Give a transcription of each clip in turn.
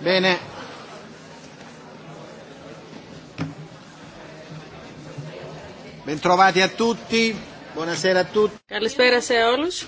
Bene. Bentrovati a tutti. Buonasera a tutti. Καλησπέρα σε όλους.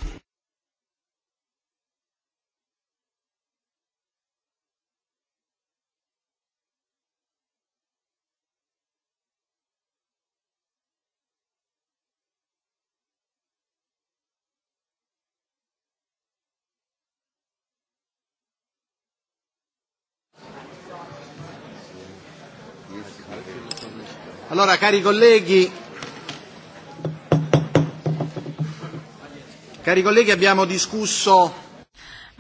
Allora, cari colleghi, cari colleghi, abbiamo discusso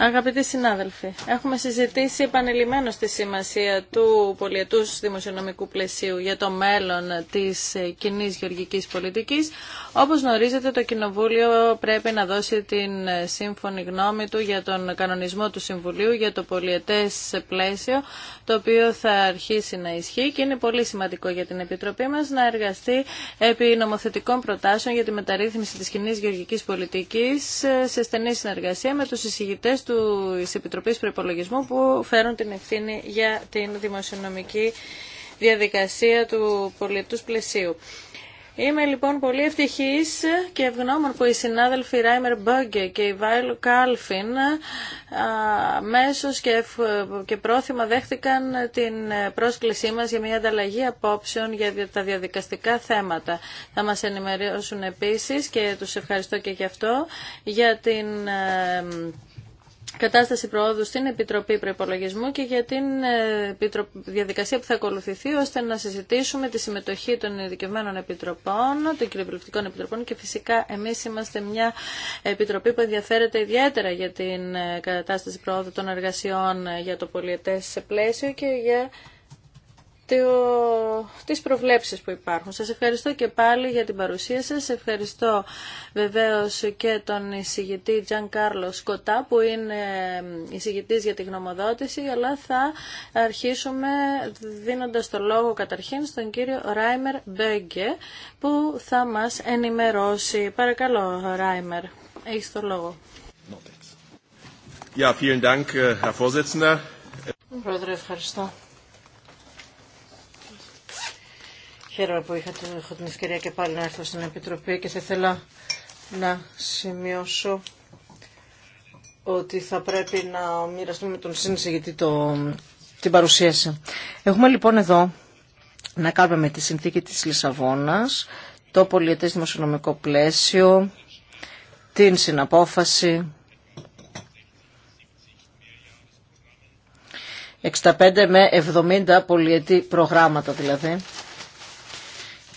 Αγαπητοί συνάδελφοι, έχουμε συζητήσει επανειλημμένως τη σημασία του πολιετούς δημοσιονομικού πλαισίου για το μέλλον της κοινή γεωργικής πολιτικής. Όπως γνωρίζετε, το Κοινοβούλιο πρέπει να δώσει την σύμφωνη γνώμη του για τον κανονισμό του Συμβουλίου για το πολιετές πλαίσιο, το οποίο θα αρχίσει να ισχύει και είναι πολύ σημαντικό για την Επιτροπή μας να εργαστεί επί νομοθετικών προτάσεων για τη μεταρρύθμιση της κοινή γεωργικής πολιτικής σε στενή συνεργασία με τους του Επιτροπή Προπολογισμού που φέρουν την ευθύνη για την δημοσιονομική διαδικασία του πολιτού πλαισίου. Είμαι λοιπόν πολύ ευτυχής και ευγνώμων που οι συνάδελφοι Ράιμερ Μπόγκε και η Βάιλ Κάλφιν μέσως και, και πρόθυμα δέχτηκαν την πρόσκλησή μας για μια ανταλλαγή απόψεων για τα διαδικαστικά θέματα. Θα μας ενημερώσουν επίσης και τους ευχαριστώ και γι' αυτό για την ε, κατάσταση προόδου στην Επιτροπή Προπολογισμού και για την ε, διαδικασία που θα ακολουθηθεί ώστε να συζητήσουμε τη συμμετοχή των ειδικευμένων επιτροπών, των κυριολεκτικών επιτροπών και φυσικά εμείς είμαστε μια επιτροπή που ενδιαφέρεται ιδιαίτερα για την ε, κατάσταση προόδου των εργασιών ε, για το σε πλαίσιο και για τις προβλέψεις που υπάρχουν. Σας ευχαριστώ και πάλι για την παρουσία σας. Ευχαριστώ βεβαίως και τον εισηγητή Τζαν Κάρλο Σκοτά που είναι εισηγητής για τη γνωμοδότηση αλλά θα αρχίσουμε δίνοντας το λόγο καταρχήν στον κύριο Ράιμερ Μπέγκε που θα μας ενημερώσει. Παρακαλώ Ράιμερ, έχεις το λόγο. vielen Dank, ευχαριστώ. Χαίρομαι που είχα, έχω την ευκαιρία και πάλι να έρθω στην Επιτροπή και θα ήθελα να σημειώσω ότι θα πρέπει να μοιραστούμε με τον γιατί το, την παρουσίαση. Έχουμε λοιπόν εδώ να κάνουμε με τη συνθήκη της Λισαβόνας, το πολιετές δημοσιονομικό πλαίσιο, την συναπόφαση, 65 με 70 πολιετή προγράμματα δηλαδή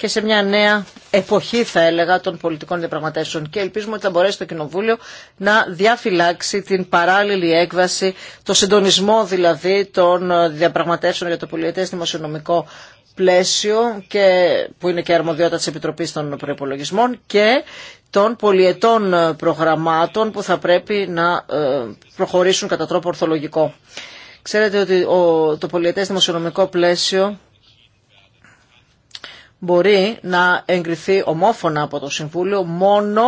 και σε μια νέα εποχή θα έλεγα των πολιτικών διαπραγματεύσεων και ελπίζουμε ότι θα μπορέσει το Κοινοβούλιο να διαφυλάξει την παράλληλη έκβαση, το συντονισμό δηλαδή των διαπραγματεύσεων για το πολιετές δημοσιονομικό πλαίσιο και, που είναι και αρμοδιότητα της Επιτροπής των Προϋπολογισμών και των πολιετών προγραμμάτων που θα πρέπει να ε, προχωρήσουν κατά τρόπο ορθολογικό. Ξέρετε ότι το πολιετές δημοσιονομικό πλαίσιο μπορεί να εγκριθεί ομόφωνα από το Συμβούλιο μόνο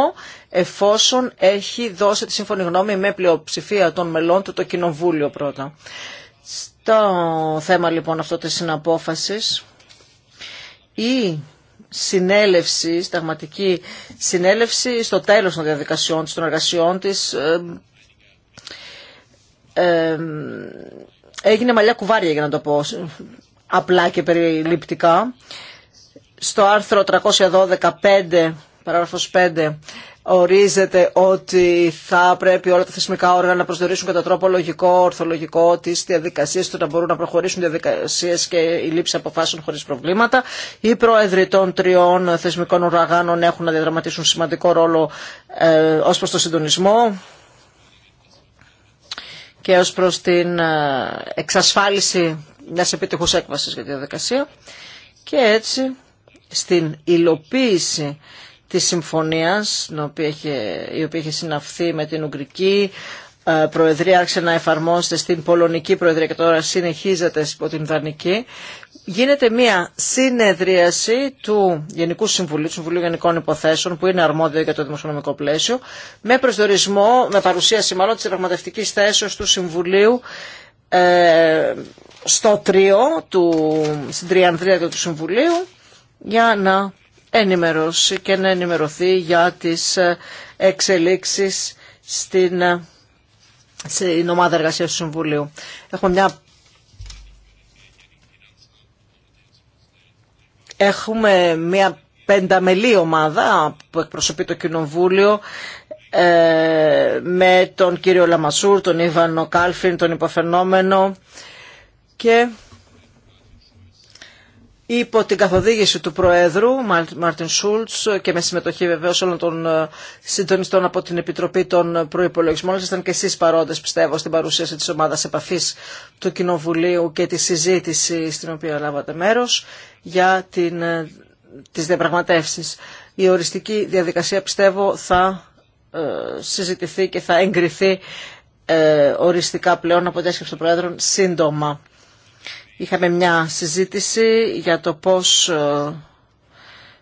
εφόσον έχει δώσει τη σύμφωνη γνώμη με πλειοψηφία των μελών του το Κοινοβούλιο πρώτα. Στο θέμα λοιπόν αυτό της συναπόφασης, η συνέλευση, σταγματική συνέλευση στο τέλος των διαδικασιών της, των εργασιών της, ε, ε, ε, έγινε μαλλιά κουβάρια για να το πω απλά και περιληπτικά στο άρθρο 312.5 παράγραφος 5 ορίζεται ότι θα πρέπει όλα τα θεσμικά όργανα να προσδιορίσουν κατά τρόπο λογικό, ορθολογικό τι διαδικασίε του να μπορούν να προχωρήσουν διαδικασίε και η λήψη αποφάσεων χωρί προβλήματα. Οι πρόεδροι των τριών θεσμικών οργάνων έχουν να διαδραματίσουν σημαντικό ρόλο ε, ω προ το συντονισμό και ω προ την ε, εξασφάλιση μια επιτυχού έκβαση για τη διαδικασία. Και έτσι στην υλοποίηση της συμφωνίας η οποία είχε, η συναυθεί με την Ουγγρική ε, Προεδρία άρχισε να εφαρμόζεται στην Πολωνική Προεδρία και τώρα συνεχίζεται υπό την Δανική. Γίνεται μια συνεδρίαση του Γενικού Συμβουλίου, του Συμβουλίου Γενικών Υποθέσεων, που είναι αρμόδιο για το δημοσιονομικό πλαίσιο, με προσδορισμό, με παρουσίαση μάλλον τη πραγματευτική του Συμβουλίου ε, στο τρίο του, στην τριανδρία του Συμβουλίου για να ενημερώσει και να ενημερωθεί για τις ε, εξελίξεις στην, ε, στην ομάδα εργασίας του Συμβουλίου. Έχουμε μια Έχουμε μια πενταμελή ομάδα που εκπροσωπεί το Κοινοβούλιο ε, με τον κύριο Λαμασούρ, τον Ιβανο Κάλφιν, τον υποφαινόμενο και υπό την καθοδήγηση του Προέδρου Μάρτιν Σούλτς και με συμμετοχή βεβαίω όλων των ε, συντονιστών από την Επιτροπή των Προϋπολογισμών. Ήσασταν και εσεί παρόντες πιστεύω στην παρουσίαση της ομάδας επαφής του Κοινοβουλίου και τη συζήτηση στην οποία λάβατε μέρος για την, ε, τις διαπραγματεύσεις. Η οριστική διαδικασία πιστεύω θα ε, συζητηθεί και θα εγκριθεί οριστικά πλέον από διάσκεψη των Προέδρων σύντομα. Είχαμε μια συζήτηση για το πώς ε,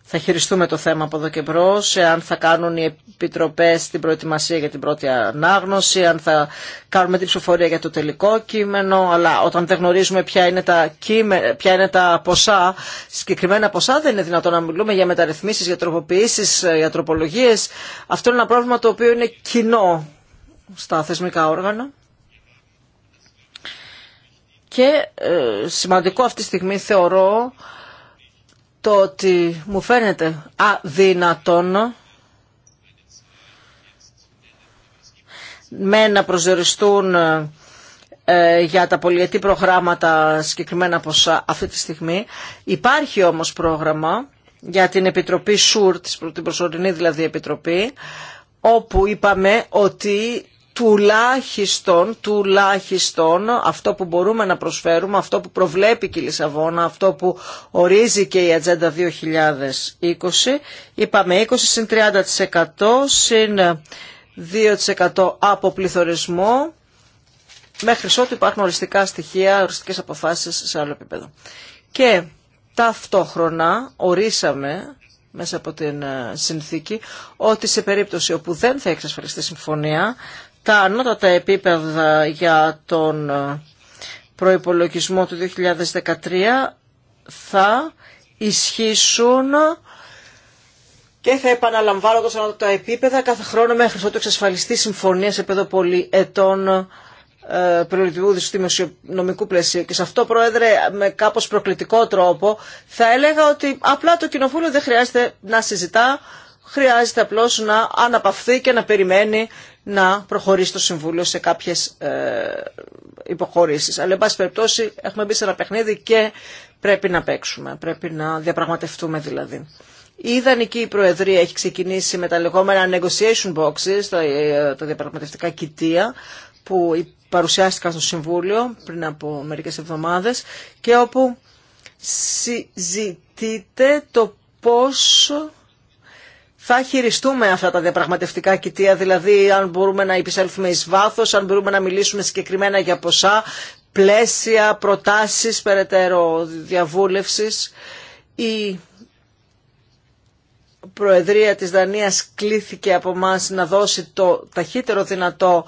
θα χειριστούμε το θέμα από εδώ και μπρος, αν θα κάνουν οι επιτροπές την προετοιμασία για την πρώτη ανάγνωση, αν θα κάνουμε την ψηφοφορία για το τελικό κείμενο. Αλλά όταν δεν γνωρίζουμε ποια είναι τα, ποια είναι τα ποσά, συγκεκριμένα ποσά, δεν είναι δυνατόν να μιλούμε για μεταρρυθμίσεις, για τροποποιήσει, ε, για τροπολογίε. Αυτό είναι ένα πρόβλημα το οποίο είναι κοινό στα θεσμικά όργανα. Και ε, σημαντικό αυτή τη στιγμή θεωρώ το ότι μου φαίνεται αδύνατον με να προσδιοριστούν ε, ε, για τα πολιετή προγράμματα συγκεκριμένα ποσά αυτή τη στιγμή. Υπάρχει όμως πρόγραμμα για την Επιτροπή ΣΟΥΡ, την προσωρινή δηλαδή Επιτροπή, όπου είπαμε ότι τουλάχιστον, τουλάχιστον αυτό που μπορούμε να προσφέρουμε, αυτό που προβλέπει και η Λισαβόνα, αυτό που ορίζει και η Ατζέντα 2020. Είπαμε 20 συν 30% συν 2% από πληθωρισμό μέχρι ότου υπάρχουν οριστικά στοιχεία, οριστικές αποφάσεις σε άλλο επίπεδο. Και ταυτόχρονα ορίσαμε μέσα από την ε, συνθήκη ότι σε περίπτωση όπου δεν θα εξασφαλιστεί συμφωνία τα ανώτατα επίπεδα για τον ε, προϋπολογισμό του 2013 θα ισχύσουν και θα επαναλαμβάνονται τα ανώτατα επίπεδα κάθε χρόνο μέχρι ότου εξασφαλιστεί συμφωνία σε επίπεδο πολυετών ε, του δημοσιονομικού πλαισίου. Και σε αυτό, Πρόεδρε, με κάπως προκλητικό τρόπο, θα έλεγα ότι απλά το Κοινοβούλιο δεν χρειάζεται να συζητά, χρειάζεται απλώς να αναπαυθεί και να περιμένει να προχωρήσει το Συμβούλιο σε κάποιες ε, υποχωρήσεις. Αλλά, εν πάση περιπτώσει, έχουμε μπει σε ένα παιχνίδι και πρέπει να παίξουμε, πρέπει να διαπραγματευτούμε δηλαδή. Η ιδανική προεδρία έχει ξεκινήσει με τα λεγόμενα negotiation boxes, τα ε, διαπραγματευτικά κοιτία, που παρουσιάστηκαν στο Συμβούλιο πριν από μερικές εβδομάδες και όπου συζητείται το πόσο θα χειριστούμε αυτά τα διαπραγματευτικά κοιτία, δηλαδή αν μπορούμε να επισέλθουμε εις βάθος, αν μπορούμε να μιλήσουμε συγκεκριμένα για ποσά, πλαίσια, προτάσεις, περαιτέρω διαβούλευσης. Η Προεδρία της Δανίας κλήθηκε από μας να δώσει το ταχύτερο δυνατό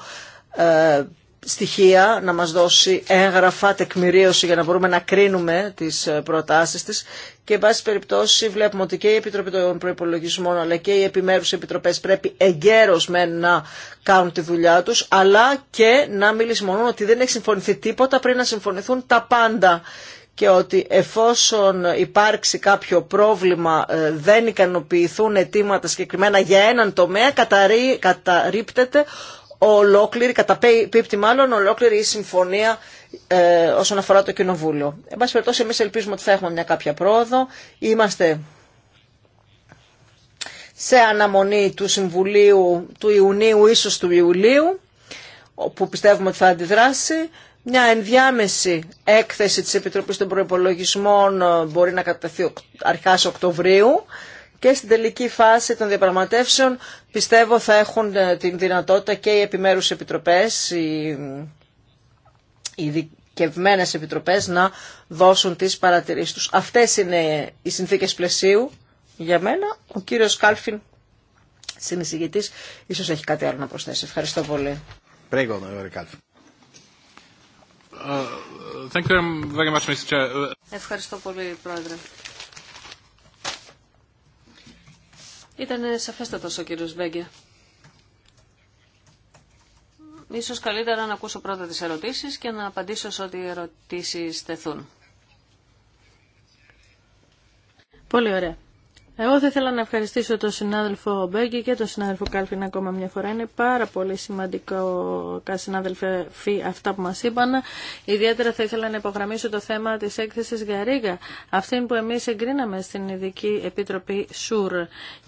ε, στοιχεία, να μας δώσει έγγραφα, τεκμηρίωση για να μπορούμε να κρίνουμε τις ε, προτάσεις της και εν πάση περιπτώσει βλέπουμε ότι και η Επιτροπή των Προϋπολογισμών αλλά και οι επιμέρους επιτροπές πρέπει εγκαίρως με να κάνουν τη δουλειά τους αλλά και να μιλήσει μόνο ότι δεν έχει συμφωνηθεί τίποτα πριν να συμφωνηθούν τα πάντα και ότι εφόσον υπάρξει κάποιο πρόβλημα ε, δεν ικανοποιηθούν αιτήματα συγκεκριμένα για έναν τομέα καταρρύπτεται ολόκληρη, πίπτη μάλλον ολόκληρη η συμφωνία ε, όσον αφορά το Κοινοβούλιο. Εν πάση εμεί ελπίζουμε ότι θα έχουμε μια κάποια πρόοδο. Είμαστε σε αναμονή του Συμβουλίου του Ιουνίου, ίσως του Ιουλίου, που πιστεύουμε ότι θα αντιδράσει. Μια ενδιάμεση έκθεση της Επιτροπής των Προϋπολογισμών ε, μπορεί να κατατεθεί αρχάς Οκτωβρίου και στην τελική φάση των διαπραγματεύσεων πιστεύω θα έχουν ε, την δυνατότητα και οι επιμέρους επιτροπές, οι, οι ειδικευμένες επιτροπές να δώσουν τις παρατηρήσεις τους. Αυτές είναι οι συνθήκες πλαισίου για μένα. Ο κύριος Κάλφιν, συνεισηγητής, ίσως έχει κάτι άλλο να προσθέσει. Ευχαριστώ πολύ. Ευχαριστώ πολύ, Πρόεδρε. Ήταν σαφέστατο ο κύριο Μπέγκε. Ίσως καλύτερα να ακούσω πρώτα τις ερωτήσεις και να απαντήσω σε ό,τι ερωτήσεις τεθούν. Πολύ ωραία. Εγώ θα ήθελα να ευχαριστήσω τον συνάδελφο Μπέγκη και τον συνάδελφο Κάλφιν ακόμα μια φορά. Είναι πάρα πολύ σημαντικό, συνάδελφε Φι, αυτά που μας είπαν. Ιδιαίτερα θα ήθελα να υπογραμμίσω το θέμα της έκθεσης Γαρίγα, αυτή που εμείς εγκρίναμε στην Ειδική Επίτροπη ΣΟΥΡ.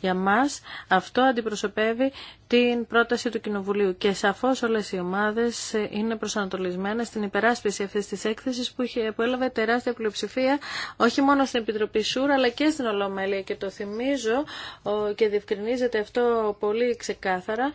Για μας αυτό αντιπροσωπεύει την πρόταση του Κοινοβουλίου και σαφώς όλες οι ομάδες είναι προσανατολισμένες στην υπεράσπιση αυτής της έκθεσης που, είχε, που έλαβε τεράστια πλειοψηφία όχι μόνο στην Επιτροπή ΣΟΥΡ αλλά και στην Ολομέλεια και το Θυμίζω και διευκρινίζεται αυτό πολύ ξεκάθαρα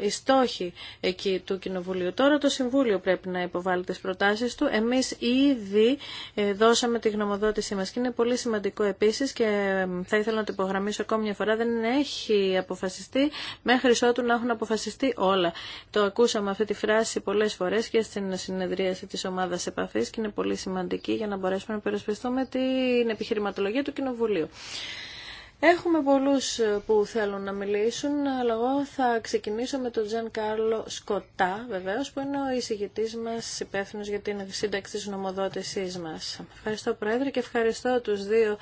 Η ε, στόχη εκεί του Κοινοβουλίου. Τώρα το Συμβούλιο πρέπει να υποβάλει τις προτάσεις του. Εμείς ήδη ε, δώσαμε τη γνωμοδότησή μας και είναι πολύ σημαντικό επίσης και ε, θα ήθελα να το υπογραμμίσω ακόμη μια φορά δεν έχει αποφασιστεί μέχρι ότου να έχουν αποφασιστεί όλα. Το ακούσαμε αυτή τη φράση πολλές φορές και στην συνεδρίαση της ομάδας επαφής και είναι πολύ σημαντική για να μπορέσουμε να υπερασπιστούμε την επιχειρηματολογία του Κοινοβουλίου. Έχουμε πολλούς ε, που θέλουν να μιλήσουν, αλλά εγώ θα ξεκινήσω με τον Τζαν Κάρλο Σκοτά, βεβαίως, που είναι ο εισηγητής μας υπεύθυνο για την σύνταξη της νομοδότησής μας. Ευχαριστώ, Πρόεδρε, και ευχαριστώ τους δύο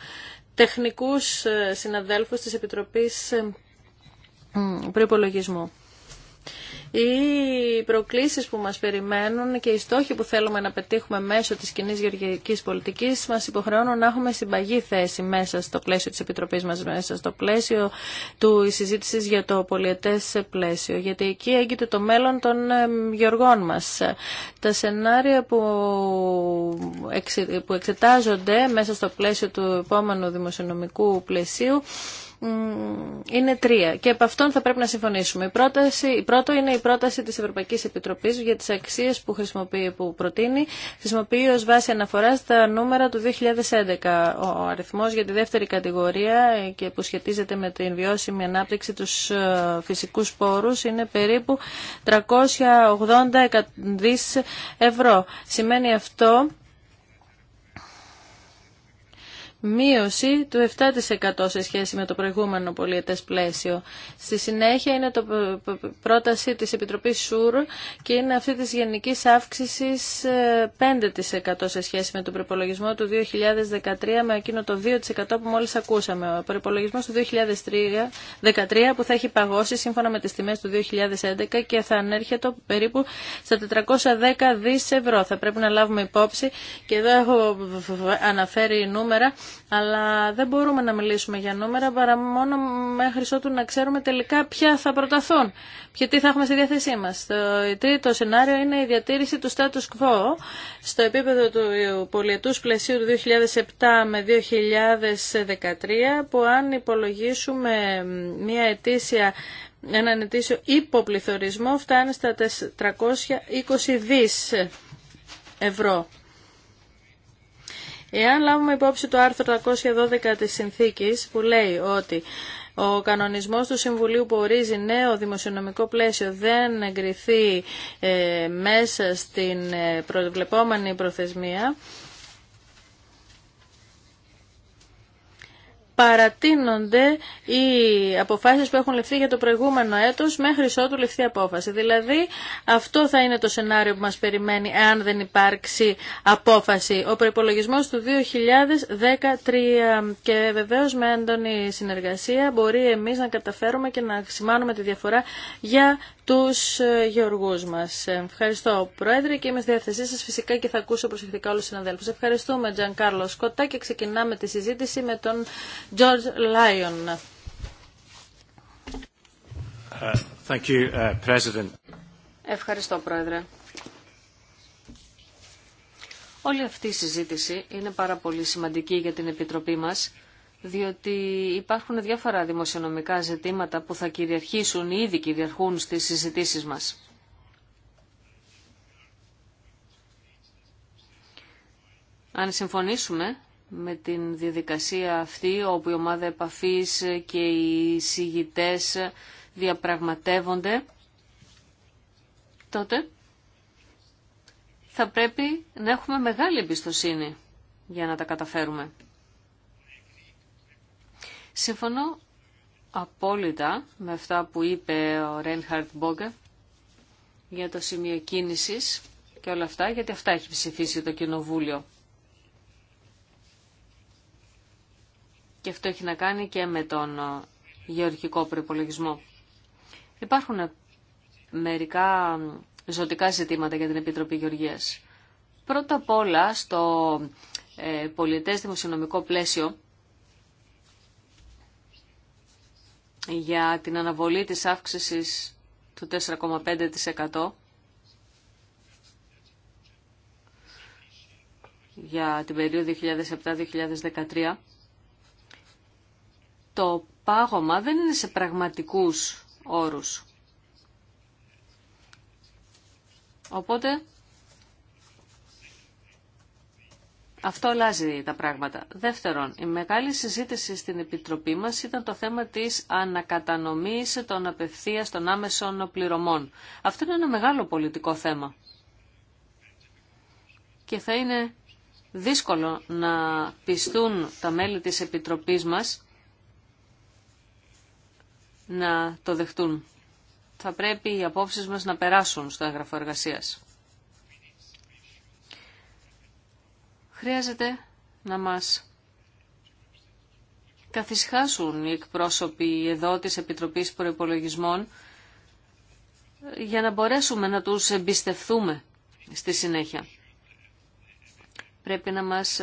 τεχνικούς ε, συναδέλφους της Επιτροπής ε, Προϋπολογισμού. Οι προκλήσεις που μας περιμένουν και οι στόχοι που θέλουμε να πετύχουμε μέσω της κοινή γεωργικής πολιτικής μας υποχρεώνουν να έχουμε συμπαγή θέση μέσα στο πλαίσιο της Επιτροπής μας, μέσα στο πλαίσιο του συζήτηση για το πολιετές πλαίσιο, γιατί εκεί έγκυται το μέλλον των ε, γεωργών μας. Τα σενάρια που, εξετάζονται μέσα στο πλαίσιο του επόμενου δημοσιονομικού πλαισίου είναι τρία και από αυτόν θα πρέπει να συμφωνήσουμε. Η πρόταση, η είναι η πρόταση της Ευρωπαϊκής Επιτροπής για τις αξίες που, χρησιμοποιεί, που προτείνει. Χρησιμοποιεί ως βάση αναφορά στα νούμερα του 2011. Ο αριθμός για τη δεύτερη κατηγορία ε, και που σχετίζεται με την βιώσιμη ανάπτυξη τους ε, φυσικούς πόρους είναι περίπου 380 δις ευρώ. Σημαίνει αυτό μείωση του 7% σε σχέση με το προηγούμενο πολιετές πλαίσιο. Στη συνέχεια είναι το πρόταση της Επιτροπής ΣΟΥΡ και είναι αυτή της γενικής αύξησης 5% ε, σε σχέση με τον προπολογισμό του 2013 με εκείνο το 2% που μόλις ακούσαμε. Ο προπολογισμό του 2013 που θα έχει παγώσει σύμφωνα με τις τιμές του 2011 και θα ανέρχεται περίπου στα 410 δις ευρώ. Θα πρέπει να λάβουμε υπόψη και εδώ έχω αναφέρει νούμερα αλλά δεν μπορούμε να μιλήσουμε για νούμερα παρά μόνο μέχρι ότου να ξέρουμε τελικά ποια θα προταθούν και τι θα έχουμε στη διάθεσή μα. Το τρίτο σενάριο είναι η διατήρηση του status quo στο επίπεδο του πολιετού πλαισίου του 2007 με 2013 που αν υπολογίσουμε μια ετήσια έναν ετήσιο υποπληθωρισμό φτάνει στα 420 δις ευρώ. Εάν λάβουμε υπόψη το άρθρο 312 της συνθήκης που λέει ότι ο κανονισμός του Συμβουλίου που ορίζει νέο δημοσιονομικό πλαίσιο δεν εγκριθεί ε, μέσα στην ε, προβλεπόμενη προθεσμία, παρατείνονται οι αποφάσεις που έχουν ληφθεί για το προηγούμενο έτος μέχρι ότου ληφθεί απόφαση. Δηλαδή αυτό θα είναι το σενάριο που μας περιμένει εάν δεν υπάρξει απόφαση. Ο προπολογισμό του 2013 και βεβαίως με έντονη συνεργασία μπορεί εμείς να καταφέρουμε και να σημάνουμε τη διαφορά για τους ε, γεωργούς μας. Ε, ευχαριστώ Πρόεδρε και είμαι στη διάθεσή σας φυσικά και θα ακούσω προσεκτικά όλους τους συναδέλφους. Ευχαριστούμε Τζαν Κάρλο Σκοτά και ξεκινάμε τη συζήτηση με τον George Λάιον. Ε, thank you, President. Ευχαριστώ Πρόεδρε. Όλη αυτή η συζήτηση είναι πάρα πολύ σημαντική για την Επιτροπή μας διότι υπάρχουν διάφορα δημοσιονομικά ζητήματα που θα κυριαρχήσουν ή ήδη κυριαρχούν στις συζητήσεις μας. Αν συμφωνήσουμε με την διαδικασία αυτή, όπου η ομάδα επαφής και οι συγητές διαπραγματεύονται, τότε θα πρέπει να έχουμε μεγάλη εμπιστοσύνη για να τα καταφέρουμε. Συμφωνώ απόλυτα με αυτά που είπε ο Ρένχαρτ Μπόγκε για το σημείο κίνησης και όλα αυτά, γιατί αυτά έχει ψηφίσει το Κοινοβούλιο. Και αυτό έχει να κάνει και με τον ε, γεωργικό προπολογισμό. Υπάρχουν ε, μερικά ζωτικά ζητήματα για την Επιτροπή Γεωργίας. Πρώτα απ' όλα, στο ε, πολιτές δημοσιονομικό πλαίσιο, για την αναβολή της αύξησης του 4,5% για την περίοδο 2007-2013, το πάγωμα δεν είναι σε πραγματικούς όρους. Οπότε Αυτό αλλάζει τα πράγματα. Δεύτερον, η μεγάλη συζήτηση στην Επιτροπή μας ήταν το θέμα της ανακατανομής των απευθείας των άμεσων πληρωμών. Αυτό είναι ένα μεγάλο πολιτικό θέμα. Και θα είναι δύσκολο να πιστούν τα μέλη της Επιτροπής μας να το δεχτούν. Θα πρέπει οι απόψεις μας να περάσουν στο έγγραφο εργασίας. χρειάζεται να μας καθισχάσουν οι εκπρόσωποι εδώ της Επιτροπής Προϋπολογισμών για να μπορέσουμε να τους εμπιστευτούμε στη συνέχεια. Πρέπει να μας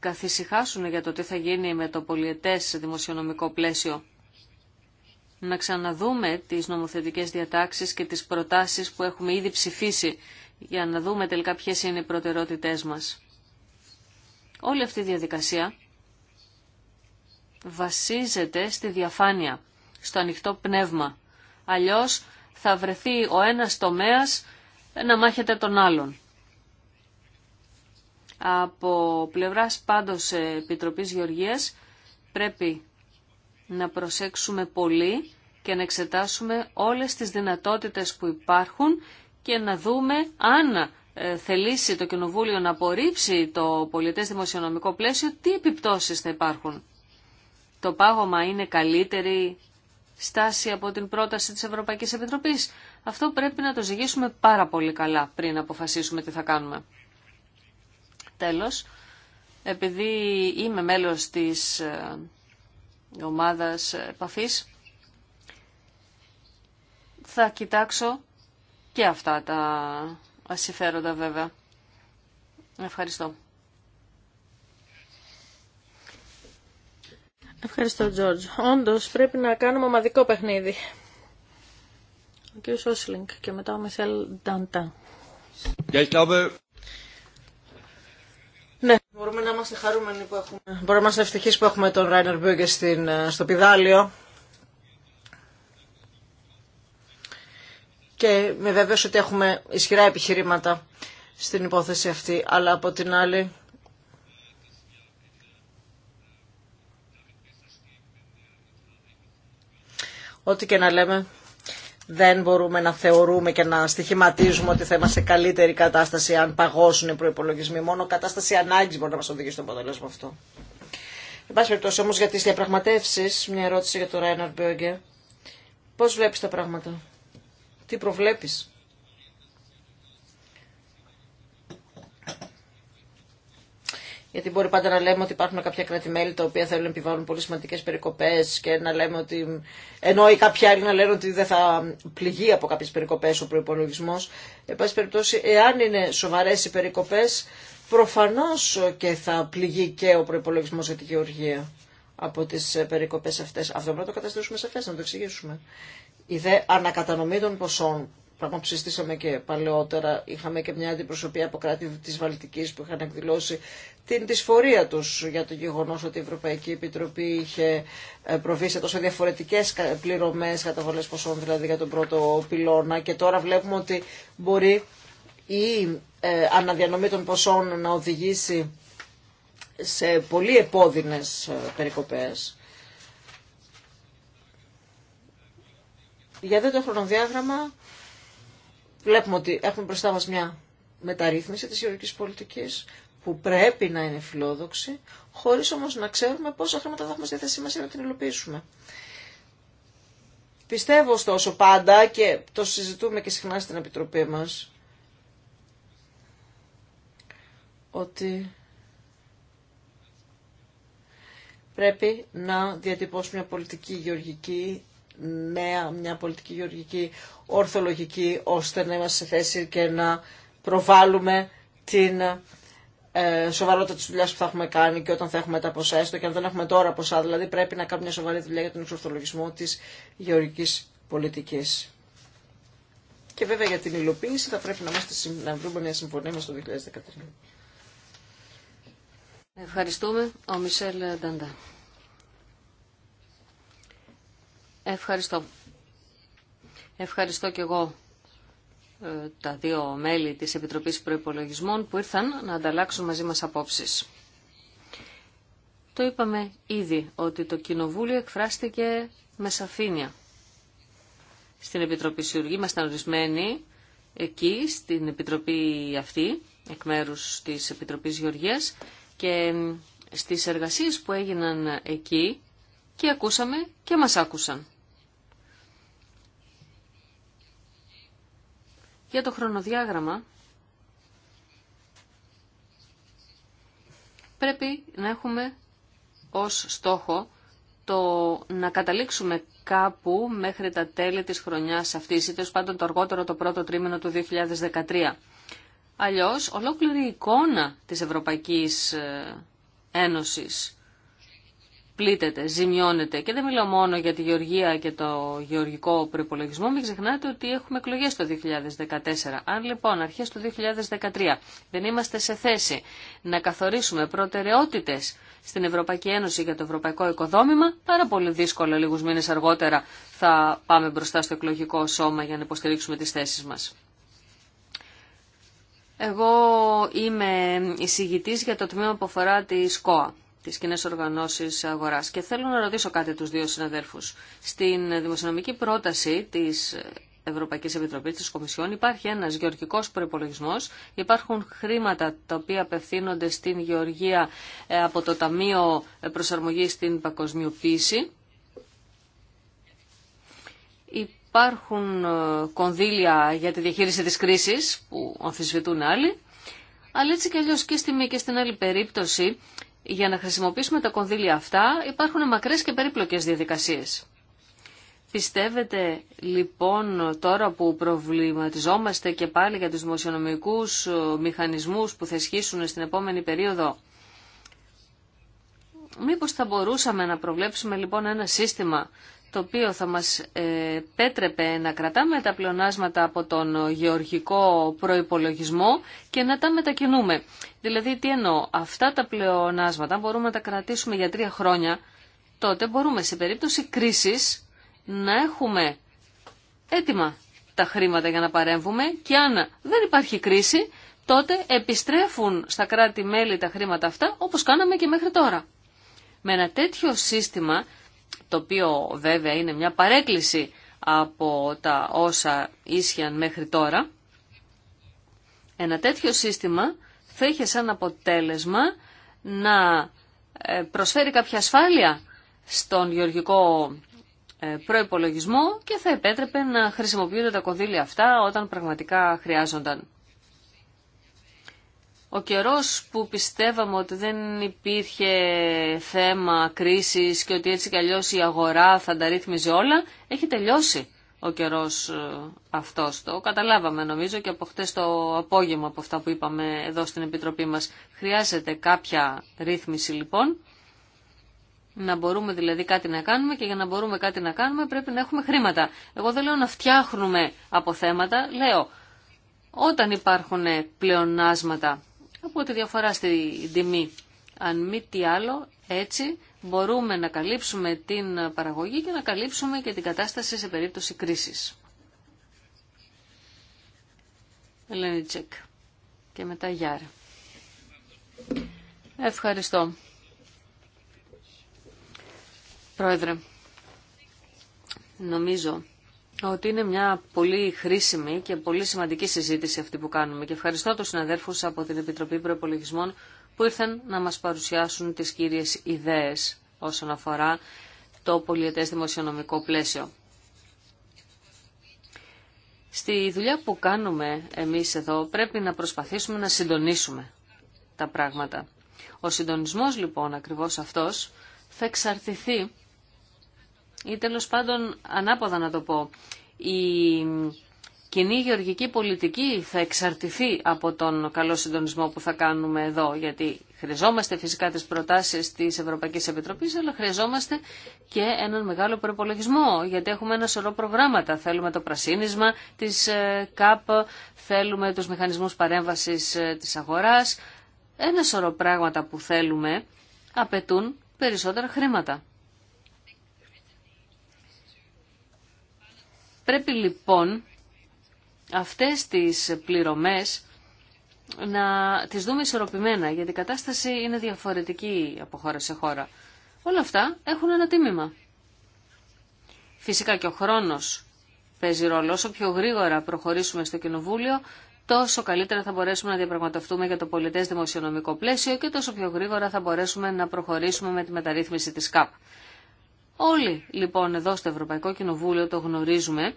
καθησυχάσουν για το τι θα γίνει με το πολιετές δημοσιονομικό πλαίσιο. Να ξαναδούμε τις νομοθετικές διατάξεις και τις προτάσεις που έχουμε ήδη ψηφίσει για να δούμε τελικά ποιες είναι οι προτεραιότητές μας. Όλη αυτή η διαδικασία βασίζεται στη διαφάνεια, στο ανοιχτό πνεύμα. Αλλιώς θα βρεθεί ο ένας τομέας να μάχεται τον άλλον. Από πλευράς πάντως Επιτροπής Γεωργίας πρέπει να προσέξουμε πολύ και να εξετάσουμε όλες τις δυνατότητες που υπάρχουν και να δούμε αν ε, θελήσει το Κοινοβούλιο να απορρίψει το πολιτές δημοσιονομικό πλαίσιο, τι επιπτώσεις θα υπάρχουν. Το πάγωμα είναι καλύτερη στάση από την πρόταση της Ευρωπαϊκής Επιτροπής. Αυτό πρέπει να το ζυγίσουμε πάρα πολύ καλά πριν αποφασίσουμε τι θα κάνουμε. Τέλος, επειδή είμαι μέλος της ε, ομάδας επαφής, θα κοιτάξω και αυτά τα συμφέροντα βέβαια. Ευχαριστώ. Ευχαριστώ, Τζόρτζ. Όντω πρέπει να κάνουμε ομαδικό παιχνίδι. Ο κ. Σόσλινγκ και μετά ο Μισελ Νταντά. ναι, μπορούμε να είμαστε χαρούμενοι που έχουμε. Μπορούμε να είμαστε ευτυχεί που έχουμε τον Ράινερ Μπέγκε ε, στο πιδάλιο. και με βέβαιο ότι έχουμε ισχυρά επιχειρήματα στην υπόθεση αυτή, αλλά από την άλλη ό,τι και να λέμε δεν μπορούμε να θεωρούμε και να στοιχηματίζουμε ότι θα είμαστε καλύτερη κατάσταση αν παγώσουν οι προπολογισμοί. Μόνο κατάσταση ανάγκη μπορεί να μα οδηγήσει στον αποτέλεσμα αυτό. Εν πάση περιπτώσει όμω για τι διαπραγματεύσει, μια ερώτηση για τον Ράιναρ Μπέργκερ. Πώ βλέπει τα πράγματα. Τι προβλέπεις. Γιατί μπορεί πάντα να λέμε ότι υπάρχουν κρατημέλη τα οποία θέλουν να επιβάλλουν πολύ σημαντικέ περικοπέ και να λέμε ότι. ενώ οι κάποιοι άλλοι να λένε ότι δεν θα πληγεί από κάποιε περικοπέ ο προπολογισμό. Εν πάση περιπτώσει, εάν είναι σοβαρέ οι περικοπέ, προφανώ και θα πληγεί και ο προπολογισμό για τη γεωργία από τι περικοπέ αυτέ. Αυτό πρέπει να το καταστήσουμε σαφέ, να το εξηγήσουμε. Η δε ανακατανομή των ποσών, πράγμα που συστήσαμε και παλαιότερα, είχαμε και μια αντιπροσωπεία από κράτη της Βαλτικής που είχαν εκδηλώσει την δυσφορία τους για το γεγονός ότι η Ευρωπαϊκή Επιτροπή είχε ε, προβεί σε τόσο διαφορετικές πληρωμές, καταβολές ποσών δηλαδή για τον πρώτο πυλώνα και τώρα βλέπουμε ότι μπορεί η ε, αναδιανομή των ποσών να οδηγήσει σε πολύ επώδυνες ε, περικοπές. Για δε το χρονοδιάγραμμα βλέπουμε ότι έχουμε μπροστά μας μια μεταρρύθμιση της γεωργικής πολιτικής που πρέπει να είναι φιλόδοξη, χωρίς όμως να ξέρουμε πόσα χρήματα θα έχουμε στη θέση μας για να την υλοποιήσουμε. Πιστεύω ωστόσο πάντα και το συζητούμε και συχνά στην Επιτροπή μας ότι πρέπει να διατυπώσουμε μια πολιτική γεωργική με μια πολιτική γεωργική ορθολογική ώστε να είμαστε σε θέση και να προβάλλουμε την ε, σοβαρότητα της δουλειά που θα έχουμε κάνει και όταν θα έχουμε τα ποσά, έστω και αν δεν έχουμε τώρα ποσά. Δηλαδή, πρέπει να κάνουμε μια σοβαρή δουλειά για τον εξορθολογισμό της γεωργικής πολιτικής Και βέβαια για την υλοποίηση θα πρέπει να, είμαστε, να βρούμε μια συμφωνία μας το 2013. Ευχαριστούμε. Ο Μισελ Νταντά. Ευχαριστώ. Ευχαριστώ και εγώ ε, τα δύο μέλη της Επιτροπής Προϋπολογισμών που ήρθαν να ανταλλάξουν μαζί μας απόψεις. Το είπαμε ήδη ότι το Κοινοβούλιο εκφράστηκε με σαφήνεια. Στην Επιτροπή μα ήμασταν ορισμένοι εκεί, στην Επιτροπή αυτή, εκ μέρους της Επιτροπής Γεωργίας και ε, στις εργασίες που έγιναν εκεί και ακούσαμε και μας άκουσαν. Για το χρονοδιάγραμμα πρέπει να έχουμε ως στόχο το να καταλήξουμε κάπου μέχρι τα τέλη της χρονιάς αυτής, ή τέλος πάντων το αργότερο το πρώτο τρίμηνο του 2013. Αλλιώς, ολόκληρη η εικόνα της Ευρωπαϊκής ε, Ένωσης πλήττεται, ζημιώνεται. Και δεν μιλώ μόνο για τη γεωργία και το γεωργικό προπολογισμό. Μην ξεχνάτε ότι έχουμε εκλογέ το 2014. Αν λοιπόν αρχές του 2013 δεν είμαστε σε θέση να καθορίσουμε προτεραιότητες στην Ευρωπαϊκή Ένωση για το ευρωπαϊκό οικοδόμημα, πάρα πολύ δύσκολο λίγου μήνε αργότερα θα πάμε μπροστά στο εκλογικό σώμα για να υποστηρίξουμε τι θέσει μα. Εγώ είμαι εισηγητής για το τμήμα που αφορά τη ΣΚΟΑ τις κοινέ οργανώσεις αγοράς. Και θέλω να ρωτήσω κάτι τους δύο συναδέλφους. Στην δημοσιονομική πρόταση της Ευρωπαϊκή Επιτροπή τη Κομισιόν υπάρχει ένα γεωργικό προπολογισμό. Υπάρχουν χρήματα τα οποία απευθύνονται στην γεωργία ε, από το Ταμείο Προσαρμογή στην Παγκοσμιοποίηση. Υπάρχουν ε, κονδύλια για τη διαχείριση της κρίσης που αμφισβητούν άλλοι. Αλλά έτσι κι αλλιώς και στη και στην άλλη περίπτωση για να χρησιμοποιήσουμε τα κονδύλια αυτά υπάρχουν μακρές και περίπλοκες διαδικασίες. Πιστεύετε λοιπόν τώρα που προβληματιζόμαστε και πάλι για τους δημοσιονομικούς ε, μηχανισμούς που θα ισχύσουν στην επόμενη περίοδο, μήπως θα μπορούσαμε να προβλέψουμε λοιπόν ένα σύστημα το οποίο θα μας ε, πέτρεπε να κρατάμε τα πλεονάσματα από τον γεωργικό προϋπολογισμό και να τα μετακινούμε. Δηλαδή τι εννοώ, αυτά τα πλεονάσματα μπορούμε να τα κρατήσουμε για τρία χρόνια, τότε μπορούμε σε περίπτωση κρίσης να έχουμε έτοιμα τα χρήματα για να παρέμβουμε και αν δεν υπάρχει κρίση, τότε επιστρέφουν στα κράτη-μέλη τα χρήματα αυτά όπως κάναμε και μέχρι τώρα. Με ένα τέτοιο σύστημα το οποίο βέβαια είναι μια παρέκκληση από τα όσα ίσχυαν μέχρι τώρα, ένα τέτοιο σύστημα θα είχε σαν αποτέλεσμα να ε, προσφέρει κάποια ασφάλεια στον γεωργικό ε, προϋπολογισμό και θα επέτρεπε να χρησιμοποιούνται τα κονδύλια αυτά όταν πραγματικά χρειάζονταν. Ο καιρός που πιστεύαμε ότι δεν υπήρχε θέμα κρίσης και ότι έτσι κι αλλιώς η αγορά θα τα όλα, έχει τελειώσει ο καιρός ε, αυτός. Το καταλάβαμε νομίζω και από χτες το απόγευμα από αυτά που είπαμε εδώ στην Επιτροπή μας. Χρειάζεται κάποια ρύθμιση λοιπόν, να μπορούμε δηλαδή κάτι να κάνουμε και για να μπορούμε κάτι να κάνουμε πρέπει να έχουμε χρήματα. Εγώ δεν λέω να φτιάχνουμε θέματα, λέω όταν υπάρχουν πλεονάσματα από τη διαφορά στη τιμή. Αν μη τι άλλο, έτσι μπορούμε να καλύψουμε την παραγωγή και να καλύψουμε και την κατάσταση σε περίπτωση κρίσης. Ελένη και μετά Ευχαριστώ. Πρόεδρε, νομίζω ότι είναι μια πολύ χρήσιμη και πολύ σημαντική συζήτηση αυτή που κάνουμε και ευχαριστώ τους συναδέρφους από την Επιτροπή προεπολογισμών που ήρθαν να μας παρουσιάσουν τις κύριες ιδέες όσον αφορά το πολιετές δημοσιονομικό πλαίσιο. Στη δουλειά που κάνουμε εμείς εδώ πρέπει να προσπαθήσουμε να συντονίσουμε τα πράγματα. Ο συντονισμός λοιπόν ακριβώς αυτός θα εξαρτηθεί ή τέλο πάντων ανάποδα να το πω, η κοινή γεωργική πολιτική θα εξαρτηθεί από τον καλό συντονισμό που θα κάνουμε εδώ, γιατί χρειαζόμαστε φυσικά τις προτάσεις της Ευρωπαϊκής Επιτροπής, αλλά χρειαζόμαστε και έναν μεγάλο προπολογισμό, γιατί έχουμε ένα σωρό προγράμματα. Θέλουμε το πρασίνισμα της ε, ΚΑΠ, θέλουμε τους μηχανισμούς παρέμβασης ε, της αγοράς. Ένα σωρό πράγματα που θέλουμε απαιτούν περισσότερα χρήματα. Πρέπει λοιπόν αυτές τις πληρωμές να τις δούμε ισορροπημένα, γιατί η κατάσταση είναι διαφορετική από χώρα σε χώρα. Όλα αυτά έχουν ένα τίμημα. Φυσικά και ο χρόνος παίζει ρόλο. Όσο πιο γρήγορα προχωρήσουμε στο Κοινοβούλιο, τόσο καλύτερα θα μπορέσουμε να διαπραγματευτούμε για το πολιτές δημοσιονομικό πλαίσιο και τόσο πιο γρήγορα θα μπορέσουμε να προχωρήσουμε με τη μεταρρύθμιση της ΚΑΠ. Όλοι λοιπόν εδώ στο Ευρωπαϊκό Κοινοβούλιο το γνωρίζουμε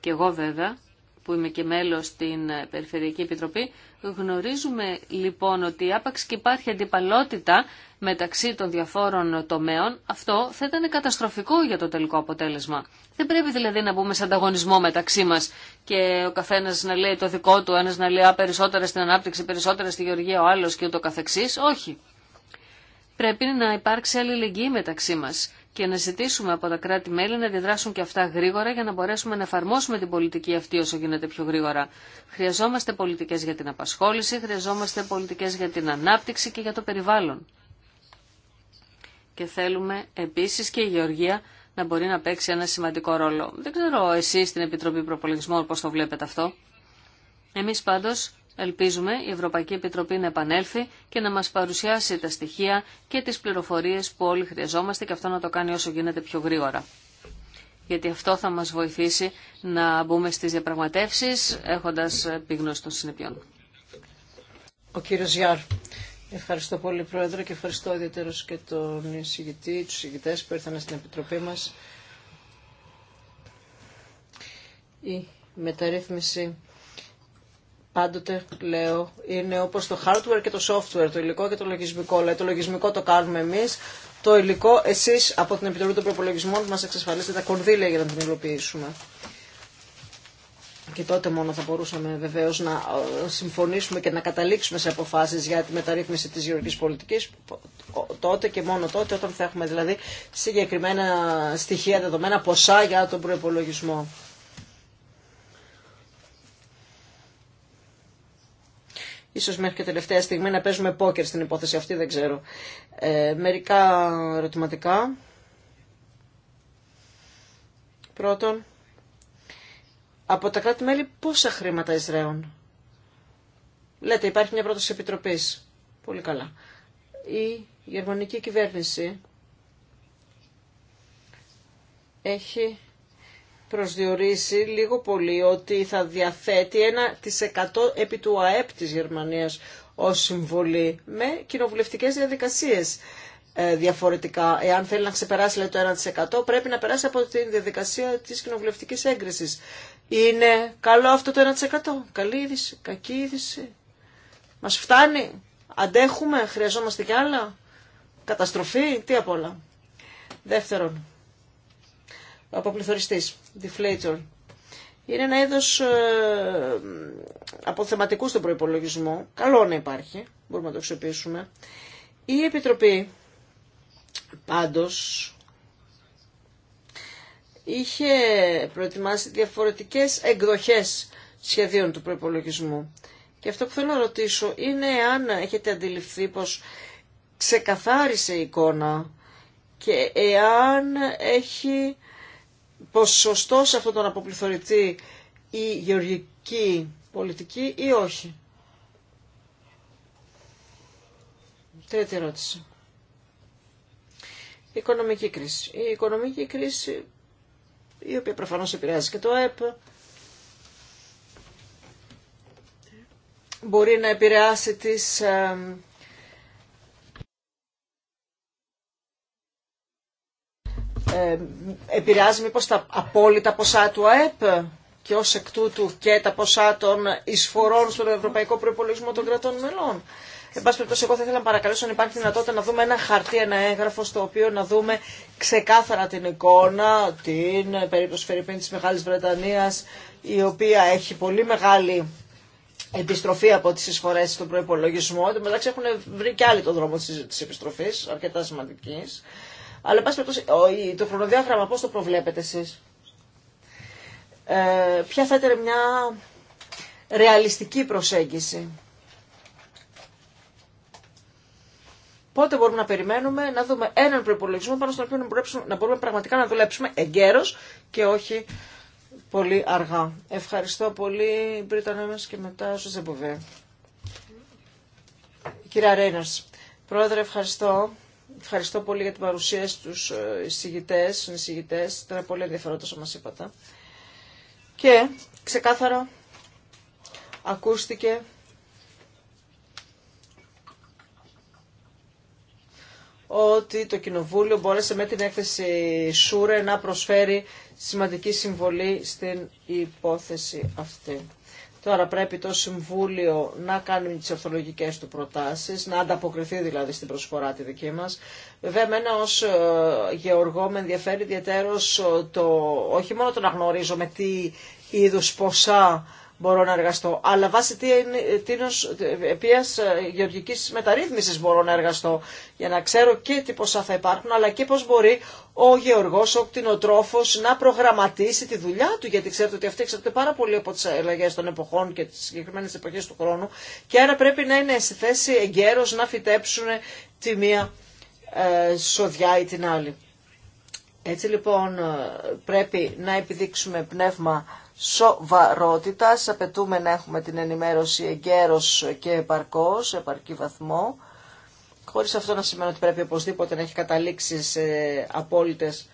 και εγώ βέβαια που είμαι και μέλος στην Περιφερειακή Επιτροπή, γνωρίζουμε λοιπόν ότι άπαξ και υπάρχει αντιπαλότητα μεταξύ των διαφόρων τομέων, αυτό θα ήταν καταστροφικό για το τελικό αποτέλεσμα. Δεν πρέπει δηλαδή να μπούμε σε ανταγωνισμό μεταξύ μας και ο καθένας να λέει το δικό του, ένας να λέει α, περισσότερα στην ανάπτυξη, περισσότερα στη γεωργία, ο άλλος και ούτω καθεξής. Όχι. Πρέπει να υπάρξει αλληλεγγύη μεταξύ μας και να ζητήσουμε από τα κράτη-μέλη να αντιδράσουν και αυτά γρήγορα για να μπορέσουμε να εφαρμόσουμε την πολιτική αυτή όσο γίνεται πιο γρήγορα. Χρειαζόμαστε πολιτικέ για την απασχόληση, χρειαζόμαστε πολιτικέ για την ανάπτυξη και για το περιβάλλον. Και θέλουμε επίση και η Γεωργία να μπορεί να παίξει ένα σημαντικό ρόλο. Δεν ξέρω εσεί στην Επιτροπή Προπολογισμών πώ το βλέπετε αυτό. Εμεί πάντως Ελπίζουμε η Ευρωπαϊκή Επιτροπή να επανέλθει και να μας παρουσιάσει τα στοιχεία και τις πληροφορίες που όλοι χρειαζόμαστε και αυτό να το κάνει όσο γίνεται πιο γρήγορα. Γιατί αυτό θα μας βοηθήσει να μπούμε στις διαπραγματεύσεις έχοντας επίγνωση των συνεπειών. Ο κύριος Ευχαριστώ πολύ Πρόεδρε και ευχαριστώ και τον που στην Επιτροπή μας. Η μεταρρύθμιση Πάντοτε λέω, είναι όπω το hardware και το software, το υλικό και το λογισμικό. το λογισμικό το κάνουμε εμεί, το υλικό εσεί, από την Επιτροπή των Προπολογισμών μα εξασφαλίσετε τα κονδύλια για να την υλοποιήσουμε. Και τότε μόνο θα μπορούσαμε βεβαίω να ε, συμφωνήσουμε και να καταλήξουμε σε αποφάσει για τη μεταρρύθμιση τη γεωργική πολιτική τότε και μόνο τότε όταν θα έχουμε δηλαδή συγκεκριμένα στοιχεία δεδομένα ποσά για τον προπολογισμό. ίσως μέχρι και τελευταία στιγμή να παίζουμε πόκερ στην υπόθεση αυτή, δεν ξέρω. Ε, μερικά ερωτηματικά. Πρώτον, από τα κράτη-μέλη πόσα χρήματα εισραίων. Λέτε, υπάρχει μια πρόταση επιτροπής. Πολύ καλά. Η γερμανική κυβέρνηση έχει προσδιορίσει λίγο πολύ ότι θα διαθέτει 1% επί του ΑΕΠ της Γερμανίας ως συμβολή με κοινοβουλευτικές διαδικασίες ε, διαφορετικά. Εάν θέλει να ξεπεράσει λέει, το 1% πρέπει να περάσει από τη διαδικασία της κοινοβουλευτικής έγκρισης. Είναι καλό αυτό το 1%. Καλή είδηση, κακή είδηση. Μας φτάνει, αντέχουμε, χρειαζόμαστε κι άλλα. Καταστροφή, τι απ' όλα. Δεύτερον, αποπληθωριστής, deflator. Είναι ένα είδος ε, αποθεματικού στον προϋπολογισμό. Καλό να υπάρχει, μπορούμε να το αξιοποιήσουμε. Η Επιτροπή πάντως είχε προετοιμάσει διαφορετικές εκδοχές σχεδίων του προϋπολογισμού. Και αυτό που θέλω να ρωτήσω είναι αν έχετε αντιληφθεί πως ξεκαθάρισε η εικόνα και εάν έχει ποσοστό σε αυτόν τον αποπληθωρητή η γεωργική πολιτική ή όχι. Τρίτη ερώτηση. Η οικονομική κρίση. Η οικονομική κρίση η οποία προφανώς επηρεάζει και το ΕΠ μπορεί να επηρεάσει τις ε, Ε, επηρεάζει μήπως τα απόλυτα ποσά του ΑΕΠ και ως εκ τούτου και τα ποσά των εισφορών στον Ευρωπαϊκό Προϋπολογισμό των κρατών μελών. Εν πάση περιπτώσει, εγώ θα ήθελα να παρακαλέσω αν υπάρχει δυνατότητα να δούμε ένα χαρτί, ένα έγγραφο στο οποίο να δούμε ξεκάθαρα την εικόνα, την περίπτωση Φερρυπίν τη μεγάλη Βρετανία, η οποία έχει πολύ μεγάλη επιστροφή από τι εισφορέ στον προπολογισμό, Εν μεταξύ έχουν βρει και άλλοι τον δρόμο τη επιστροφή, αρκετά σημαντική. Αλλά πάση το χρονοδιάγραμμα πώς το προβλέπετε εσείς. Ε, ποια θα ήταν μια ρεαλιστική προσέγγιση. Πότε μπορούμε να περιμένουμε να δούμε έναν προπολογισμό πάνω στον οποίο να, να μπορούμε πραγματικά να δουλέψουμε εγκαίρως και όχι πολύ αργά. Ευχαριστώ πολύ Μπρίτα μας και μετά Ζεμποβέ. Κυρία Ρέινας, πρόεδρε ευχαριστώ. Ευχαριστώ πολύ για την παρουσία στους ε, εισηγητές, εισηγητές. Ήταν πολύ ενδιαφέροντα όσο μας είπατε. Και ξεκάθαρα ακούστηκε ότι το Κοινοβούλιο μπόρεσε με την έκθεση Σούρε να προσφέρει σημαντική συμβολή στην υπόθεση αυτή. Τώρα πρέπει το Συμβούλιο να κάνει τις ορθολογικές του προτάσεις, να ανταποκριθεί δηλαδή στην προσφορά τη δική μας. Βέβαια, εμένα ως ε, γεωργό με ενδιαφέρει το, όχι μόνο το να γνωρίζουμε τι είδους ποσά μπορώ να εργαστώ. Αλλά βάσει τίνος επίας ε, γεωργικής μεταρρύθμισης μπορώ να εργαστώ για να ξέρω και τι ποσά θα υπάρχουν αλλά και πώς μπορεί ο γεωργός, ο κτηνοτρόφος να προγραμματίσει τη δουλειά του γιατί ξέρετε ότι αυτή εξαρτάται πάρα πολύ από τις αλλαγέ των εποχών και τις συγκεκριμένε εποχές του χρόνου και άρα πρέπει να είναι στη θέση εγκαίρως να φυτέψουν τη μία ε, σοδιά ή την άλλη. Έτσι λοιπόν ε, πρέπει να επιδείξουμε πνεύμα Σοβαρότητα, Απαιτούμε να έχουμε την ενημέρωση εγκαίρω και επαρκώ, σε επαρκή βαθμό. Χωρίς αυτό να σημαίνει ότι πρέπει οπωσδήποτε να έχει καταλήξει σε απόλυτες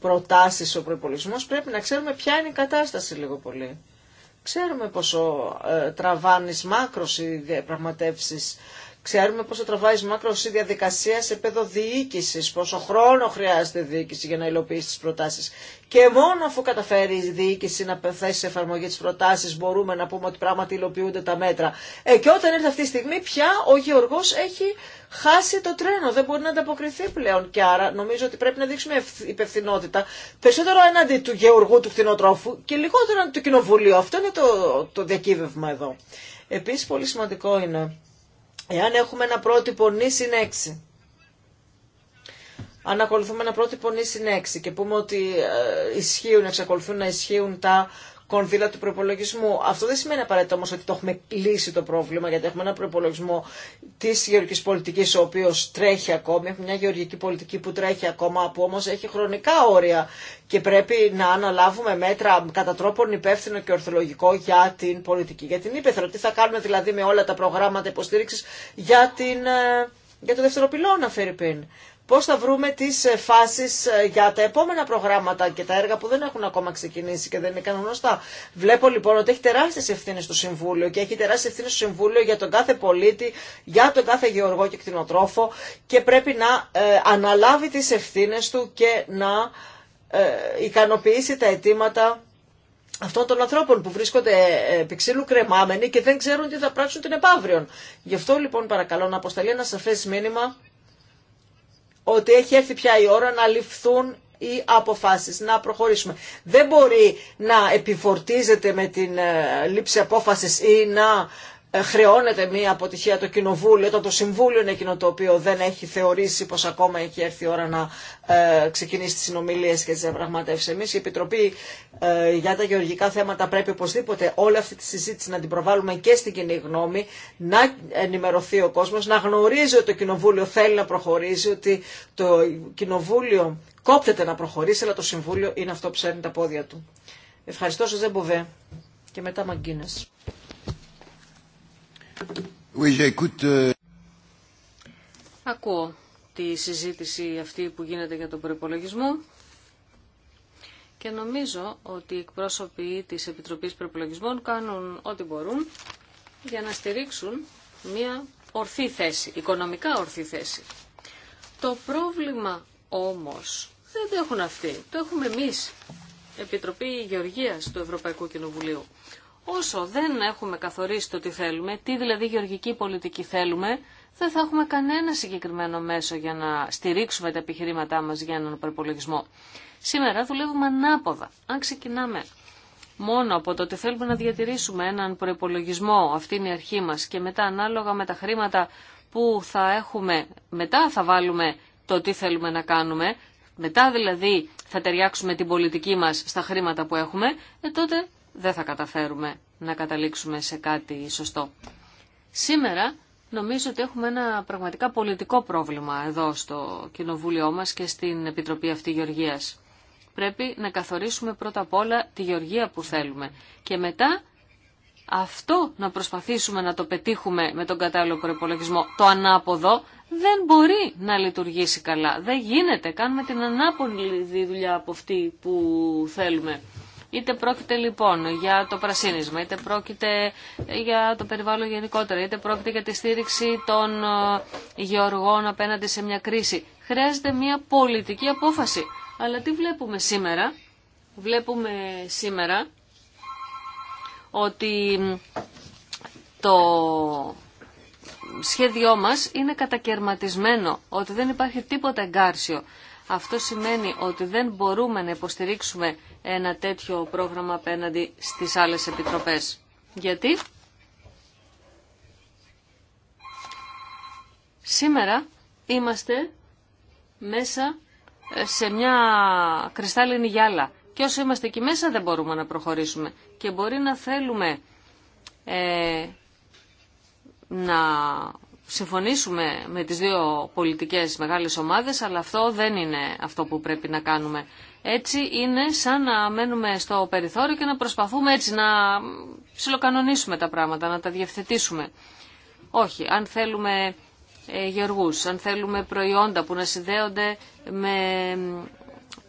προτάσεις ο προπολογισμό, πρέπει να ξέρουμε ποια είναι η κατάσταση λίγο πολύ. Ξέρουμε πόσο ε, τραβάνεις μάκρος οι διαπραγματεύσει. Ξέρουμε πόσο τραβάει μάκρο η διαδικασία σε επίπεδο διοίκηση, πόσο χρόνο χρειάζεται η διοίκηση για να υλοποιήσει τι προτάσει. Και μόνο αφού καταφέρει η διοίκηση να θέσει σε εφαρμογή τι προτάσει, μπορούμε να πούμε ότι πράγματι υλοποιούνται τα μέτρα. Ε, και όταν ήρθε αυτή τη στιγμή, πια ο Γεωργό έχει χάσει το τρένο, δεν μπορεί να ανταποκριθεί πλέον. Και άρα νομίζω ότι πρέπει να δείξουμε υπευθυνότητα περισσότερο έναντι του Γεωργού του κτηνοτρόφου και λιγότερο του Κοινοβουλίου. Αυτό είναι το, το διακύβευμα εδώ. Επίση, πολύ σημαντικό είναι Εάν έχουμε ένα πρότυπο νη συν 6, αν ακολουθούμε ένα πρότυπο νη συν 6 και πούμε ότι ε, ισχύουν, εξακολουθούν να ισχύουν τα κονδύλα του προπολογισμού. Αυτό δεν σημαίνει απαραίτητο όμω ότι το έχουμε λύσει το πρόβλημα, γιατί έχουμε ένα προπολογισμό τη γεωργική πολιτική, ο οποίο τρέχει ακόμη. Έχουμε μια γεωργική πολιτική που τρέχει ακόμα, που όμω έχει χρονικά όρια και πρέπει να αναλάβουμε μέτρα κατά τρόπον υπεύθυνο και ορθολογικό για την πολιτική. Για την ύπεθρο, τι θα κάνουμε δηλαδή με όλα τα προγράμματα υποστήριξη για την ε, για το δεύτερο πυλώνα, Φερρυπίν πώς θα βρούμε τις ε, φάσεις ε, για τα επόμενα προγράμματα και τα έργα που δεν έχουν ακόμα ξεκινήσει και δεν είναι γνωστά. Βλέπω λοιπόν ότι έχει τεράστιες ευθύνες στο Συμβούλιο και έχει τεράστιες ευθύνες στο Συμβούλιο για τον κάθε πολίτη, για τον κάθε γεωργό και κτηνοτρόφο και πρέπει να ε, αναλάβει τις ευθύνες του και να ε, ικανοποιήσει τα αιτήματα αυτών των ανθρώπων που βρίσκονται ε, επί ξύλου κρεμάμενοι και δεν ξέρουν τι θα πράξουν την επαύριον. Γι' αυτό λοιπόν παρακαλώ να αποσταλεί ένα σαφές μήνυμα ότι έχει έρθει πια η ώρα να ληφθούν οι αποφάσεις, να προχωρήσουμε. Δεν μπορεί να επιφορτίζεται με την ε, λήψη απόφασης ή να ε, χρεώνεται μία αποτυχία το Κοινοβούλιο, όταν το Συμβούλιο είναι εκείνο το οποίο δεν έχει θεωρήσει πως ακόμα έχει έρθει η ώρα να ε, ξεκινήσει τις συνομιλίες και τις διαπραγματεύσεις. Εμείς η Επιτροπή ε, για τα γεωργικά θέματα πρέπει οπωσδήποτε όλη αυτή τη συζήτηση να την προβάλλουμε και στην κοινή γνώμη, να ενημερωθεί ο κόσμος, να γνωρίζει ότι το Κοινοβούλιο θέλει να προχωρήσει, ότι το Κοινοβούλιο κόπτεται να προχωρήσει, αλλά το Συμβούλιο είναι αυτό που ψέρνει τα πόδια του. Ευχαριστώ σας, Και μετά Μαγκίνες. Euh, Ακούω τη συζήτηση αυτή που γίνεται για τον προπολογισμό και νομίζω ότι οι εκπρόσωποι της Επιτροπής Προπολογισμών κάνουν ό,τι μπορούν για να στηρίξουν μια ορθή θέση, οικονομικά ορθή θέση. Το πρόβλημα όμως δεν το έχουν αυτοί, το έχουμε εμείς, Επιτροπή Γεωργίας του Ευρωπαϊκού Κοινοβουλίου. Όσο δεν έχουμε καθορίσει το τι θέλουμε, τι δηλαδή γεωργική πολιτική θέλουμε, δεν θα έχουμε κανένα συγκεκριμένο μέσο για να στηρίξουμε τα επιχειρήματά μας για έναν προπολογισμό. Σήμερα δουλεύουμε ανάποδα. Αν ξεκινάμε μόνο από το ότι θέλουμε να διατηρήσουμε έναν προπολογισμό, αυτή είναι η αρχή μας, και μετά ανάλογα με τα χρήματα που θα έχουμε, μετά θα βάλουμε το τι θέλουμε να κάνουμε, μετά δηλαδή θα ταιριάξουμε την πολιτική μας στα χρήματα που έχουμε, ε, τότε δεν θα καταφέρουμε να καταλήξουμε σε κάτι σωστό. Σήμερα νομίζω ότι έχουμε ένα πραγματικά πολιτικό πρόβλημα εδώ στο Κοινοβούλιο μας και στην Επιτροπή αυτή Γεωργίας. Πρέπει να καθορίσουμε πρώτα απ' όλα τη γεωργία που θέλουμε και μετά αυτό να προσπαθήσουμε να το πετύχουμε με τον κατάλληλο προπολογισμό, το ανάποδο, δεν μπορεί να λειτουργήσει καλά. Δεν γίνεται. Κάνουμε την ανάπολη δουλειά από αυτή που θέλουμε. Είτε πρόκειται λοιπόν για το πρασίνισμα, είτε πρόκειται για το περιβάλλον γενικότερα, είτε πρόκειται για τη στήριξη των ε, γεωργών απέναντι σε μια κρίση. Χρειάζεται μια πολιτική απόφαση. Αλλά τι βλέπουμε σήμερα. Βλέπουμε σήμερα ότι το σχέδιό μας είναι κατακαιρματισμένο, ότι δεν υπάρχει τίποτα εγκάρσιο. Αυτό σημαίνει ότι δεν μπορούμε να υποστηρίξουμε ένα τέτοιο πρόγραμμα απέναντι στις άλλες επιτροπές. Γιατί σήμερα είμαστε μέσα ε, σε μια κρυστάλλινη γυάλα. Και όσο είμαστε εκεί μέσα δεν μπορούμε να προχωρήσουμε. Και μπορεί να θέλουμε ε, να συμφωνήσουμε με τις δύο πολιτικές μεγάλες ομάδες, αλλά αυτό δεν είναι αυτό που πρέπει να κάνουμε. Έτσι είναι σαν να μένουμε στο περιθώριο και να προσπαθούμε έτσι να ψιλοκανονίσουμε τα πράγματα, να τα διευθετήσουμε. Όχι, αν θέλουμε ε, γεργούς, αν θέλουμε προϊόντα που να συνδέονται με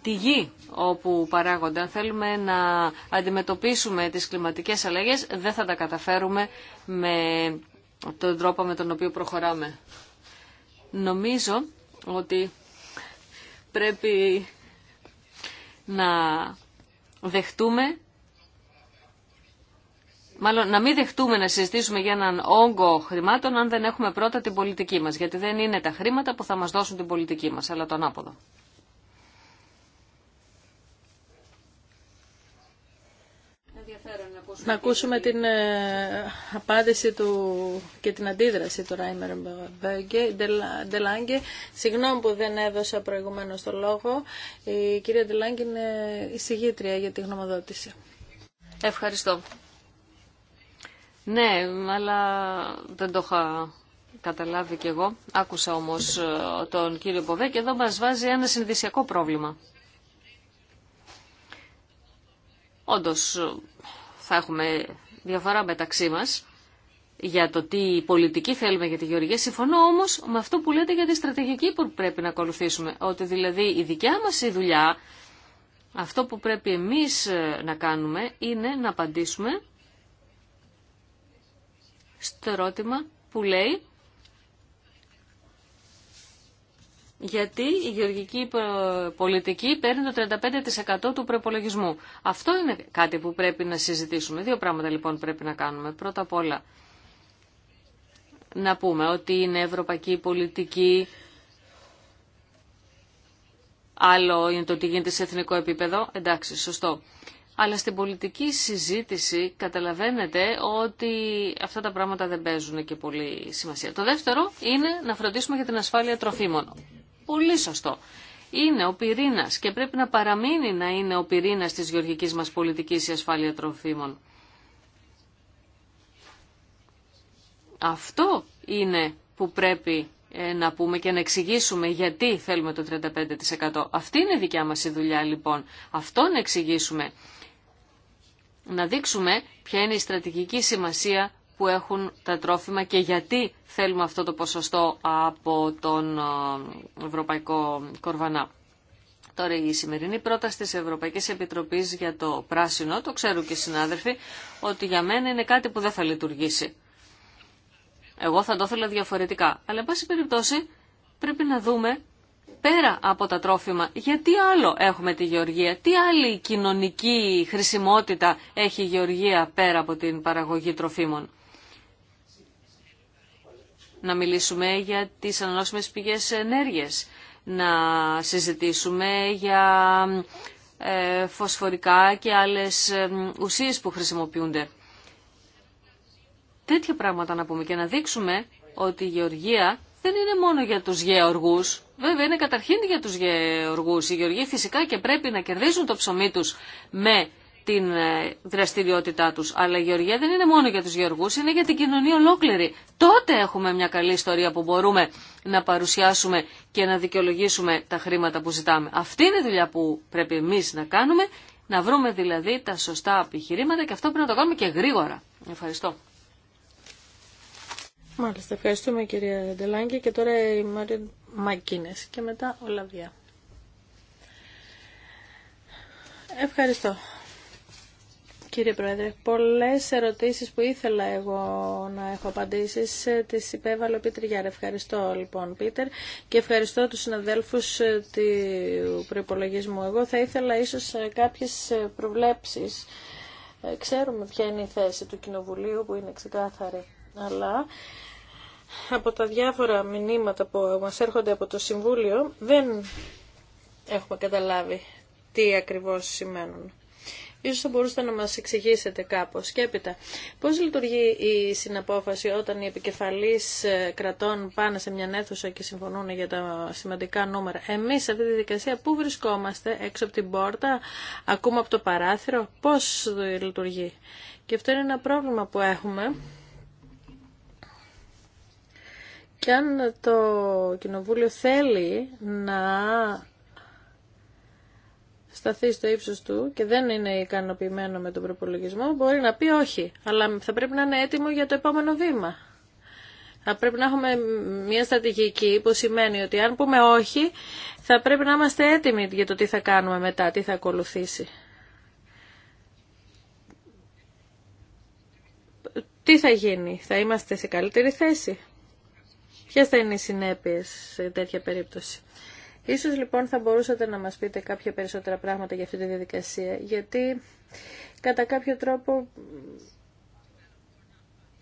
τη γη όπου παράγονται. Αν θέλουμε να αντιμετωπίσουμε τις κλιματικές αλλαγές, δεν θα τα καταφέρουμε με από τον τρόπο με τον οποίο προχωράμε. Νομίζω ότι πρέπει να δεχτούμε Μάλλον να μην δεχτούμε να συζητήσουμε για έναν όγκο χρημάτων αν δεν έχουμε πρώτα την πολιτική μας, γιατί δεν είναι τα χρήματα που θα μας δώσουν την πολιτική μας, αλλά το ανάποδο. να ακούσουμε την ε, απάντηση του και την αντίδραση του Ράιμερ Ντελάγκε. Συγγνώμη που δεν έδωσα προηγουμένω το λόγο. Η κυρία Ντελάγκε είναι εισηγήτρια για τη γνωμοδότηση. Ευχαριστώ. Ναι, αλλά δεν το είχα καταλάβει κι εγώ. Άκουσα όμως ε, τον κύριο Ποβέ και εδώ μας βάζει ένα συνδυσιακό πρόβλημα. Όντως, θα έχουμε διαφορά μεταξύ μας για το τι πολιτική θέλουμε για τη γεωργία. Συμφωνώ όμως με αυτό που λέτε για τη στρατηγική που πρέπει να ακολουθήσουμε. Ότι δηλαδή η δικιά μας η δουλειά, αυτό που πρέπει εμείς ε, να κάνουμε είναι να απαντήσουμε στο ερώτημα που λέει γιατί η γεωργική πολιτική παίρνει το 35% του προπολογισμού. Αυτό είναι κάτι που πρέπει να συζητήσουμε. Δύο πράγματα λοιπόν πρέπει να κάνουμε. Πρώτα απ' όλα να πούμε ότι είναι ευρωπαϊκή πολιτική, άλλο είναι το ότι γίνεται σε εθνικό επίπεδο, εντάξει, σωστό. Αλλά στην πολιτική συζήτηση καταλαβαίνετε ότι αυτά τα πράγματα δεν παίζουν και πολύ σημασία. Το δεύτερο είναι να φροντίσουμε για την ασφάλεια τροφίμων πολύ σωστό. Είναι ο πυρήνα και πρέπει να παραμείνει να είναι ο πυρήνα τη γεωργική μα πολιτική η ασφάλεια τροφίμων. Αυτό είναι που πρέπει ε, να πούμε και να εξηγήσουμε γιατί θέλουμε το 35%. Αυτή είναι η δικιά μας η δουλειά λοιπόν. Αυτό να εξηγήσουμε. Να δείξουμε ποια είναι η στρατηγική σημασία που έχουν τα τρόφιμα και γιατί θέλουμε αυτό το ποσοστό από τον ε, Ευρωπαϊκό Κορβανά. Τώρα η σημερινή πρόταση της Ευρωπαϊκής Επιτροπής για το πράσινο, το ξέρουν και οι συνάδελφοι, ότι για μένα είναι κάτι που δεν θα λειτουργήσει. Εγώ θα το ήθελα διαφορετικά. Αλλά, εν πάση περιπτώσει, πρέπει να δούμε πέρα από τα τρόφιμα, γιατί άλλο έχουμε τη γεωργία, τι άλλη κοινωνική χρησιμότητα έχει η γεωργία πέρα από την παραγωγή τροφίμων να μιλήσουμε για τις ανανόσιμες πηγές ενέργειας, να συζητήσουμε για ε, φωσφορικά και άλλες ε, ουσίες που χρησιμοποιούνται. Τέτοια πράγματα να πούμε και να δείξουμε ότι η γεωργία δεν είναι μόνο για τους γεωργούς. Βέβαια είναι καταρχήν για τους γεωργούς. Οι γεωργοί φυσικά και πρέπει να κερδίζουν το ψωμί τους με την ε, δραστηριότητά τους. Αλλά η γεωργία δεν είναι μόνο για τους γεωργούς, είναι για την κοινωνία ολόκληρη. Τότε έχουμε μια καλή ιστορία που μπορούμε να παρουσιάσουμε και να δικαιολογήσουμε τα χρήματα που ζητάμε. Αυτή είναι η δουλειά που πρέπει εμείς να κάνουμε, να βρούμε δηλαδή τα σωστά επιχειρήματα και αυτό πρέπει να το κάνουμε και γρήγορα. Ευχαριστώ. Μάλιστα, ευχαριστούμε κυρία Ντελάγκη και τώρα η Μαρίν Μακίνες και μετά ο Λαβία. Ευχαριστώ. Κύριε Πρόεδρε, πολλές ερωτήσεις που ήθελα εγώ να έχω απαντήσεις ε, τις υπέβαλε ο Πίτερ Ευχαριστώ λοιπόν Πίτερ και ευχαριστώ τους συναδέλφους ε, του προπολογισμού. Εγώ θα ήθελα ίσως ε, κάποιες προβλέψεις. Ξέρουμε ποια είναι η θέση του Κοινοβουλίου που είναι ξεκάθαρη, αλλά από τα διάφορα μηνύματα που μας έρχονται από το Συμβούλιο δεν έχουμε καταλάβει τι ακριβώς σημαίνουν. Ίσως θα μπορούσατε να μας εξηγήσετε κάπως. Και έπειτα, πώς λειτουργεί η συναπόφαση όταν οι επικεφαλείς ε, κρατών πάνε σε μια αίθουσα και συμφωνούν για τα σημαντικά νούμερα. Εμείς σε αυτή τη δικασία πού βρισκόμαστε, έξω από την πόρτα, ακούμε από το παράθυρο, πώς λειτουργεί. Και αυτό είναι ένα πρόβλημα που έχουμε. Και αν το Κοινοβούλιο θέλει να σταθεί στο ύψο του και δεν είναι ικανοποιημένο με τον προπολογισμό, μπορεί να πει όχι, αλλά θα πρέπει να είναι έτοιμο για το επόμενο βήμα. Θα πρέπει να έχουμε μια στρατηγική που σημαίνει ότι αν πούμε όχι, θα πρέπει να είμαστε έτοιμοι για το τι θα κάνουμε μετά, τι θα ακολουθήσει. Τι θα γίνει, θα είμαστε σε καλύτερη θέση. Ποιες θα είναι οι συνέπειες σε τέτοια περίπτωση. Ίσως λοιπόν θα μπορούσατε να μας πείτε κάποια περισσότερα πράγματα για αυτή τη διαδικασία, γιατί κατά κάποιο τρόπο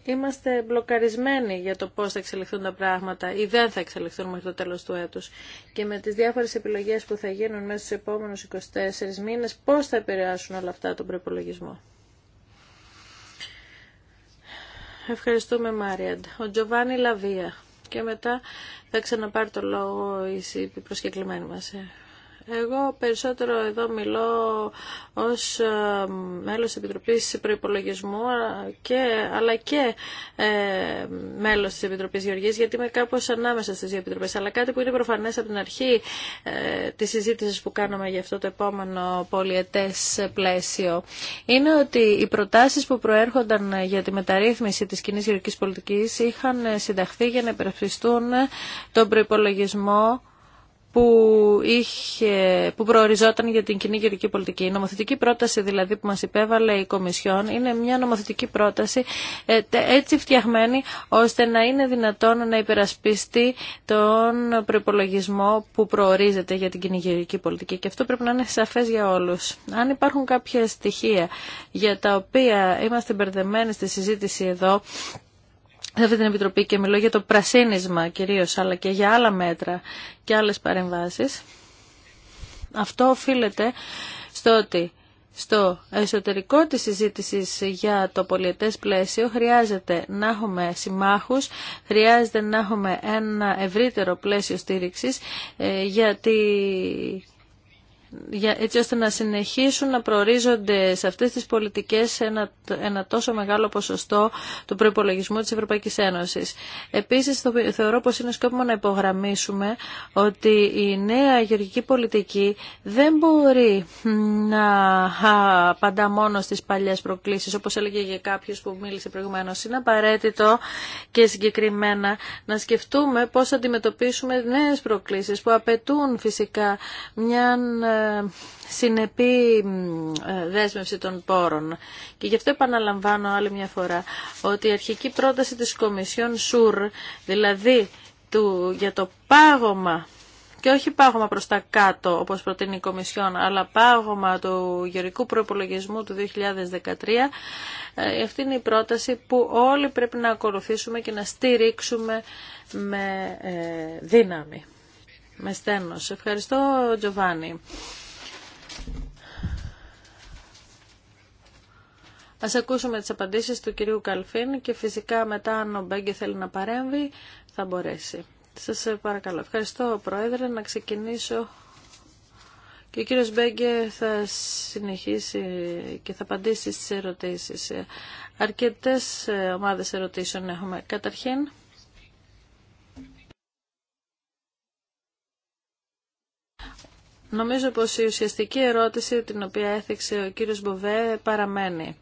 είμαστε μπλοκαρισμένοι για το πώς θα εξελιχθούν τα πράγματα ή δεν θα εξελιχθούν μέχρι το τέλος του έτους. Και με τις διάφορες επιλογές που θα γίνουν μέσα στους επόμενους 24 μήνες, πώς θα επηρεάσουν όλα αυτά τον προπολογισμό. Ευχαριστούμε Μάριαντ. Ο Τζοβάνι Λαβία και μετά θα ξαναπάρει το λόγο η προσκεκλημένη μας. Ε, εγώ περισσότερο εδώ μιλώ ως ε, μέλος της Επιτροπής Προϋπολογισμού και, αλλά και ε, μέλος της Επιτροπής Γεωργίας γιατί είμαι κάπως ανάμεσα στις δύο επιτροπές. Αλλά κάτι που είναι προφανές από την αρχή ε, της συζήτησης που κάναμε για αυτό το επόμενο πολιετές πλαίσιο είναι ότι οι προτάσεις που προέρχονταν για τη μεταρρύθμιση της κοινή γεωργικής πολιτικής είχαν συνταχθεί για να υπερασπιστούν τον προϋπολογισμό που, είχε, που προοριζόταν για την κοινή πολιτική. Η νομοθετική πρόταση δηλαδή που μας υπέβαλε η Κομισιόν είναι μια νομοθετική πρόταση ε, έτσι φτιαγμένη ώστε να είναι δυνατόν να υπερασπιστεί τον προπολογισμό που προορίζεται για την κοινή πολιτική και αυτό πρέπει να είναι σαφές για όλους. Αν υπάρχουν κάποια στοιχεία για τα οποία είμαστε μπερδεμένοι στη συζήτηση εδώ σε αυτή την Επιτροπή και μιλώ για το πρασίνισμα κυρίως, αλλά και για άλλα μέτρα και άλλες παρεμβάσεις, αυτό οφείλεται στο ότι στο εσωτερικό της συζήτηση για το πολιετές πλαίσιο χρειάζεται να έχουμε συμμάχους, χρειάζεται να έχουμε ένα ευρύτερο πλαίσιο στήριξης ε, γιατί έτσι ώστε να συνεχίσουν να προορίζονται σε αυτές τις πολιτικές ένα, ένα τόσο μεγάλο ποσοστό του προϋπολογισμού της Ευρωπαϊκής Ένωσης. Επίσης θεωρώ πως είναι σκόπιμο να υπογραμμίσουμε ότι η νέα γεωργική πολιτική δεν μπορεί να απαντά μόνο στις παλιές προκλήσεις όπως έλεγε για κάποιος που μίλησε προηγουμένως. Είναι απαραίτητο και συγκεκριμένα να σκεφτούμε πώς θα αντιμετωπίσουμε νέες προκλήσεις που απαιτούν φυσικά μια συνεπή ε, δέσμευση των πόρων. Και γι' αυτό επαναλαμβάνω άλλη μια φορά ότι η αρχική πρόταση της Κομισιόν ΣΟΥΡ, δηλαδή του, για το πάγωμα και όχι πάγωμα προς τα κάτω όπως προτείνει η Κομισιόν αλλά πάγωμα του γεωρικού προπολογισμού του 2013 ε, αυτή είναι η πρόταση που όλοι πρέπει να ακολουθήσουμε και να στηρίξουμε με ε, δύναμη με Σε Ευχαριστώ Τζοβάνι. Ας ακούσουμε τις απαντήσεις του κυρίου Καλφίν και φυσικά μετά αν ο Μπέγκε θέλει να παρέμβει θα μπορέσει. Σας ε, παρακαλώ. Ευχαριστώ Πρόεδρε. Να ξεκινήσω και ο κύριος Μπέγκε θα συνεχίσει και θα απαντήσει στις ερωτήσεις. Αρκετές ε, ομάδες ερωτήσεων έχουμε. Καταρχήν, Νομίζω πως η ουσιαστική ερώτηση την οποία έθιξε ο κύριος Μποβέ παραμένει.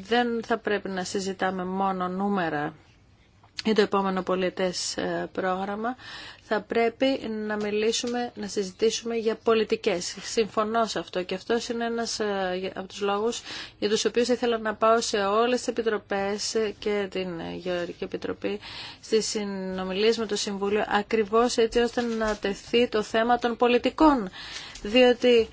Δεν θα πρέπει να συζητάμε μόνο νούμερα ή το επόμενο πολιτές ε, πρόγραμμα θα πρέπει να μιλήσουμε, να συζητήσουμε για πολιτικές. Συμφωνώ σε αυτό και αυτό είναι ένας ε, από τους λόγους για τους οποίους ήθελα να πάω σε όλες τις επιτροπές και την Γεωργική Επιτροπή στις συνομιλίες με το Συμβούλιο ακριβώς έτσι ώστε να τεθεί το θέμα των πολιτικών. Διότι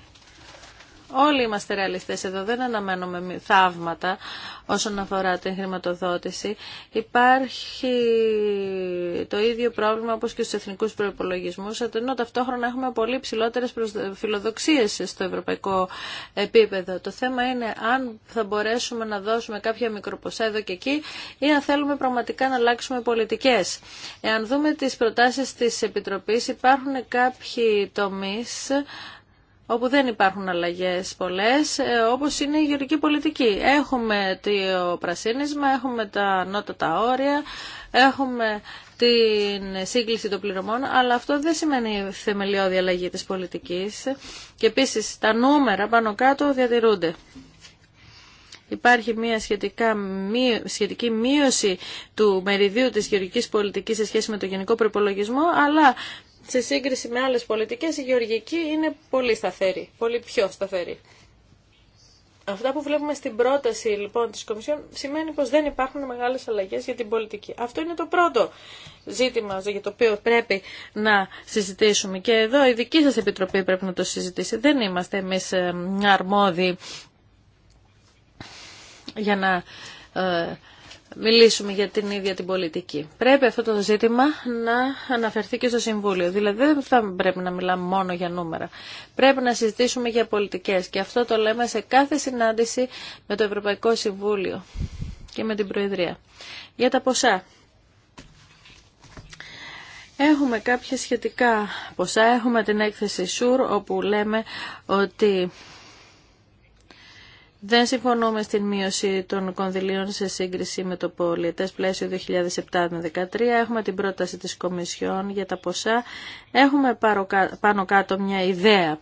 Όλοι είμαστε ρεαλιστέ εδώ, δεν αναμένουμε θαύματα όσον αφορά την χρηματοδότηση. Υπάρχει το ίδιο πρόβλημα όπως και στους εθνικούς προπολογισμού, ενώ ταυτόχρονα έχουμε πολύ ψηλότερες φιλοδοξίες στο ευρωπαϊκό επίπεδο. Το θέμα είναι αν θα μπορέσουμε να δώσουμε κάποια μικροποσά εδώ και εκεί ή αν θέλουμε πραγματικά να αλλάξουμε πολιτικέ. Εάν δούμε τι προτάσει τη επιτροπή, υπάρχουν κάποιοι τομεί όπου δεν υπάρχουν αλλαγές πολλές, ε, όπως είναι η γεωργική πολιτική. Έχουμε το πρασίνισμα, έχουμε τα ανώτατα όρια, έχουμε την σύγκληση των πληρωμών, αλλά αυτό δεν σημαίνει θεμελιώδη αλλαγή της πολιτικής. Και επίσης τα νούμερα πάνω κάτω διατηρούνται. Υπάρχει μια σχετικά, σχετική μείωση του μεριδίου της γεωργικής πολιτικής σε σχέση με το γενικό προπολογισμό, αλλά σε σύγκριση με άλλες πολιτικές η γεωργική είναι πολύ σταθερή, πολύ πιο σταθερή. Αυτά που βλέπουμε στην πρόταση λοιπόν της Κομισιόν σημαίνει πως δεν υπάρχουν μεγάλες αλλαγές για την πολιτική. Αυτό είναι το πρώτο ζήτημα για το οποίο πρέπει να συζητήσουμε και εδώ η δική σας επιτροπή πρέπει να το συζητήσει. Δεν είμαστε εμείς ε, αρμόδιοι για να ε, μιλήσουμε για την ίδια την πολιτική. Πρέπει αυτό το ζήτημα να αναφερθεί και στο Συμβούλιο. Δηλαδή δεν θα πρέπει να μιλάμε μόνο για νούμερα. Πρέπει να συζητήσουμε για πολιτικές και αυτό το λέμε σε κάθε συνάντηση με το Ευρωπαϊκό Συμβούλιο και με την Προεδρία. Για τα ποσά. Έχουμε κάποια σχετικά ποσά. Έχουμε την έκθεση ΣΟΥΡ όπου λέμε ότι δεν συμφωνούμε στην μείωση των κονδυλίων σε σύγκριση με το πολιτέ πλαισιο πλαίσιο 2007-2013. Έχουμε την πρόταση της Κομισιόν για τα ποσά. Έχουμε πάνω κάτω μια ιδέα.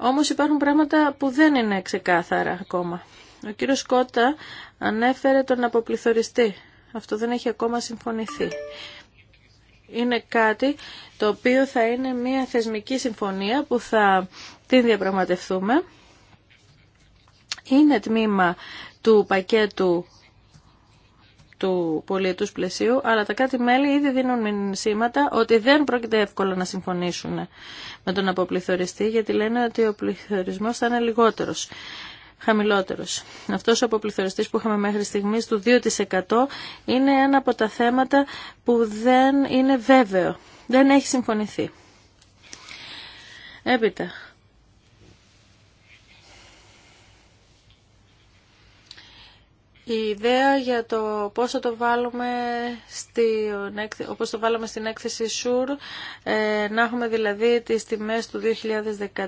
Όμως υπάρχουν πράγματα που δεν είναι ξεκάθαρα ακόμα. Ο κύριος Κότα ανέφερε τον αποπληθωριστή. Αυτό δεν έχει ακόμα συμφωνηθεί. Είναι κάτι το οποίο θα είναι μια θεσμική συμφωνία που θα την διαπραγματευτούμε είναι τμήμα του πακέτου του πολιετού πλαισίου, αλλά τα κάτι μελη ήδη δίνουν μηνύματα ότι δεν πρόκειται εύκολα να συμφωνήσουν με τον αποπληθωριστή, γιατί λένε ότι ο πληθωρισμός θα είναι λιγότερος. Χαμηλότερος. Αυτός ο αποπληθωριστής που είχαμε μέχρι στιγμής του 2% είναι ένα από τα θέματα που δεν είναι βέβαιο. Δεν έχει συμφωνηθεί. Έπειτα, Η ιδέα για το πώς το βάλουμε στην, όπως το βάλουμε στην έκθεση ΣΟΥΡ, ε, να έχουμε δηλαδή τις τιμές του 2013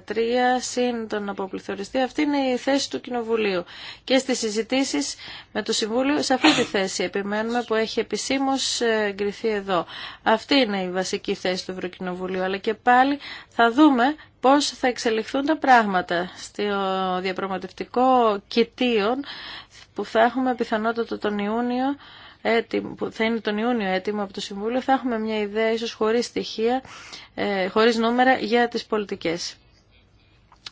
συν τον αποπληθωριστή, αυτή είναι η θέση του Κοινοβουλίου. Και στις συζητήσεις με το Συμβούλιο σε αυτή τη θέση επιμένουμε που έχει επισήμως ε, εγκριθεί εδώ. Αυτή είναι η βασική θέση του Ευρωκοινοβουλίου, αλλά και πάλι θα δούμε πώς θα εξελιχθούν τα πράγματα στο διαπραγματευτικό κοιτίον που θα έχουμε πιθανότατα τον Ιούνιο έτοιμο, που θα είναι τον Ιούνιο έτοιμο από το Συμβούλιο, θα έχουμε μια ιδέα ίσως χωρίς στοιχεία, ε, χωρίς νούμερα για τις πολιτικές.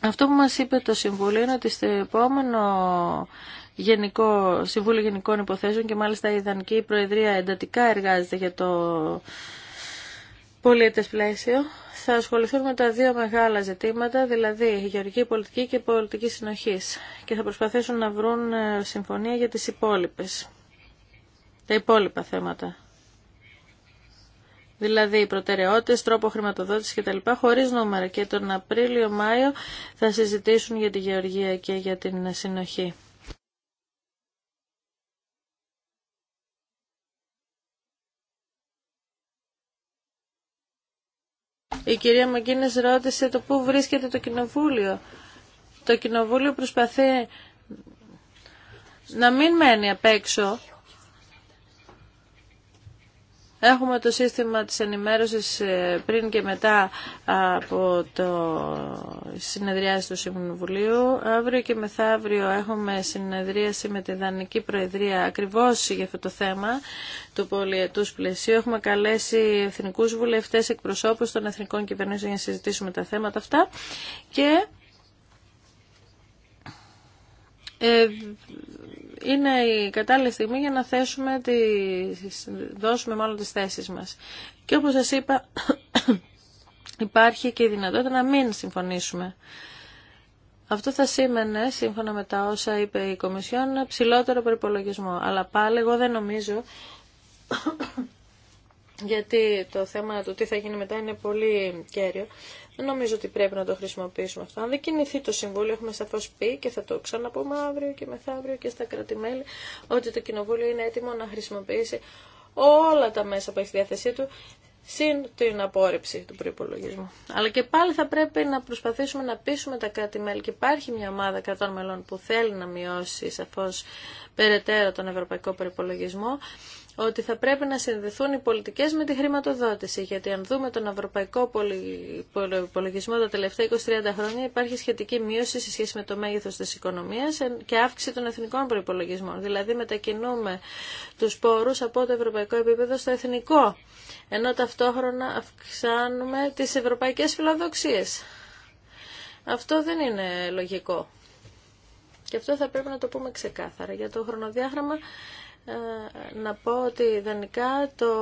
Αυτό που μας είπε το Συμβούλιο είναι ότι στο επόμενο Γενικό, Συμβούλιο Γενικών Υποθέσεων και μάλιστα η Ιδανική Προεδρία εντατικά εργάζεται για το πολίτες πλαίσιο θα ασχοληθούν με τα δύο μεγάλα ζητήματα, δηλαδή γεωργική πολιτική και πολιτική συνοχής και θα προσπαθήσουν να βρουν ε, συμφωνία για τις υπόλοιπες, τα υπόλοιπα θέματα. Δηλαδή οι προτεραιότητες, τρόπο χρηματοδότησης κτλ. χωρίς νούμερα και τον Απρίλιο-Μάιο θα συζητήσουν για τη γεωργία και για την συνοχή. Η κυρία Μαγκίνες ρώτησε το πού βρίσκεται το κοινοβούλιο. Το κοινοβούλιο προσπαθεί να μην μένει απ' έξω Έχουμε το σύστημα της ενημέρωσης ε, πριν και μετά από το συνεδριάση του Συμβουλίου. Αύριο και μεθαύριο έχουμε συνεδρίαση με τη Δανική Προεδρία ακριβώς για αυτό το θέμα του πολιετούς πλαισίου. Έχουμε καλέσει εθνικούς βουλευτές, εκπροσώπους των εθνικών κυβερνήσεων για να συζητήσουμε τα θέματα αυτά και ε, είναι η κατάλληλη στιγμή για να θέσουμε τις, δώσουμε μάλλον τις θέσεις μας. Και όπως σας είπα υπάρχει και η δυνατότητα να μην συμφωνήσουμε. Αυτό θα σήμαινε, σύμφωνα με τα όσα είπε η Κομισιόν, ψηλότερο προπολογισμό. Αλλά πάλι εγώ δεν νομίζω, γιατί το θέμα του τι θα γίνει μετά είναι πολύ κέριο, Νομίζω ότι πρέπει να το χρησιμοποιήσουμε αυτό. Αν δεν κινηθεί το Συμβούλιο, έχουμε σαφώ πει και θα το ξαναπούμε αύριο και μεθαύριο και στα κρατημέλη ότι το Κοινοβούλιο είναι έτοιμο να χρησιμοποιήσει όλα τα μέσα που έχει διάθεσή του συν την απόρριψη του προπολογισμού. Αλλά και πάλι θα πρέπει να προσπαθήσουμε να πείσουμε τα κράτη-μέλη και υπάρχει μια ομάδα κρατών μελών που θέλει να μειώσει σαφώ περαιτέρω τον ευρωπαϊκό προπολογισμό ότι θα πρέπει να συνδεθούν οι πολιτικές με τη χρηματοδότηση. Γιατί αν δούμε τον ευρωπαϊκό υπολογισμό τα τελευταία 20-30 χρόνια υπάρχει σχετική μείωση σε σχέση με το μέγεθος της οικονομίας και αύξηση των εθνικών προϋπολογισμών. Δηλαδή μετακινούμε τους πόρους από το ευρωπαϊκό επίπεδο στο εθνικό. Ενώ ταυτόχρονα αυξάνουμε τις ευρωπαϊκές φιλοδοξίες. Αυτό δεν είναι λογικό. Και αυτό θα πρέπει να το πούμε ξεκάθαρα. Για το χρονοδιάγραμμα ε, να πω ότι ιδανικά το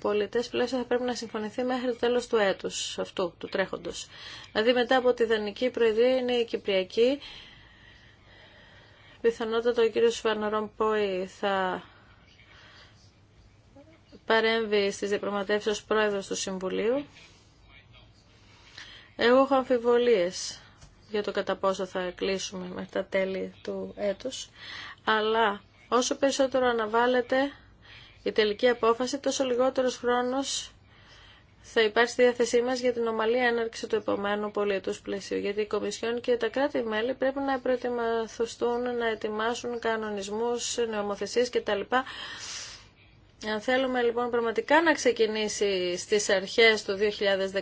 πολιτές πλαίσιο θα πρέπει να συμφωνηθεί μέχρι το τέλος του έτους αυτού, του τρέχοντος. Δηλαδή μετά από τη ιδανική προεδρία είναι η Κυπριακή. Πιθανότατα ο κύριος Φαρνορόμ Πόη θα παρέμβει στις διαπραγματεύσεις ως πρόεδρος του Συμβουλίου. Εγώ έχω αμφιβολίες για το κατά πόσο θα κλείσουμε με τα τέλη του έτους, αλλά Όσο περισσότερο αναβάλλεται η τελική απόφαση, τόσο λιγότερος χρόνος θα υπάρξει στη διάθεσή μας για την ομαλή έναρξη του επομένου πολιτικού πλαισίου. Γιατί οι Κομισιόν και τα κράτη-μέλη πρέπει να προετοιμαθούν, να ετοιμάσουν κανονισμούς, νομοθεσίες κτλ. Αν θέλουμε λοιπόν πραγματικά να ξεκινήσει στις αρχές του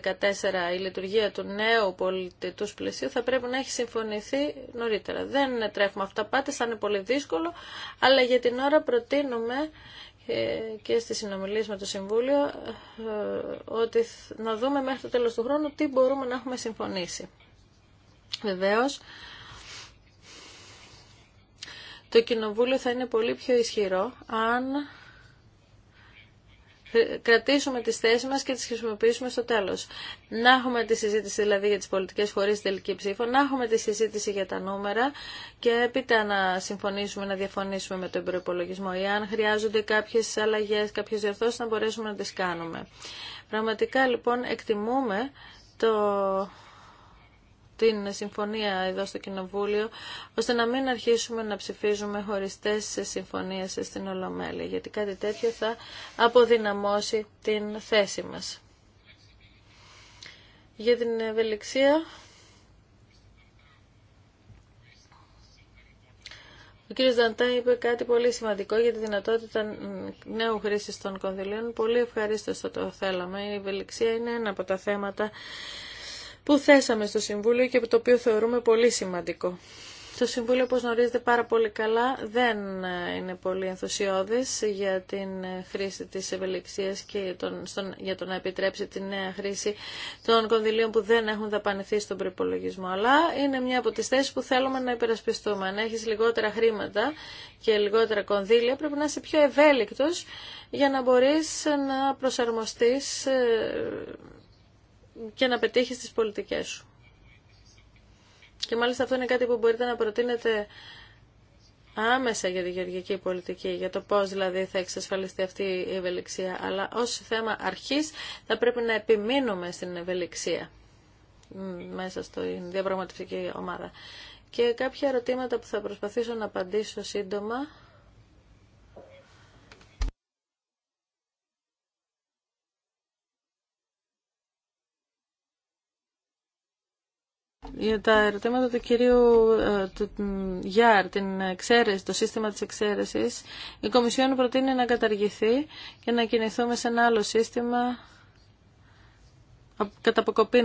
2014 η λειτουργία του νέου πολιτικού πλαισίου θα πρέπει να έχει συμφωνηθεί νωρίτερα. Δεν τρέχουμε αυτά πάτε, θα είναι πολύ δύσκολο, αλλά για την ώρα προτείνουμε ε, και στις συνομιλίες με το Συμβούλιο ε, ότι να δούμε μέχρι το τέλος του χρόνου τι μπορούμε να έχουμε συμφωνήσει. Βεβαίως, το Κοινοβούλιο θα είναι πολύ πιο ισχυρό αν κρατήσουμε τις θέσεις μας και τις χρησιμοποιήσουμε στο τέλος. Να έχουμε τη συζήτηση δηλαδή για τις πολιτικές χωρίς τελική ψήφο, να έχουμε τη συζήτηση για τα νούμερα και έπειτα να συμφωνήσουμε, να διαφωνήσουμε με τον προπολογισμό ή αν χρειάζονται κάποιες αλλαγές, κάποιες διορθώσεις να μπορέσουμε να τις κάνουμε. Πραγματικά λοιπόν εκτιμούμε το την συμφωνία εδώ στο Κοινοβούλιο, ώστε να μην αρχίσουμε να ψηφίζουμε χωριστές συμφωνίες στην Ολομέλη, γιατί κάτι τέτοιο θα αποδυναμώσει την θέση μας. Για την ευελιξία, Ο κύριος Δαντά είπε κάτι πολύ σημαντικό για τη δυνατότητα νέου χρήσης των κονδυλίων. Πολύ ευχαρίστως το, το θέλαμε. Η ευελιξία είναι ένα από τα θέματα που θέσαμε στο Συμβούλιο και το οποίο θεωρούμε πολύ σημαντικό. Το Συμβούλιο, όπως γνωρίζετε πάρα πολύ καλά, δεν είναι πολύ ενθουσιώδης για την χρήση της ευελιξίας και τον, για το να επιτρέψει τη νέα χρήση των κονδυλίων που δεν έχουν δαπανηθεί στον προπολογισμό. Αλλά είναι μια από τις θέσεις που θέλουμε να υπερασπιστούμε. Αν έχεις λιγότερα χρήματα και λιγότερα κονδύλια, πρέπει να είσαι πιο ευέλικτος για να μπορείς να προσαρμοστείς ε, και να πετύχεις τις πολιτικές σου. Και μάλιστα αυτό είναι κάτι που μπορείτε να προτείνετε άμεσα για τη γεωργική πολιτική, για το πώς δηλαδή θα εξασφαλιστεί αυτή η ευελιξία. Αλλά ως θέμα αρχής θα πρέπει να επιμείνουμε στην ευελιξία μέσα στην διαπραγματευτική ομάδα. Και κάποια ερωτήματα που θα προσπαθήσω να απαντήσω σύντομα. Για τα ερωτήματα του κυρίου ε, του, Γιάρ, την το σύστημα της εξαίρεσης, η Κομισιόν προτείνει να καταργηθεί και να κινηθούμε σε ένα άλλο σύστημα κατά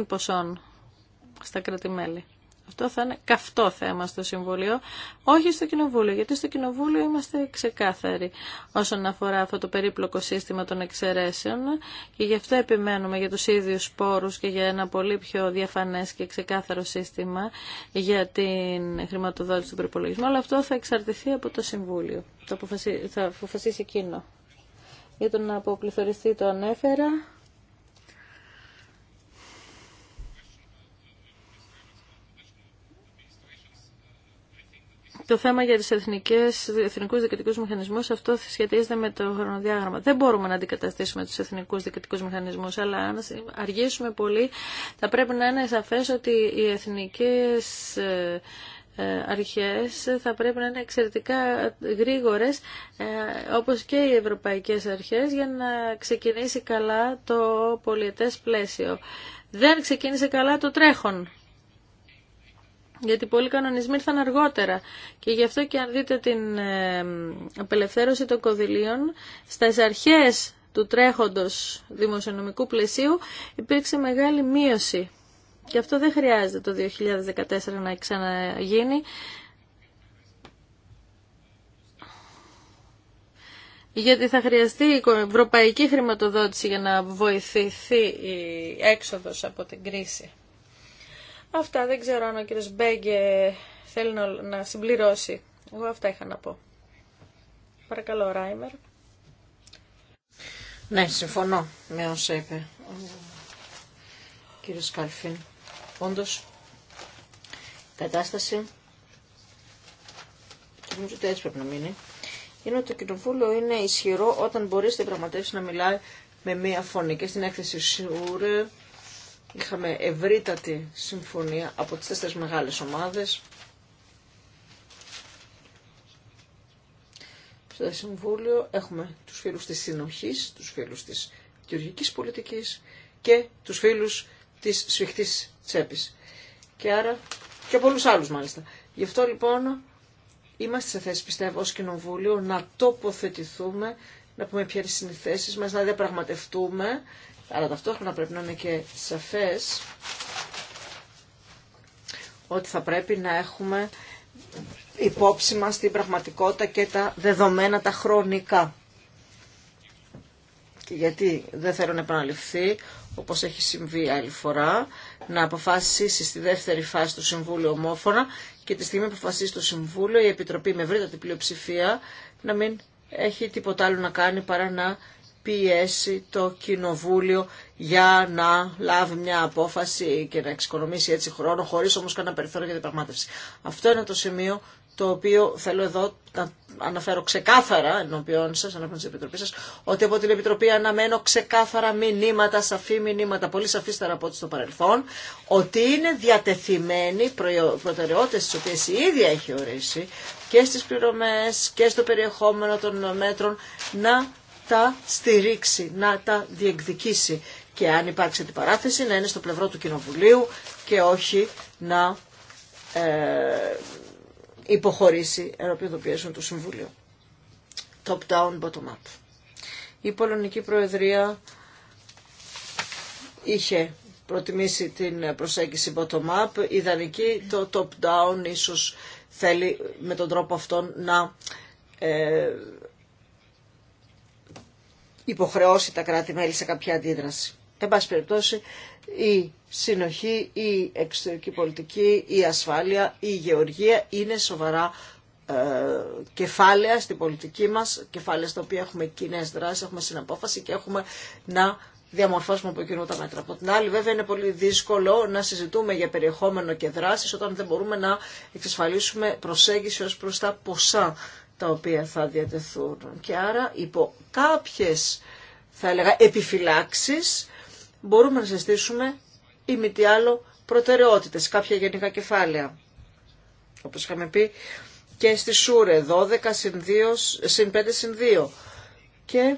ποσών στα κρατημέλη. Αυτό θα είναι καυτό θέμα στο Συμβούλιο, όχι στο Κοινοβούλιο, γιατί στο Κοινοβούλιο είμαστε ξεκάθαροι όσον αφορά αυτό το περίπλοκο σύστημα των εξαιρέσεων και γι' αυτό επιμένουμε για τους ίδιους σπόρους και για ένα πολύ πιο διαφανές και ξεκάθαρο σύστημα για την χρηματοδότηση του προπολογισμού, αλλά αυτό θα εξαρτηθεί από το Συμβούλιο, θα αποφασίσει εκείνο. Για τον αποπληθωριστή το ανέφερα. το θέμα για τις εθνικές, εθνικούς διοικητικούς μηχανισμούς, αυτό σχετίζεται με το χρονοδιάγραμμα. Δεν μπορούμε να αντικαταστήσουμε τους εθνικούς διοικητικούς μηχανισμούς, αλλά αν αργήσουμε πολύ θα πρέπει να είναι σαφές ότι οι εθνικές ε, ε, αρχές θα πρέπει να είναι εξαιρετικά γρήγορες ε, όπως και οι ευρωπαϊκές αρχές για να ξεκινήσει καλά το πολιετές πλαίσιο. Δεν ξεκίνησε καλά το τρέχον γιατί πολλοί κανονισμοί ήρθαν αργότερα και γι' αυτό και αν δείτε την ε, απελευθέρωση των κοδηλίων στις αρχές του τρέχοντος δημοσιονομικού πλαισίου υπήρξε μεγάλη μείωση και αυτό δεν χρειάζεται το 2014 να ξαναγίνει γιατί θα χρειαστεί η ευρωπαϊκή χρηματοδότηση για να βοηθηθεί η έξοδος από την κρίση. Αυτά δεν ξέρω αν ο κύριος Μπέγκε θέλει να συμπληρώσει. Εγώ αυτά είχα να πω. Παρακαλώ, Ράιμερ. Ναι, συμφωνώ με όσα είπε ο κύριος Καλφίν. Όντως, η κατάσταση, και νομίζω ότι έτσι πρέπει να μείνει, είναι ότι το κοινοβούλιο είναι ισχυρό όταν μπορεί στην πραγματεύση να μιλάει με μία φωνή. Και στην έκθεση σου. Είχαμε ευρύτατη συμφωνία από τις τέσσερις μεγάλες ομάδες. Στο Συμβούλιο έχουμε τους φίλους της συνοχής, τους φίλους της γεωργικής πολιτικής και τους φίλους της σφιχτής τσέπης. Και άρα και πολλούς άλλους μάλιστα. Γι' αυτό λοιπόν είμαστε σε θέση πιστεύω ως Κοινοβούλιο να τοποθετηθούμε, να πούμε ποιες είναι οι θέσεις μας, να διαπραγματευτούμε αλλά ταυτόχρονα πρέπει να είναι και σαφές ότι θα πρέπει να έχουμε υπόψη μας την πραγματικότητα και τα δεδομένα τα χρονικά. Και γιατί δεν θέλω να επαναληφθεί, όπως έχει συμβεί άλλη φορά, να αποφασίσει στη δεύτερη φάση του Συμβούλου ομόφωνα και τη στιγμή που αποφασίσει το Συμβούλιο η Επιτροπή με την πλειοψηφία να μην έχει τίποτα άλλο να κάνει παρά να πιέσει το Κοινοβούλιο για να λάβει μια απόφαση και να εξοικονομήσει έτσι χρόνο, χωρίς όμως κανένα περιθώριο για διαπραγμάτευση. Αυτό είναι το σημείο το οποίο θέλω εδώ να αναφέρω ξεκάθαρα ενώπιον σα, ενώπιον τη Επιτροπή σα, ότι από την Επιτροπή αναμένω ξεκάθαρα μηνύματα, σαφή μηνύματα, πολύ σαφίστερα από ό,τι στο παρελθόν, ότι είναι διατεθειμένοι προτεραιότητε τι οποίε η ίδια έχει ορίσει και στι πληρωμέ και στο περιεχόμενο των μέτρων να τα στηρίξει, να τα διεκδικήσει και αν υπάρξει αντιπαράθεση να είναι στο πλευρό του Κοινοβουλίου και όχι να ε, υποχωρήσει ενώπιον του Συμβουλίου. Top down, bottom up. Η Πολωνική Προεδρία είχε προτιμήσει την προσέγγιση bottom up, η Δανική το top down ίσως θέλει με τον τρόπο αυτόν να ε, υποχρεώσει τα κράτη-μέλη σε κάποια αντίδραση. Εν πάση περιπτώσει, η συνοχή, η εξωτερική πολιτική, η ασφάλεια, η γεωργία είναι σοβαρά ε, κεφάλαια στην πολιτική μας, κεφάλαια στα οποία έχουμε κοινέ δράσεις, έχουμε συναπόφαση και έχουμε να διαμορφώσουμε από κοινού τα μέτρα. Από την άλλη, βέβαια, είναι πολύ δύσκολο να συζητούμε για περιεχόμενο και δράσεις όταν δεν μπορούμε να εξασφαλίσουμε προσέγγιση ως προς τα ποσά τα οποία θα διατεθούν. Και άρα υπό κάποιες, θα έλεγα, επιφυλάξεις μπορούμε να συστήσουμε ή μη τι άλλο προτεραιότητες, κάποια γενικά κεφάλαια. Όπως είχαμε πει και στη Σούρε, 12 συν, 2, συν 5 συν 2. Και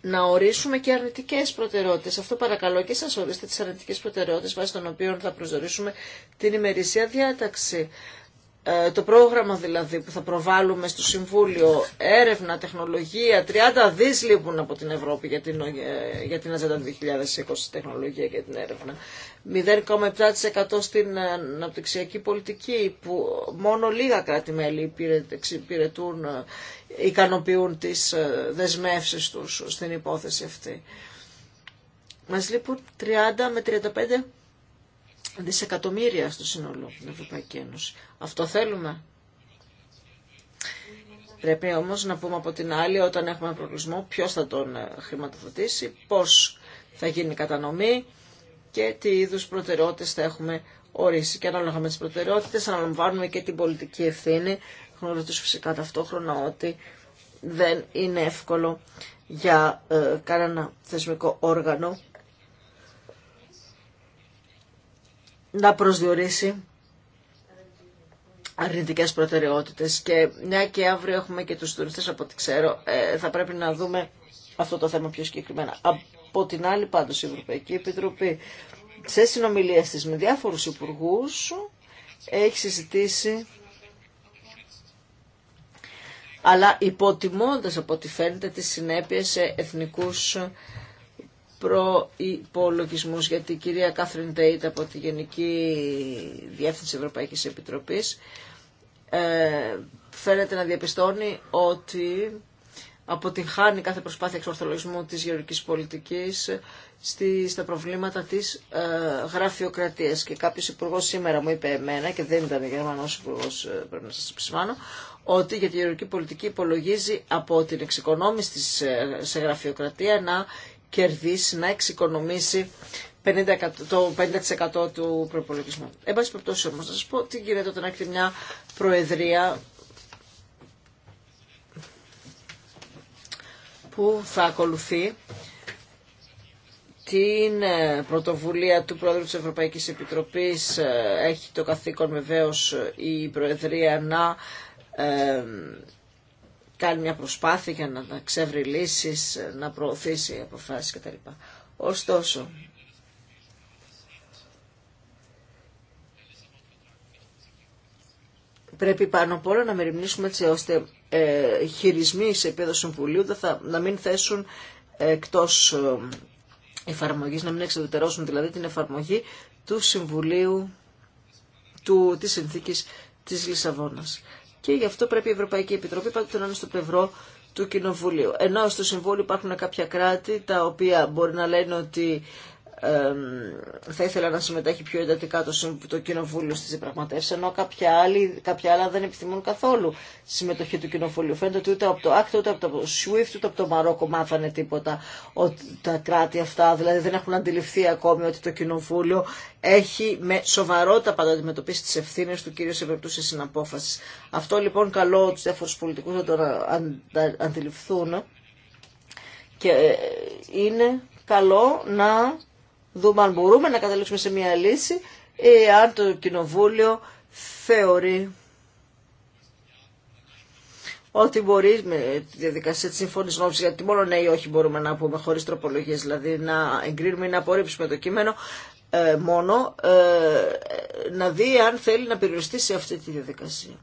να ορίσουμε και αρνητικέ προτεραιότητε. Αυτό παρακαλώ και σα ορίστε τι αρνητικέ προτεραιότητε βάσει των οποίων θα προσδορίσουμε την ημερήσια διάταξη. Ε, το πρόγραμμα δηλαδή που θα προβάλλουμε στο Συμβούλιο έρευνα, τεχνολογία, 30 δις λείπουν από την Ευρώπη για την, ε, για την Αζέντα 2020 τεχνολογία και την έρευνα. 0,7% στην αναπτυξιακή πολιτική που μόνο λίγα κράτη-μέλη υπηρετούν, ε, ικανοποιούν τις δεσμεύσεις τους στην υπόθεση αυτή. Μας λείπουν 30 με 35 δισεκατομμύρια στο σύνολο την Ευρωπαϊκή Ένωση. Αυτό θέλουμε. Πρέπει όμως να πούμε από την άλλη όταν έχουμε ένα προβλησμό ποιος θα τον ε, χρηματοδοτήσει, πώς θα γίνει η κατανομή και τι είδους προτεραιότητες θα έχουμε ορίσει. Και ανάλογα με τις προτεραιότητες αναλαμβάνουμε και την πολιτική ευθύνη, ρωτήσει φυσικά ταυτόχρονα ότι δεν είναι εύκολο για ε, κανένα θεσμικό όργανο να προσδιορίσει αρνητικές προτεραιότητες και μια και αύριο έχουμε και τους τουριστές από ό,τι ξέρω ε, θα πρέπει να δούμε αυτό το θέμα πιο συγκεκριμένα. Από την άλλη πάντως η Ευρωπαϊκή Επιτροπή σε συνομιλίες της με διάφορους υπουργούς έχει συζητήσει αλλά υποτιμώντας από ό,τι φαίνεται τις συνέπειες σε εθνικούς προπολογισμού, γιατί η κυρία Κάθριν Τέιτ από τη Γενική Διεύθυνση Ευρωπαϊκής Επιτροπής ε, φαίνεται να διαπιστώνει ότι αποτυγχάνει κάθε προσπάθεια εξορθολογισμού της γεωργικής πολιτικής στη, στα προβλήματα της ε, γραφειοκρατίας. Και κάποιος υπουργός σήμερα μου είπε εμένα, και δεν ήταν γερμανός υπουργός, ε, πρέπει να σας επισημάνω, ότι για τη γεωργική πολιτική υπολογίζει από την εξοικονόμηση της, ε, σε γραφειοκρατία να κερδίσει, να εξοικονομήσει 50%, το 50% του προπολογισμού. Εν πάση περιπτώσει όμως, να σας πω τι γίνεται όταν έχετε μια προεδρία που θα ακολουθεί την ε, πρωτοβουλία του Πρόεδρου της Ευρωπαϊκής Επιτροπής ε, έχει το καθήκον βεβαίω η Προεδρία να ε, κάνει μια προσπάθεια να, να ξεύρει λύσεις, να προωθήσει αποφάσεις κτλ. Ωστόσο, πρέπει πάνω απ' όλα να μεριμνήσουμε έτσι ώστε ε, χειρισμοί σε επίπεδο συμβουλίου να μην θέσουν εκτός ε, εφαρμογής, να μην εξεδετερώσουν δηλαδή την εφαρμογή του Συμβουλίου του, της Συνθήκης της Λισαβόνας και γι' αυτό πρέπει η Ευρωπαϊκή Επιτροπή πάντοτε να είναι στο πλευρό του Κοινοβουλίου. Ενώ στο Συμβούλιο υπάρχουν κάποια κράτη τα οποία μπορεί να λένε ότι θα ήθελα να συμμετέχει πιο εντατικά το, το Κοινοβούλιο στις διαπραγματεύσεις, ενώ κάποια, άλλη, κάποια άλλα δεν επιθυμούν καθόλου συμμετοχή του Κοινοβουλίου. Φαίνεται ότι ούτε από το Άκτο, ούτε από το ΣΟΥΙΦΤ, ούτε από το Μαρόκο μάθανε τίποτα ότι τα κράτη αυτά, δηλαδή δεν έχουν αντιληφθεί ακόμη ότι το Κοινοβούλιο έχει με σοβαρότητα πάντα αντιμετωπίσει τις ευθύνες του κυρίως σε περίπτωση συναπόφασης. Αυτό λοιπόν καλό τους διάφορου πολιτικού να το αντιληφθούν και ε, είναι καλό να δούμε αν μπορούμε να καταλήξουμε σε μια λύση ή αν το Κοινοβούλιο θεωρεί ότι μπορεί με τη διαδικασία της συμφωνή νόμης, γιατί μόνο ναι ή όχι μπορούμε να πούμε χωρί τροπολογίε, δηλαδή να εγκρίνουμε ή να απορρίψουμε το κείμενο, ε, μόνο ε, να δει αν θέλει να περιοριστεί σε αυτή τη διαδικασία.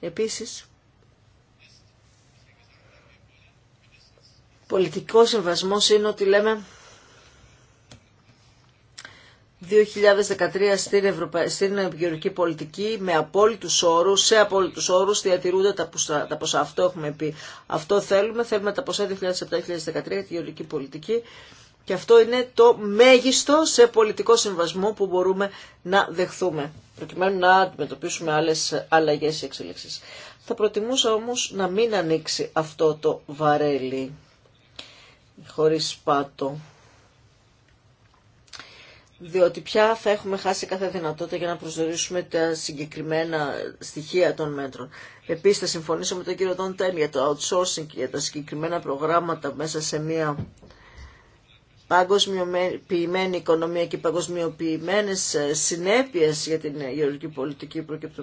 Επίσης, Πολιτικό συμβασμό είναι ότι λέμε 2013 στην, Ευρωπα... στην πολιτική με απόλυτους όρους, σε απόλυτους όρους διατηρούνται τα, ποσά, τα Αυτό έχουμε πει. Αυτό θέλουμε, θέλουμε τα ποσά 2007-2013 τη γεωργική πολιτική και αυτό είναι το μέγιστο σε πολιτικό συμβασμό που μπορούμε να δεχθούμε προκειμένου να αντιμετωπίσουμε άλλες αλλαγές ή εξελίξεις. Θα προτιμούσα όμως να μην ανοίξει αυτό το βαρέλι χωρίς πάτο. Διότι πια θα έχουμε χάσει κάθε δυνατότητα για να προσδιορίσουμε τα συγκεκριμένα στοιχεία των μέτρων. Επίσης θα συμφωνήσω με τον κύριο Τέν για το outsourcing και για τα συγκεκριμένα προγράμματα μέσα σε μια παγκοσμιοποιημένη οικονομία και παγκοσμιοποιημένε ε, συνέπειε για την γεωργική πολιτική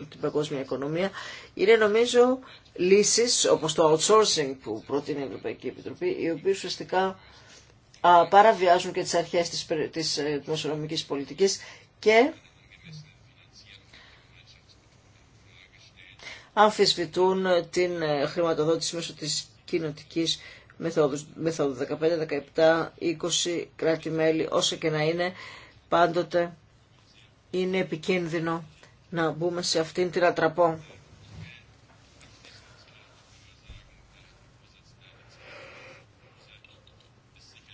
την παγκόσμια οικονομία, είναι νομίζω λύσεις όπως το outsourcing που προτείνει η Ευρωπαϊκή Επιτροπή οι οποίοι ουσιαστικά παραβιάζουν και τις αρχές της, της πολιτική ε, πολιτικής και αμφισβητούν την ε, χρηματοδότηση μέσω της κοινοτικής μεθόδου, μεθόδου 15, 17, 20 κράτη-μέλη, όσο και να είναι, πάντοτε είναι επικίνδυνο να μπούμε σε αυτήν την ατραπό.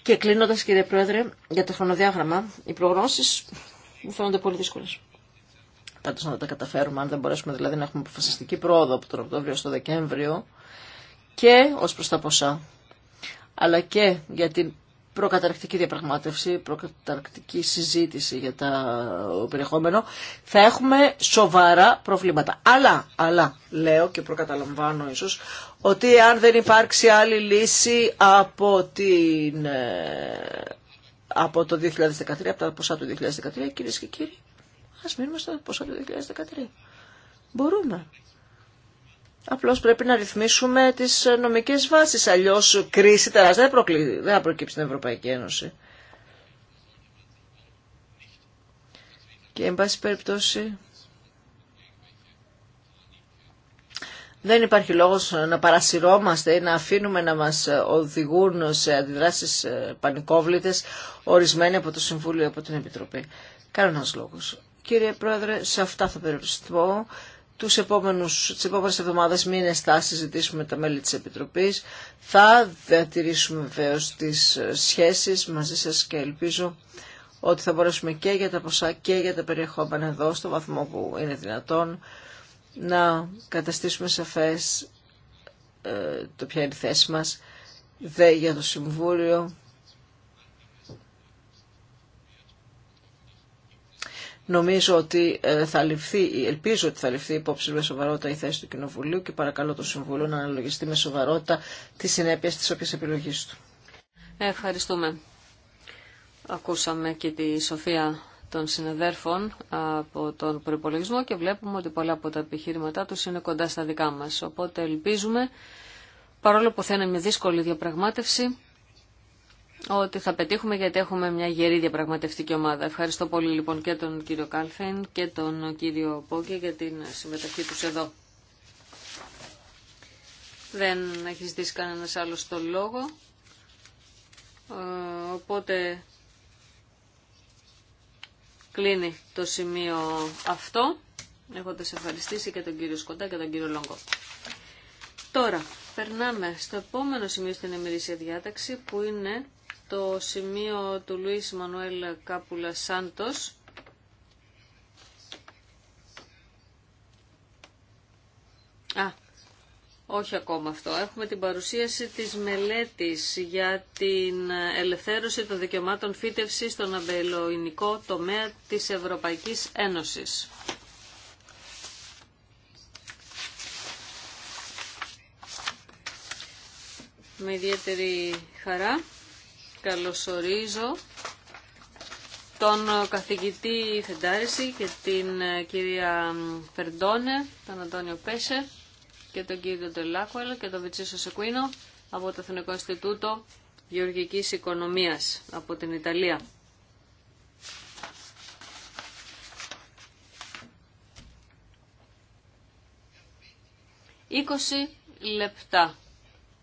Και κλείνοντα, κύριε Πρόεδρε για το χρονοδιάγραμμα, οι προγνώσει μου φαίνονται πολύ δύσκολε. Πάντως να τα καταφέρουμε, αν δεν μπορέσουμε δηλαδή να έχουμε αποφασιστική πρόοδο από τον Οκτώβριο στο Δεκέμβριο και ω προ τα ποσά, αλλά και για την προκαταρκτική διαπραγμάτευση, προκαταρκτική συζήτηση για το περιεχόμενο, θα έχουμε σοβαρά προβλήματα. Αλλά, αλλά, λέω και προκαταλαμβάνω ίσως, ότι αν δεν υπάρξει άλλη λύση από, την, ε, από το 2013, από τα ποσά του 2013, κυρίε και κύριοι, ας μείνουμε στα ποσά του 2013. Μπορούμε. Απλώς πρέπει να ρυθμίσουμε τις νομικές βάσεις, αλλιώς κρίση τεράστια δεν, δεν θα προκύψει στην Ευρωπαϊκή Ένωση. Και εν πάση περιπτώσει Δεν υπάρχει λόγος να παρασυρώμαστε ή να αφήνουμε να μας οδηγούν σε αντιδράσεις ε, πανικόβλητες ορισμένοι από το Συμβούλιο από την Επιτροπή. Κανένας λόγος. Κύριε Πρόεδρε, σε αυτά θα περιοριστώ. Τους επόμενους, τις επόμενες εβδομάδες μήνες θα συζητήσουμε τα μέλη της Επιτροπής. Θα διατηρήσουμε βεβαίω τις ε, σχέσεις μαζί σας και ελπίζω ότι θα μπορέσουμε και για τα ποσά και για τα περιεχόμενα εδώ στο βαθμό που είναι δυνατόν να καταστήσουμε σαφές ε, το ποια είναι η θέση μας, δε για το Συμβούλιο. Νομίζω ότι ε, θα ληφθεί, ελπίζω ότι θα ληφθεί υπόψη με σοβαρότητα η θέση του Κοινοβουλίου και παρακαλώ το Συμβούλιο να αναλογιστεί με σοβαρότητα τη συνέπεια της όποιας επιλογής του. Ευχαριστούμε. Ακούσαμε και τη Σοφία των συναδέρφων από τον προπολογισμό και βλέπουμε ότι πολλά από τα επιχείρηματά τους είναι κοντά στα δικά μας. Οπότε ελπίζουμε, παρόλο που θα είναι μια δύσκολη διαπραγμάτευση, ότι θα πετύχουμε γιατί έχουμε μια γερή διαπραγματευτική ομάδα. Ευχαριστώ πολύ λοιπόν και τον κύριο Κάλφεν και τον κύριο Πόκε για την συμμετοχή τους εδώ. Δεν έχει ζητήσει κανένας άλλος το λόγο. Ε, οπότε Κλείνει το σημείο αυτό, έχοντας ευχαριστήσει και τον κύριο Σκοντά και τον κύριο Λόγκο. Τώρα, περνάμε στο επόμενο σημείο στην εμμυρίσια διάταξη, που είναι το σημείο του Λουίς Μανουέλ Κάπουλα Σάντος, Α, όχι ακόμα αυτό. Έχουμε την παρουσίαση της μελέτης για την ελευθέρωση των δικαιωμάτων φύτευσης στον αμπελοϊνικό τομέα της Ευρωπαϊκής Ένωσης. Με ιδιαίτερη χαρά καλωσορίζω τον καθηγητή Φεντάριση και την κυρία Φερντόνε. τον Αντώνιο Πέσερ, και τον κύριο Ντελάκουελ και τον Βιτσίσο Σεκουίνο από το Εθνικό Ινστιτούτο Γεωργικής Οικονομίας από την Ιταλία. Είκοσι λεπτά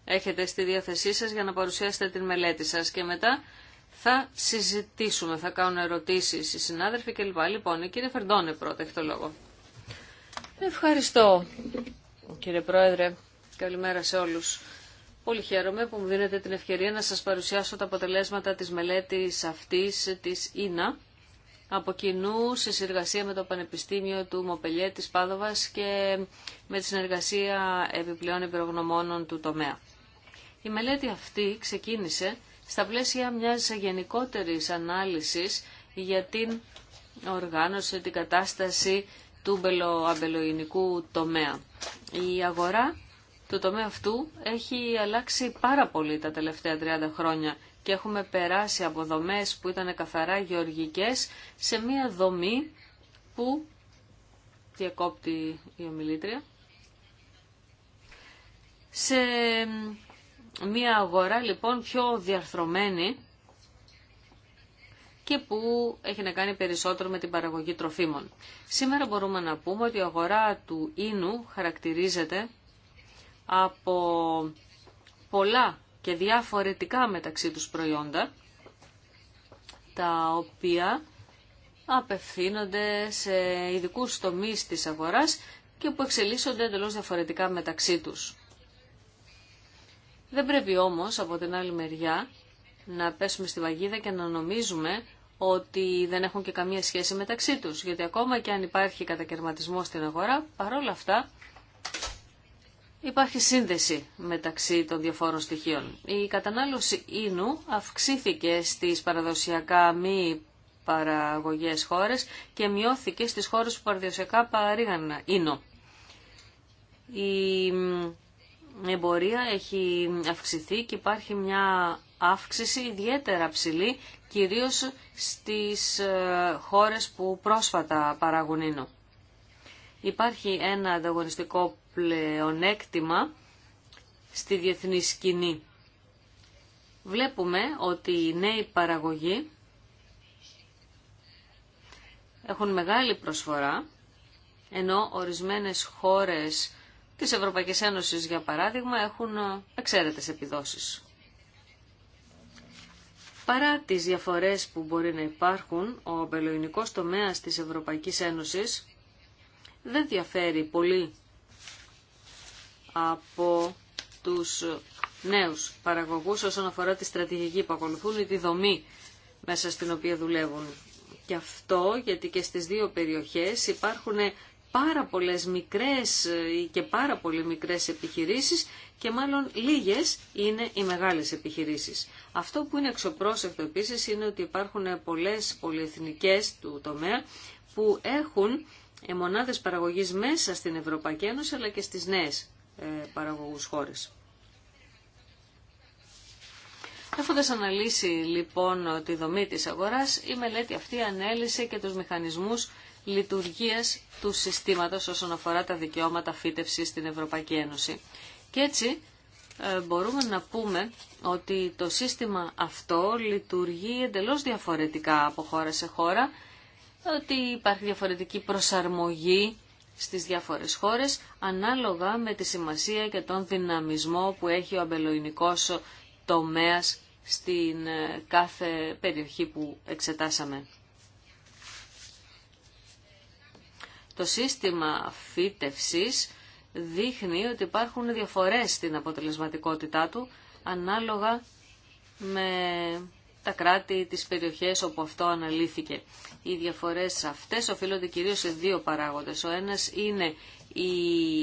έχετε στη διάθεσή σας για να παρουσιάσετε την μελέτη σας και μετά θα συζητήσουμε, θα κάνουν ερωτήσεις οι συνάδελφοι κλπ. Λοιπόν, η κύριε Φερντόνε πρώτα έχει το λόγο. Ευχαριστώ Κύριε Πρόεδρε, καλημέρα σε όλους. Πολύ χαίρομαι που μου δίνετε την ευκαιρία να σας παρουσιάσω τα αποτελέσματα της μελέτης αυτής της ΙΝΑ από κοινού σε συνεργασία με το Πανεπιστήμιο του Μοπελιέ της Πάδοβας και με τη συνεργασία επιπλέον υπερογνωμόνων του τομέα. Η μελέτη αυτή ξεκίνησε στα πλαίσια μιας γενικότερης ανάλυσης για την οργάνωση, την κατάσταση του αμπελοινικου τομέα. Η αγορά του τομέα αυτού έχει αλλάξει πάρα πολύ τα τελευταία 30 χρόνια και έχουμε περάσει από δομές που ήταν καθαρά γεωργικές σε μία δομή που διακόπτει η ομιλήτρια σε μία αγορά λοιπόν πιο διαρθρωμένη και που έχει να κάνει περισσότερο με την παραγωγή τροφίμων. Σήμερα μπορούμε να πούμε ότι η αγορά του ίνου χαρακτηρίζεται από πολλά και διαφορετικά μεταξύ τους προϊόντα, τα οποία απευθύνονται σε ειδικού τομείς της αγοράς και που εξελίσσονται εντελώ διαφορετικά μεταξύ τους. Δεν πρέπει όμως από την άλλη μεριά να πέσουμε στη βαγίδα και να νομίζουμε ότι δεν έχουν και καμία σχέση μεταξύ τους. Γιατί ακόμα και αν υπάρχει κατακαιρματισμό στην αγορά, παρόλα αυτά υπάρχει σύνδεση μεταξύ των διαφόρων στοιχείων. Η κατανάλωση ίνου αυξήθηκε στις παραδοσιακά μη παραγωγές χώρες και μειώθηκε στις χώρες που παραδοσιακά παρήγαν ίνο. Η εμπορία έχει αυξηθεί και υπάρχει μια αύξηση ιδιαίτερα ψηλή, κυρίως στις ε, χώρες που πρόσφατα παράγουν ίνο. Υπάρχει ένα ανταγωνιστικό πλεονέκτημα στη διεθνή σκηνή. Βλέπουμε ότι οι νέοι παραγωγοί έχουν μεγάλη προσφορά, ενώ ορισμένες χώρες της Ευρωπαϊκής Ένωσης, για παράδειγμα, έχουν ε, εξαίρετες επιδόσεις. Παρά τις διαφορές που μπορεί να υπάρχουν, ο πελοϊνικός τομέας της Ευρωπαϊκής Ένωσης δεν διαφέρει πολύ από τους νέους παραγωγούς όσον αφορά τη στρατηγική που ακολουθούν ή τη δομή μέσα στην οποία δουλεύουν. Και αυτό γιατί και στις δύο περιοχές υπάρχουν πάρα πολλές μικρές ε, και πάρα πολύ μικρές επιχειρήσεις και μάλλον λίγες είναι οι μεγάλες επιχειρήσεις. Αυτό που είναι εξωπρόσεκτο επίσης είναι ότι υπάρχουν πολλές πολυεθνικές του τομέα που έχουν ε, μονάδες παραγωγής μέσα στην Ευρωπαϊκή Ένωση αλλά και στις νέες ε, παραγωγούς χώρες. Έχοντα αναλύσει λοιπόν τη δομή της αγοράς, η μελέτη αυτή ανέλησε και τους μηχανισμούς λειτουργίας του συστήματος όσον αφορά τα δικαιώματα φύτευσης στην Ευρωπαϊκή Ένωση. Και έτσι ε, μπορούμε να πούμε ότι το σύστημα αυτό λειτουργεί εντελώς διαφορετικά από χώρα σε χώρα, ότι υπάρχει διαφορετική προσαρμογή στις διάφορες χώρες, ανάλογα με τη σημασία και τον δυναμισμό που έχει ο αμπελοϊνικός τομέας στην ε, κάθε περιοχή που εξετάσαμε. Το σύστημα φύτευσης δείχνει ότι υπάρχουν διαφορές στην αποτελεσματικότητά του ανάλογα με τα κράτη, τις περιοχές όπου αυτό αναλύθηκε. Οι διαφορές αυτές οφείλονται κυρίως σε δύο παράγοντες. Ο ένας είναι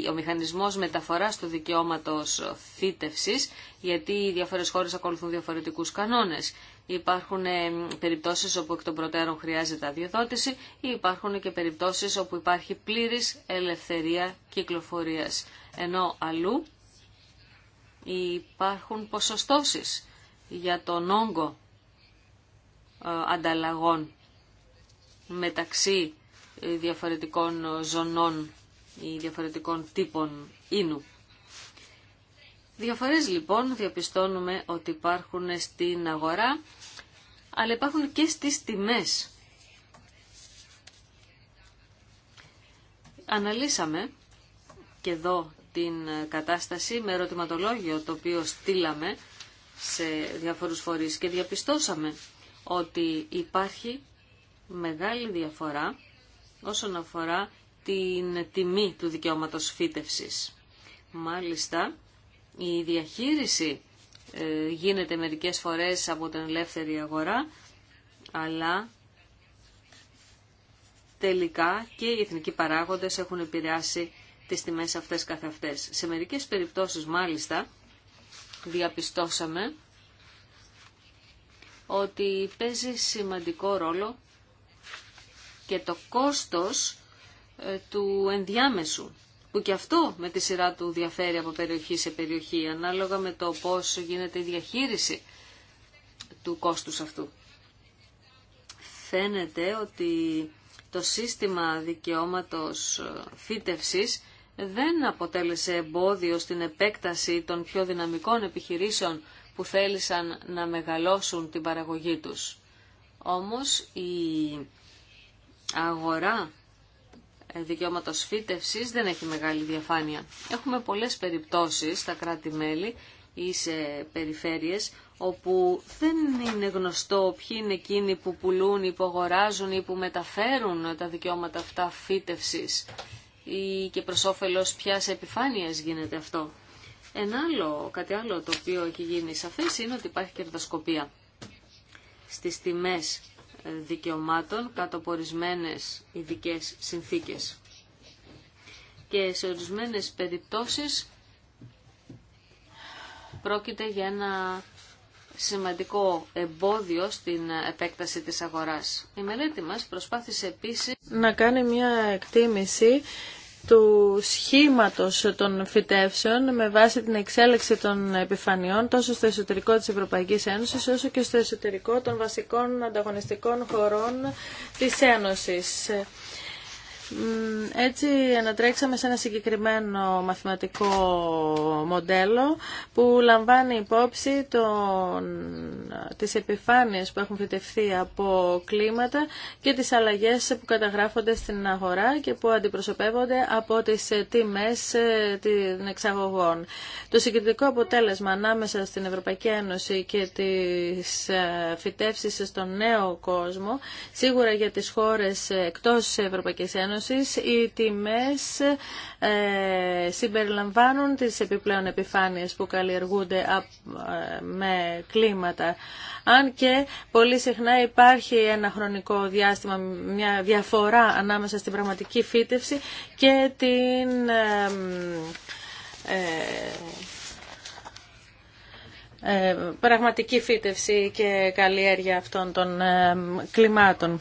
ο μηχανισμός μεταφοράς του δικαιώματος φύτευσης, γιατί οι διάφορες χώρες ακολουθούν διαφορετικούς κανόνες. Υπάρχουν ε, περιπτώσεις όπου εκ των προτέρων χρειάζεται αδειοδότηση ή υπάρχουν και περιπτώσεις όπου υπάρχει πλήρης ελευθερία κυκλοφορίας. Ενώ αλλού υπάρχουν ποσοστώσεις για τον όγκο ε, ανταλλαγών μεταξύ ε, διαφορετικών ζωνών ή διαφορετικών τύπων ίνου. Διαφορές λοιπόν διαπιστώνουμε ότι υπάρχουν στην αγορά αλλά υπάρχουν και στις τιμές. Αναλύσαμε και εδώ την κατάσταση με ερωτηματολόγιο το οποίο στείλαμε σε διαφορούς φορείς και διαπιστώσαμε ότι υπάρχει μεγάλη διαφορά όσον αφορά την τιμή του δικαιώματος φύτευσης. Μάλιστα, η διαχείριση ε, γίνεται μερικές φορές από την ελεύθερη αγορά, αλλά τελικά και οι εθνικοί παράγοντες έχουν επηρεάσει τις τιμές αυτές καθ' Σε μερικές περιπτώσεις μάλιστα διαπιστώσαμε ότι παίζει σημαντικό ρόλο και το κόστος ε, του ενδιάμεσου που και αυτό με τη σειρά του διαφέρει από περιοχή σε περιοχή, ανάλογα με το πώς γίνεται η διαχείριση του κόστους αυτού. Φαίνεται ότι το σύστημα δικαιώματος ε, φύτευσης δεν αποτέλεσε εμπόδιο στην επέκταση των πιο δυναμικών επιχειρήσεων που θέλησαν να μεγαλώσουν την παραγωγή τους. Όμως η αγορά ε, Δικαιώματο φύτευσης δεν έχει μεγάλη διαφάνεια. Έχουμε πολλές περιπτώσεις στα κράτη-μέλη ή σε περιφέρειες όπου δεν είναι γνωστό ποιοι είναι εκείνοι που πουλούν ή που αγοράζουν ή που μεταφέρουν τα δικαιώματα αυτά φύτευση ή και προ όφελο ποιας επιφάνειας γίνεται αυτό. Ένα άλλο, κάτι άλλο το οποίο έχει γίνει σαφέ είναι ότι υπάρχει κερδοσκοπία στις τιμές δικαιωμάτων κάτω από ορισμένες συνθήκες. Και σε ορισμένες περιπτώσεις πρόκειται για ένα σημαντικό εμπόδιο στην επέκταση της αγοράς. Η μελέτη μας προσπάθησε επίσης να κάνει μια εκτίμηση του σχήματος των φυτεύσεων με βάση την εξέλιξη των επιφανειών τόσο στο εσωτερικό της Ευρωπαϊκής Ένωσης όσο και στο εσωτερικό των βασικών ανταγωνιστικών χωρών της Ένωσης. Έτσι ανατρέξαμε σε ένα συγκεκριμένο μαθηματικό μοντέλο που λαμβάνει υπόψη τον, τις επιφάνειες που έχουν φυτευθεί από κλίματα και τις αλλαγές που καταγράφονται στην αγορά και που αντιπροσωπεύονται από τις τιμές ε, των εξαγωγών. Το συγκριτικό αποτέλεσμα ανάμεσα στην Ευρωπαϊκή Ένωση και τις ε, φυτεύσεις στον νέο κόσμο, σίγουρα για τις χώρες εκτός Ευρωπαϊκής Ένωσης, Ένωσης οι τιμές ε, συμπεριλαμβάνουν τις επιπλέον επιφάνειες που καλλιεργούνται ε, με κλίματα. Αν και πολύ συχνά υπάρχει ένα χρονικό διάστημα, μια διαφορά ανάμεσα στην πραγματική φύτευση και την ε, πραγματική φύτευση και καλλιέργεια αυτών των κλιμάτων.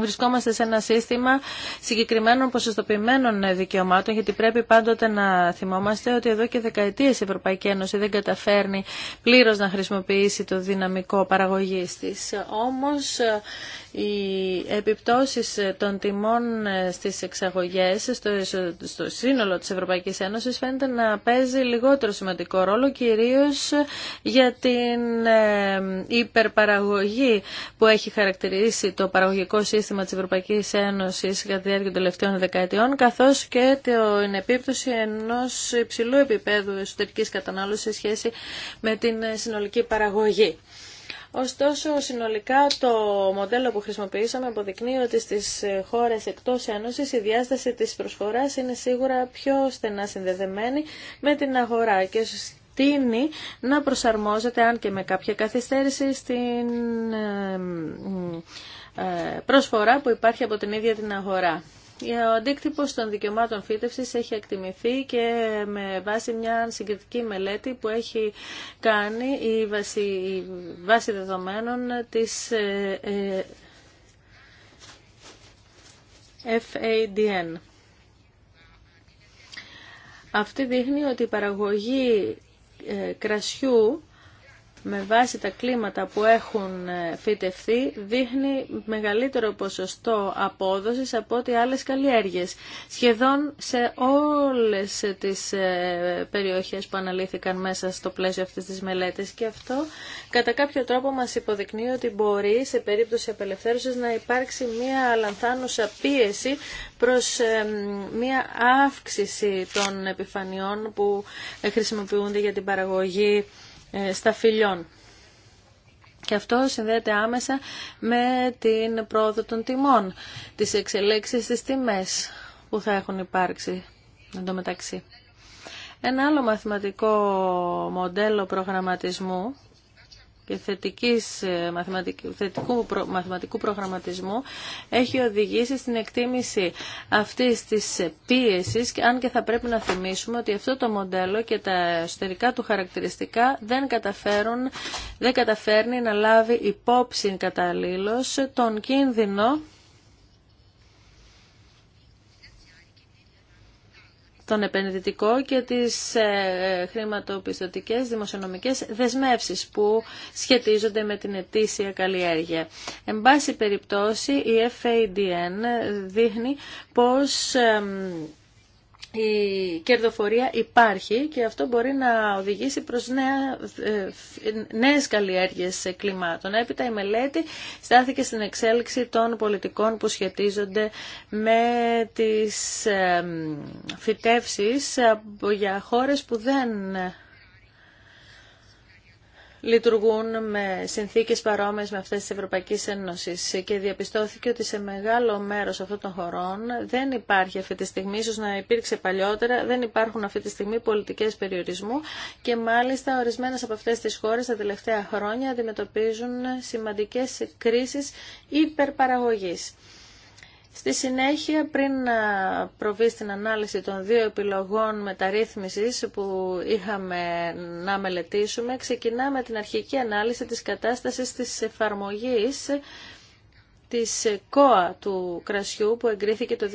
Βρισκόμαστε σε ένα σύστημα συγκεκριμένων ποσοστοποιημένων δικαιωμάτων, γιατί πρέπει πάντοτε να θυμόμαστε ότι εδώ και δεκαετίες η Ευρωπαϊκή Ένωση δεν καταφέρνει πλήρως να χρησιμοποιήσει το δυναμικό παραγωγής της οι επιπτώσεις των τιμών στις εξαγωγές στο, σύνολο της Ευρωπαϊκής Ένωσης φαίνεται να παίζει λιγότερο σημαντικό ρόλο κυρίως για την ε, υπερπαραγωγή που έχει χαρακτηρίσει το παραγωγικό σύστημα της Ευρωπαϊκής Ένωσης κατά τη διάρκεια των τελευταίων δεκαετιών καθώς και την επίπτωση ενός υψηλού επίπεδου εσωτερικής κατανάλωσης σε σχέση με την συνολική παραγωγή. Ωστόσο, συνολικά το μοντέλο που χρησιμοποιήσαμε αποδεικνύει ότι στις χώρες εκτός Ένωση η διάσταση της προσφοράς είναι σίγουρα πιο στενά συνδεδεμένη με την αγορά και στήνει να προσαρμόζεται, αν και με κάποια καθυστέρηση, στην ε, ε, προσφορά που υπάρχει από την ίδια την αγορά. Ε, ο αντίκτυπο των δικαιωμάτων φύτευση έχει εκτιμηθεί και με βάση μια συγκριτική μελέτη που έχει κάνει η βάση, η βάση δεδομένων της ε, ε, FADN. Αυτή δείχνει ότι η παραγωγή κρασιού με βάση τα κλίματα που έχουν ε, φυτευθεί δείχνει μεγαλύτερο ποσοστό απόδοσης από ό,τι άλλες καλλιέργειες. Σχεδόν σε όλες τις ε, περιοχές που αναλύθηκαν μέσα στο πλαίσιο αυτής της μελέτης και αυτό κατά κάποιο τρόπο μας υποδεικνύει ότι μπορεί σε περίπτωση απελευθέρωσης να υπάρξει μια λανθάνουσα πίεση προς ε, μια αύξηση των επιφανειών που χρησιμοποιούνται για την παραγωγή ε, στα φιλιών. Και αυτό συνδέεται άμεσα με την πρόοδο των τιμών, τις εξελίξεις στις τιμές που θα έχουν υπάρξει εντωμεταξύ Ένα άλλο μαθηματικό μοντέλο προγραμματισμού και θετικής ε, θετικού μαθηματικού προγραμματισμού έχει οδηγήσει στην εκτίμηση αυτής της πίεσης αν και θα πρέπει να θυμίσουμε ότι αυτό το μοντέλο και τα εσωτερικά του χαρακτηριστικά δεν, καταφέρουν, δεν καταφέρνει να λάβει υπόψη καταλήλως τον κίνδυνο τον επενδυτικό και τις ε, χρηματοπιστωτικές δημοσιονομικές δεσμεύσεις που σχετίζονται με την ετήσια καλλιέργεια. Εν πάση περιπτώσει η FADN δείχνει πως η κερδοφορία υπάρχει και αυτό μπορεί να οδηγήσει προς νέα, ε, νέες καλλιέργειες κλιμάτων. Έπειτα η μελέτη στάθηκε στην εξέλιξη των πολιτικών που σχετίζονται με τις ε, φυτεύσεις για χώρες που δεν λειτουργούν με συνθήκες παρόμοιες με αυτές της Ευρωπαϊκής Ένωσης και διαπιστώθηκε ότι σε μεγάλο μέρος αυτών των χωρών δεν υπάρχει αυτή τη στιγμή, ίσω να υπήρξε παλιότερα, δεν υπάρχουν αυτή τη στιγμή πολιτικές περιορισμού και μάλιστα ορισμένες από αυτές τις χώρες τα τελευταία χρόνια αντιμετωπίζουν σημαντικές κρίσεις υπερπαραγωγής. Στη συνέχεια, πριν προβεί στην ανάλυση των δύο επιλογών μεταρρύθμισης που είχαμε να μελετήσουμε, ξεκινάμε την αρχική ανάλυση της κατάστασης της εφαρμογής της ΚΟΑ του κρασιού που εγκρίθηκε το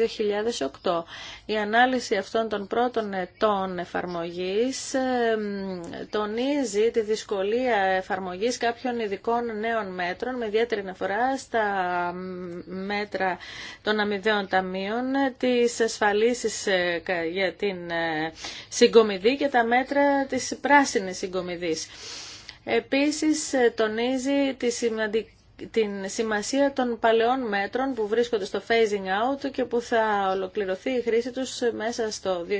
2008. Η ανάλυση αυτών των πρώτων ετών εφαρμογής τονίζει τη δυσκολία εφαρμογής κάποιων ειδικών νέων μέτρων με ιδιαίτερη αναφορά στα μέτρα των αμοιβαίων ταμείων, τις ασφαλίσεις ε, για την ε, συγκομιδή και τα μέτρα της πράσινης συγκομιδής. Επίσης ε, τονίζει τη σημαντική την σημασία των παλαιών μέτρων που βρίσκονται στο phasing out και που θα ολοκληρωθεί η χρήση τους μέσα στο 2012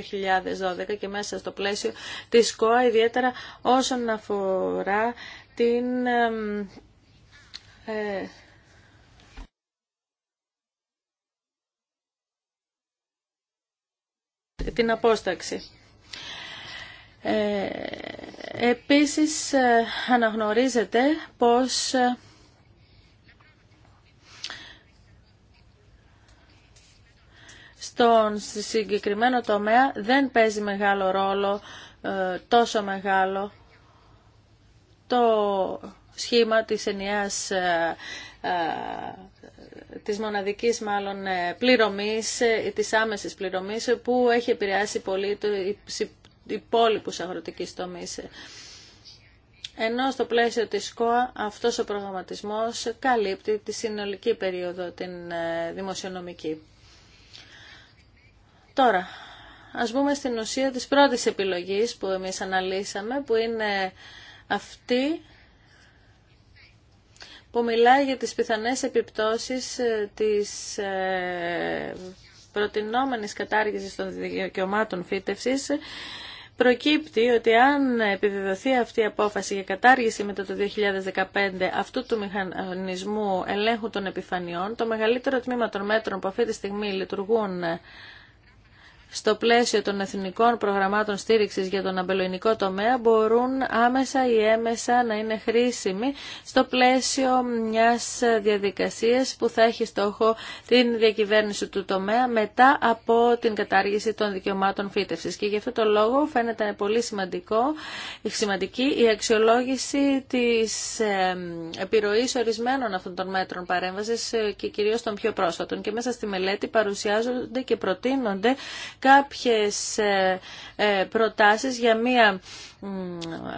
και μέσα στο πλαίσιο της ΚΟΑ, ιδιαίτερα όσον αφορά την ε, την απόσταξη. Ε, επίσης ε, αναγνωρίζεται πως ε, στον συγκεκριμένο τομέα δεν παίζει μεγάλο ρόλο, ε, τόσο μεγάλο, το σχήμα της ενιαίας ε, ε, της μοναδικής μάλλον πληρωμής, της άμεσης πληρωμής που έχει επηρεάσει πολύ τους υπόλοιπους αγροτικής τομείς. Ενώ στο πλαίσιο της ΚΟΑ αυτός ο προγραμματισμός καλύπτει τη συνολική περίοδο την δημοσιονομική. Τώρα, ας μπούμε στην ουσία της πρώτης επιλογής που εμείς αναλύσαμε, που είναι αυτή που μιλάει για τις πιθανές επιπτώσεις ε, της ε, προτινόμενης κατάργησης των δικαιωμάτων φύτευσης προκύπτει ότι αν επιβεβαιωθεί αυτή η απόφαση για κατάργηση μετά το 2015 αυτού του μηχανισμού ελέγχου των επιφανειών, το μεγαλύτερο τμήμα των μέτρων που αυτή τη στιγμή λειτουργούν στο πλαίσιο των εθνικών προγραμμάτων στήριξης για τον αμπελοϊνικό τομέα μπορούν άμεσα ή έμεσα να είναι χρήσιμοι στο πλαίσιο μιας διαδικασίας που θα έχει στόχο την διακυβέρνηση του τομέα μετά από την κατάργηση των δικαιωμάτων φύτευσης. Και γι' αυτό το λόγο φαίνεται πολύ σημαντικό, σημαντική η αξιολόγηση της ε, επιρροής ορισμένων αυτών των μέτρων παρέμβασης ε, και κυρίως των πιο πρόσφατων. Και μέσα στη μελέτη παρουσιάζονται και προτείνονται κάποιες ε, ε, προτάσεις για μια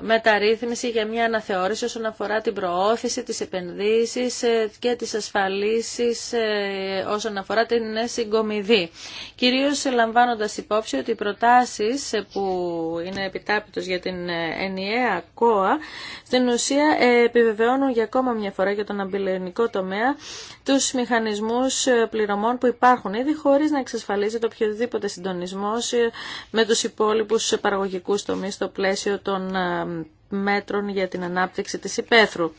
μεταρρύθμιση για μια αναθεώρηση όσον αφορά την προώθηση, τις επενδύσεις ε, και τις ασφαλίσεις ε, όσον αφορά την ε, συγκομιδή. Κυρίως λαμβάνοντας υπόψη ότι οι προτάσεις που είναι επιτάπητος για την ενιαία ΚΟΑ στην ουσία επιβεβαιώνουν για ακόμα μια φορά για τον αμπιλενικό τομέα τους μηχανισμούς πληρωμών που υπάρχουν ήδη χωρίς να εξασφαλίζεται οποιοδήποτε συντονισμός με τους υπόλοιπους παραγωγικούς τομείς στο πλαίσιο των ε, μέτρων για την ανάπτυξη της υπαίθρου.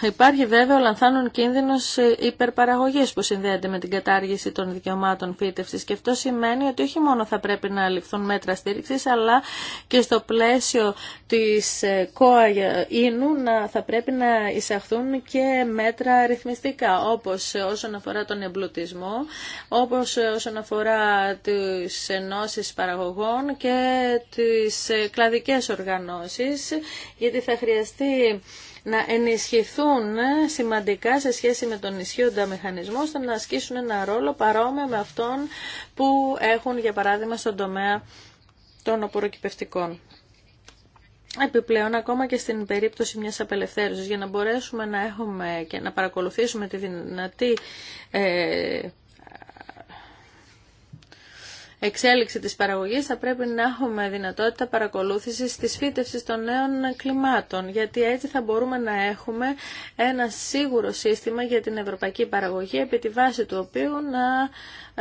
Υπάρχει βέβαια ο λανθάνων κίνδυνος ε, υπερπαραγωγής που συνδέεται με την κατάργηση των δικαιωμάτων φύτευσης και αυτό σημαίνει ότι όχι μόνο θα πρέπει να ληφθούν μέτρα στήριξη, αλλά και στο πλαίσιο της ε, ΚΟΑ ίνου να, θα πρέπει να εισαχθούν και μέτρα ρυθμιστικά όπως όσον αφορά τον εμπλουτισμό, όπως όσον αφορά τι ενώσει παραγωγών και τι ε, κλαδικέ οργανώσει, γιατί θα χρειαστεί να ενισχυθούν ε, σημαντικά σε σχέση με τον ισχύοντα μηχανισμό, ώστε να ασκήσουν ένα ρόλο παρόμοιο με αυτόν που έχουν, για παράδειγμα, στον τομέα των οποροκυπευτικών. Επιπλέον, ακόμα και στην περίπτωση μιας απελευθέρωσης, για να μπορέσουμε να έχουμε και να παρακολουθήσουμε τη δυνατή ε, εξέλιξη της παραγωγής θα πρέπει να έχουμε δυνατότητα παρακολούθησης της φύτευσης των νέων κλιμάτων, γιατί έτσι θα μπορούμε να έχουμε ένα σίγουρο σύστημα για την ευρωπαϊκή παραγωγή, επί τη βάση του οποίου να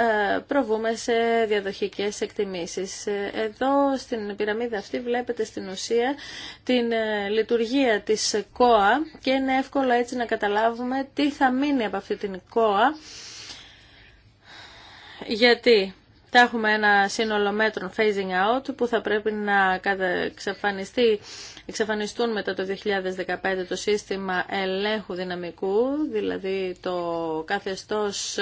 ε, προβούμε σε διαδοχικές εκτιμήσεις. Ε, εδώ στην πυραμίδα αυτή βλέπετε στην ουσία την ε, λειτουργία της ΚΟΑ και είναι εύκολο έτσι να καταλάβουμε τι θα μείνει από αυτή την ΚΟΑ, γιατί θα έχουμε ένα σύνολο μέτρων phasing out που θα πρέπει να εξαφανιστεί, εξαφανιστούν μετά το 2015 το σύστημα ελέγχου δυναμικού, δηλαδή το καθεστώς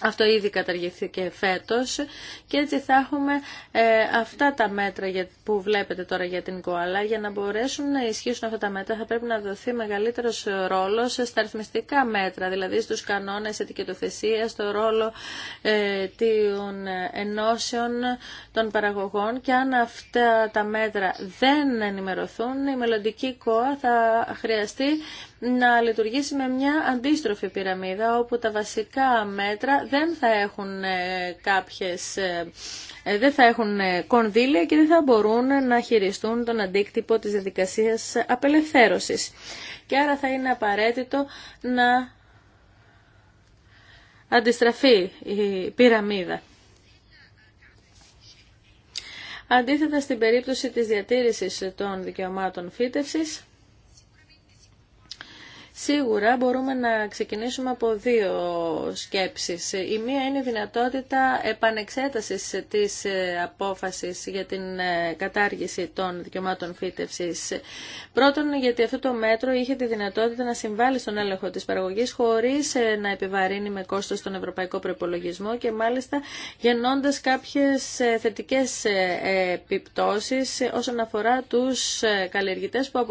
αυτό ήδη καταργηθήκε φέτος και έτσι θα έχουμε ε, αυτά τα μέτρα που βλέπετε τώρα για την ΚΟΑΛΑ. Για να μπορέσουν να ισχύσουν αυτά τα μέτρα θα πρέπει να δοθεί μεγαλύτερος ρόλος στα αριθμιστικά μέτρα, δηλαδή στους κανόνες ετικετοθεσίας, στο ρόλο ε, των ενώσεων των παραγωγών και αν αυτά τα μέτρα δεν ενημερωθούν η μελλοντική ΚΟΑ θα χρειαστεί να λειτουργήσει με μια αντίστροφη πυραμίδα όπου τα βασικά μέτρα δεν θα έχουν ε, κάποιες, ε, ε, δεν θα έχουν κονδύλια και δεν θα μπορούν να χειριστούν τον αντίκτυπο της διαδικασίας απελευθέρωσης. Και άρα θα είναι απαραίτητο να αντιστραφεί η πυραμίδα. Αντίθετα στην περίπτωση της διατήρησης των δικαιωμάτων φύτευσης, Σίγουρα μπορούμε να ξεκινήσουμε από δύο σκέψεις. Η μία είναι η δυνατότητα επανεξέτασης της ε, απόφασης για την ε, κατάργηση των δικαιωμάτων φύτευσης. Πρώτον, γιατί αυτό το μέτρο είχε τη δυνατότητα να συμβάλλει στον έλεγχο της παραγωγής χωρίς ε, να επιβαρύνει με κόστος τον ευρωπαϊκό προπολογισμό και μάλιστα γεννώντας κάποιες θετικές επιπτώσεις όσον αφορά τους καλλιεργητές που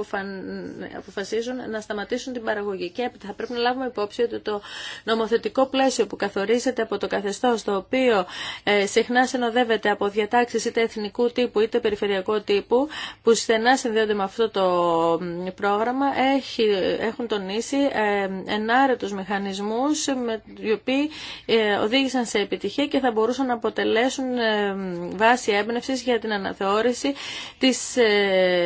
αποφασίζουν να σταματήσουν την παραγωγή έπειτα θα πρέπει να λάβουμε υπόψη ότι το νομοθετικό πλαίσιο που καθορίζεται από το καθεστώ, το οποίο ε, συχνά συνοδεύεται από διατάξει είτε εθνικού τύπου είτε περιφερειακού τύπου, που στενά συνδέονται με αυτό το πρόγραμμα, έχει, έχουν τονίσει ε, ενάρετους μηχανισμούς μηχανισμού οι οποίοι ε, οδήγησαν σε επιτυχία και θα μπορούσαν να αποτελέσουν βάση έμπνευση για την αναθεώρηση της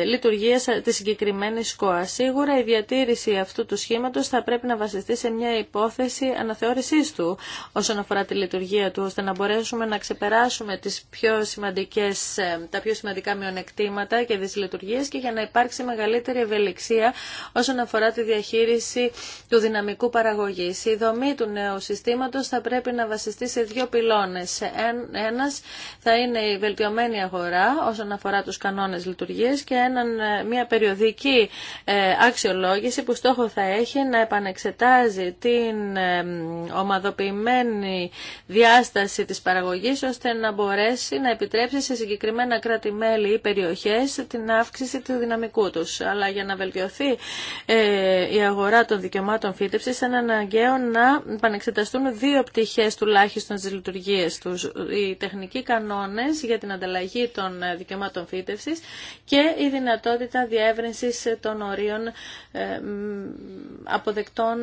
λειτουργία τη συγκεκριμένη ΚΟΑ. Σίγουρα η διατήρηση αυτού του σχήματος θα πρέπει να βασιστεί σε μια υπόθεση αναθεώρησή του όσον αφορά τη λειτουργία του, ώστε να μπορέσουμε να ξεπεράσουμε τις πιο σημαντικές, ε, τα πιο σημαντικά μειονεκτήματα και δυσλειτουργίε και για να υπάρξει μεγαλύτερη ευελιξία όσον αφορά τη διαχείριση του δυναμικού παραγωγή. Η δομή του νέου συστήματο θα πρέπει να βασιστεί σε δύο πυλώνες. Ένα θα είναι η βελτιωμένη αγορά όσον αφορά του κανόνε λειτουργία και έναν, ε, μια περιοδική ε, αξιολόγηση που στόχο θα έχει να επανεξετάζει την ομαδοποιημένη διάσταση της παραγωγής ώστε να μπορέσει να επιτρέψει σε συγκεκριμένα κράτη-μέλη ή περιοχές την αύξηση του δυναμικού τους. Αλλά για να βελτιωθεί ε, η αγορά των δικαιωμάτων φύτευσης είναι αναγκαίο να επανεξεταστούν δύο πτυχές τουλάχιστον στις λειτουργίες τους. Οι τεχνικοί κανόνες για την ανταλλαγή των δικαιωμάτων φύτευσης και η δυνατότητα διεύρυνσης των ορίων αποδεκτών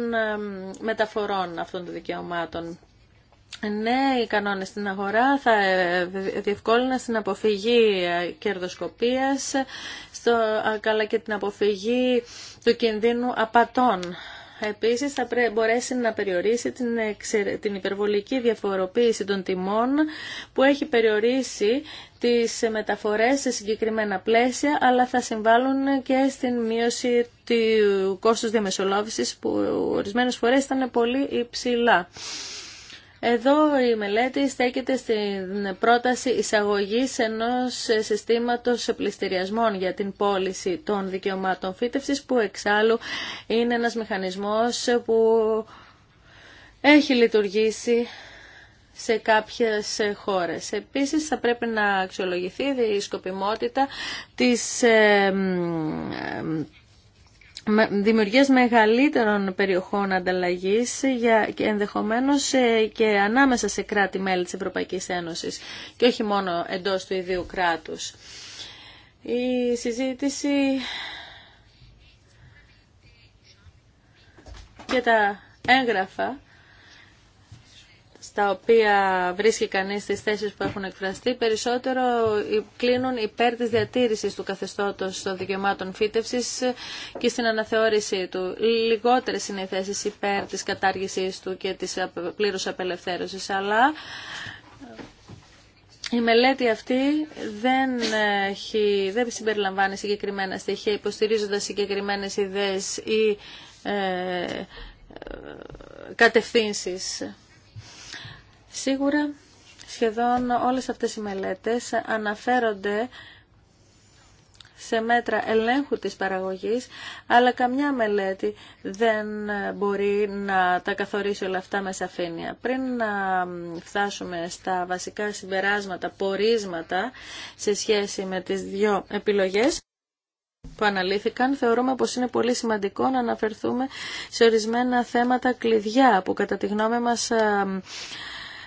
μεταφορών αυτών των δικαιωμάτων. Ναι, οι κανόνες στην αγορά θα ε, διευκόλυναν στην αποφυγή ε, κερδοσκοπίας, στο, αλλά και την αποφυγή του κινδύνου απατών. Επίσης θα μπορέσει να περιορίσει την, την υπερβολική διαφοροποίηση των τιμών που έχει περιορίσει τις μεταφορές σε συγκεκριμένα πλαίσια, αλλά θα συμβάλλουν και στην μείωση του κόστους διαμεσολάβησης που ορισμένες φορές ήταν πολύ υψηλά. Εδώ η μελέτη στέκεται στην πρόταση εισαγωγής ενός συστήματος πληστηριασμών για την πώληση των δικαιωμάτων φύτευσης που εξάλλου είναι ένας μηχανισμός που έχει λειτουργήσει σε κάποιες χώρες. Επίσης θα πρέπει να αξιολογηθεί η σκοπιμότητα της ε, ε, δημιουργίας μεγαλύτερων περιοχών ανταλλαγής για, και ενδεχομένως και ανάμεσα σε κράτη-μέλη της Ευρωπαϊκής Ένωσης και όχι μόνο εντός του ιδίου κράτους. Η συζήτηση και τα έγγραφα στα οποία βρίσκει κανείς τις θέσεις που έχουν εκφραστεί, περισσότερο κλείνουν υπέρ τη διατήρησης του καθεστώτος των δικαιωμάτων φύτευση και στην αναθεώρησή του. Λιγότερε είναι οι θέσει υπέρ της κατάργησής του και της πλήρους απελευθέρωσης, αλλά... Η μελέτη αυτή δεν, έχει, δεν συμπεριλαμβάνει συγκεκριμένα στοιχεία, υποστηρίζοντα συγκεκριμένες ιδέε ή ε, ε κατευθύνσεις. Σίγουρα σχεδόν όλες αυτές οι μελέτες αναφέρονται σε μέτρα ελέγχου της παραγωγής, αλλά καμιά μελέτη δεν μπορεί να τα καθορίσει όλα αυτά με σαφήνεια. Πριν να φτάσουμε στα βασικά συμπεράσματα, πορίσματα σε σχέση με τις δύο επιλογές, που αναλύθηκαν, θεωρούμε πως είναι πολύ σημαντικό να αναφερθούμε σε ορισμένα θέματα κλειδιά που κατά τη γνώμη μας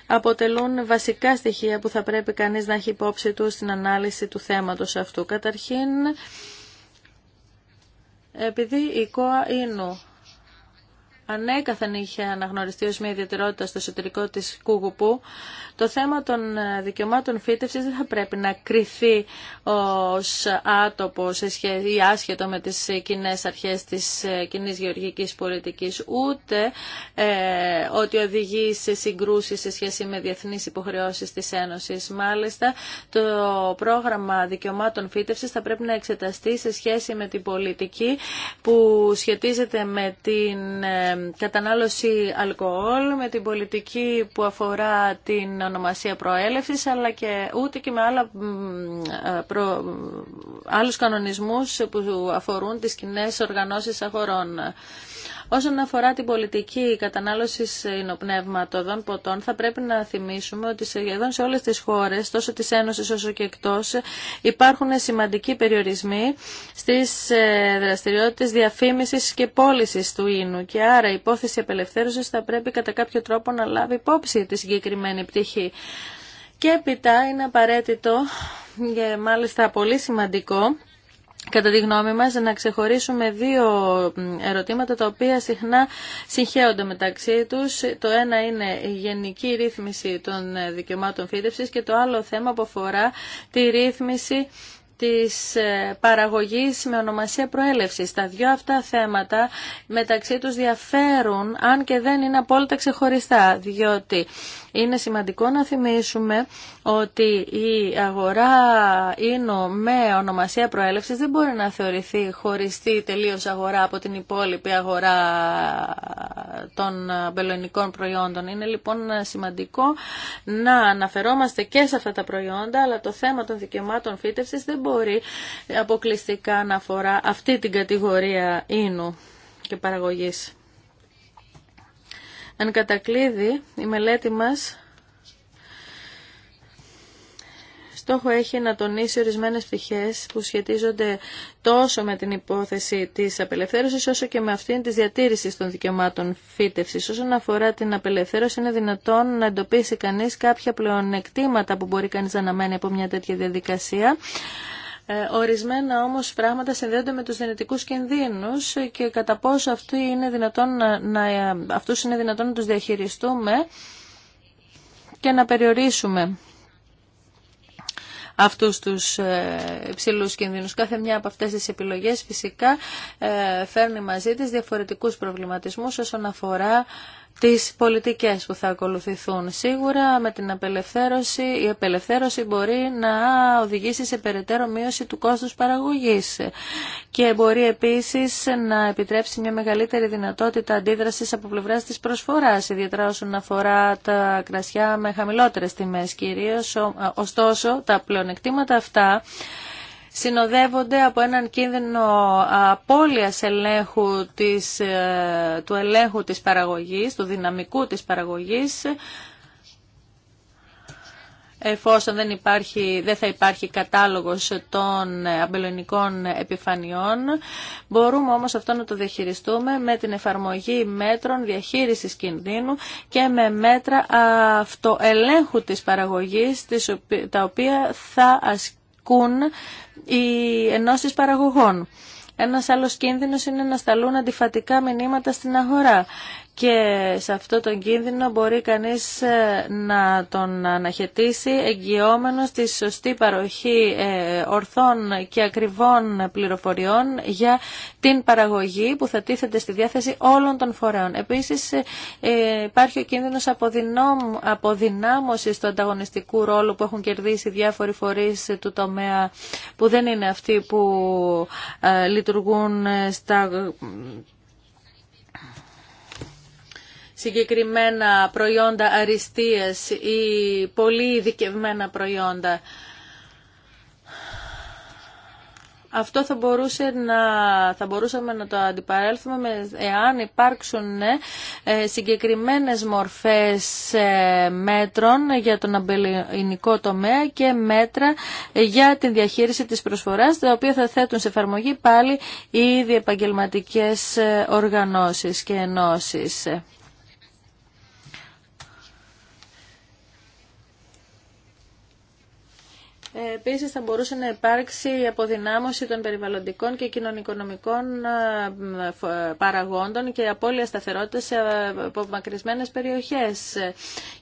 αποτελούν βασικά στοιχεία που θα πρέπει κανείς να έχει υπόψη του στην ανάλυση του θέματος αυτού. Καταρχήν, επειδή η ΚΟΑ είναι, ανέκαθεν είχε αναγνωριστεί ως μια ιδιαιτερότητα στο εσωτερικό της Κούγουπου, το θέμα των ε, δικαιωμάτων φύτευσης δεν θα πρέπει να κριθεί ως άτοπο σε ή άσχετο με τις κοινέ αρχές της ε, κοινή γεωργικής πολιτικής, ούτε ε, ότι οδηγεί σε συγκρούσεις σε σχέση με διεθνείς υποχρεώσεις της Ένωσης. Μάλιστα, το πρόγραμμα δικαιωμάτων φύτευσης θα πρέπει να εξεταστεί σε σχέση με την πολιτική που σχετίζεται με την κατανάλωση αλκοόλ, με την πολιτική που αφορά την ονομασία προέλευσης, αλλά και ούτε και με άλλα, ε, προ, άλλους κανονισμούς που αφορούν τις κοινέ οργανώσεις αγορών. Όσον αφορά την πολιτική κατανάλωση υνοπνεύματων ποτών, θα πρέπει να θυμίσουμε ότι σχεδόν σε όλε τι χώρε, τόσο τη Ένωση όσο και εκτό, υπάρχουν σημαντικοί περιορισμοί στι ε, δραστηριότητε διαφήμιση και πώληση του ίνου. Και άρα η υπόθεση απελευθέρωση θα πρέπει κατά κάποιο τρόπο να λάβει υπόψη τη συγκεκριμένη πτυχή. Και έπειτα είναι απαραίτητο και μάλιστα πολύ σημαντικό κατά τη γνώμη μας, να ξεχωρίσουμε δύο ερωτήματα τα οποία συχνά συγχέονται μεταξύ τους. Το ένα είναι η γενική ρύθμιση των ε, δικαιωμάτων φύτευσης και το άλλο θέμα που αφορά τη ρύθμιση της ε, παραγωγής με ονομασία προέλευσης. Τα δύο αυτά θέματα μεταξύ τους διαφέρουν αν και δεν είναι απόλυτα ξεχωριστά, διότι είναι σημαντικό να θυμίσουμε ότι η αγορά ίνου με ονομασία προέλευσης δεν μπορεί να θεωρηθεί χωριστή τελείως αγορά από την υπόλοιπη αγορά των μπελονικών προϊόντων. Είναι λοιπόν σημαντικό να αναφερόμαστε και σε αυτά τα προϊόντα, αλλά το θέμα των δικαιωμάτων φύτευσης δεν μπορεί αποκλειστικά να αφορά αυτή την κατηγορία ίνου και παραγωγής. Εν κατακλείδη, η μελέτη μας στόχο έχει να τονίσει ορισμένες πτυχές που σχετίζονται τόσο με την υπόθεση της απελευθέρωσης όσο και με αυτήν της διατήρησης των δικαιωμάτων φύτευσης. Όσον αφορά την απελευθέρωση είναι δυνατόν να εντοπίσει κανείς κάποια πλεονεκτήματα που μπορεί κανείς να αναμένει από μια τέτοια διαδικασία ε, ορισμένα όμως πράγματα συνδέονται με τους δυνητικούς κινδύνους και κατά πόσο αυτοί είναι δυνατόν να, να, αυτούς είναι δυνατόν να τους διαχειριστούμε και να περιορίσουμε αυτούς τους ε, υψηλούς κινδύνους. Κάθε μια από αυτές τις επιλογές φυσικά ε, φέρνει μαζί της διαφορετικούς προβληματισμούς όσον αφορά τις πολιτικές που θα ακολουθηθούν. Σίγουρα με την απελευθέρωση, η απελευθέρωση μπορεί να οδηγήσει σε περαιτέρω μείωση του κόστους παραγωγής και μπορεί επίσης να επιτρέψει μια μεγαλύτερη δυνατότητα αντίδρασης από πλευράς της προσφοράς, ιδιαίτερα όσον αφορά τα κρασιά με χαμηλότερες τιμές κυρίως. Ωστόσο, τα πλεονεκτήματα αυτά συνοδεύονται από έναν κίνδυνο απώλειας ελέγχου της, ε, του ελέγχου της παραγωγής, του δυναμικού της παραγωγής, εφόσον δεν, υπάρχει, δεν θα υπάρχει κατάλογος των αμπελονικών επιφανειών. Μπορούμε όμως αυτό να το διαχειριστούμε με την εφαρμογή μέτρων διαχείρισης κινδύνου και με μέτρα αυτοελέγχου της παραγωγής τα οποία θα ασκήσουμε ασκούν οι ενώσεις παραγωγών. Ένας άλλος κίνδυνος είναι να σταλούν αντιφατικά μηνύματα στην αγορά και σε αυτό τον κίνδυνο μπορεί κανείς ε, να τον αναχαιτήσει εγγυόμενος τη σωστή παροχή ε, ορθών και ακριβών πληροφοριών για την παραγωγή που θα τίθεται στη διάθεση όλων των φορέων. Επίσης ε, υπάρχει ο κίνδυνος αποδυνάμωσης του ανταγωνιστικού ρόλου που έχουν κερδίσει διάφοροι φορείς του τομέα που δεν είναι αυτοί που λειτουργούν στα συγκεκριμένα προϊόντα αριστείας ή πολύ ειδικευμένα προϊόντα. Αυτό θα, μπορούσε να, θα μπορούσαμε να το αντιπαρέλθουμε εάν υπάρξουν ε, συγκεκριμένες μορφές ε, μέτρων για τον αμπελινικό τομέα και μέτρα για την διαχείριση της προσφοράς, τα οποία θα θέτουν σε εφαρμογή πάλι οι διεπαγγελματικές ε, οργανώσεις και ενώσεις. Επίσης θα μπορούσε να υπάρξει η αποδυνάμωση των περιβαλλοντικών και κοινωνικονομικών ε, παραγόντων και απώλεια σταθερότητα σε απομακρυσμένες περιοχές.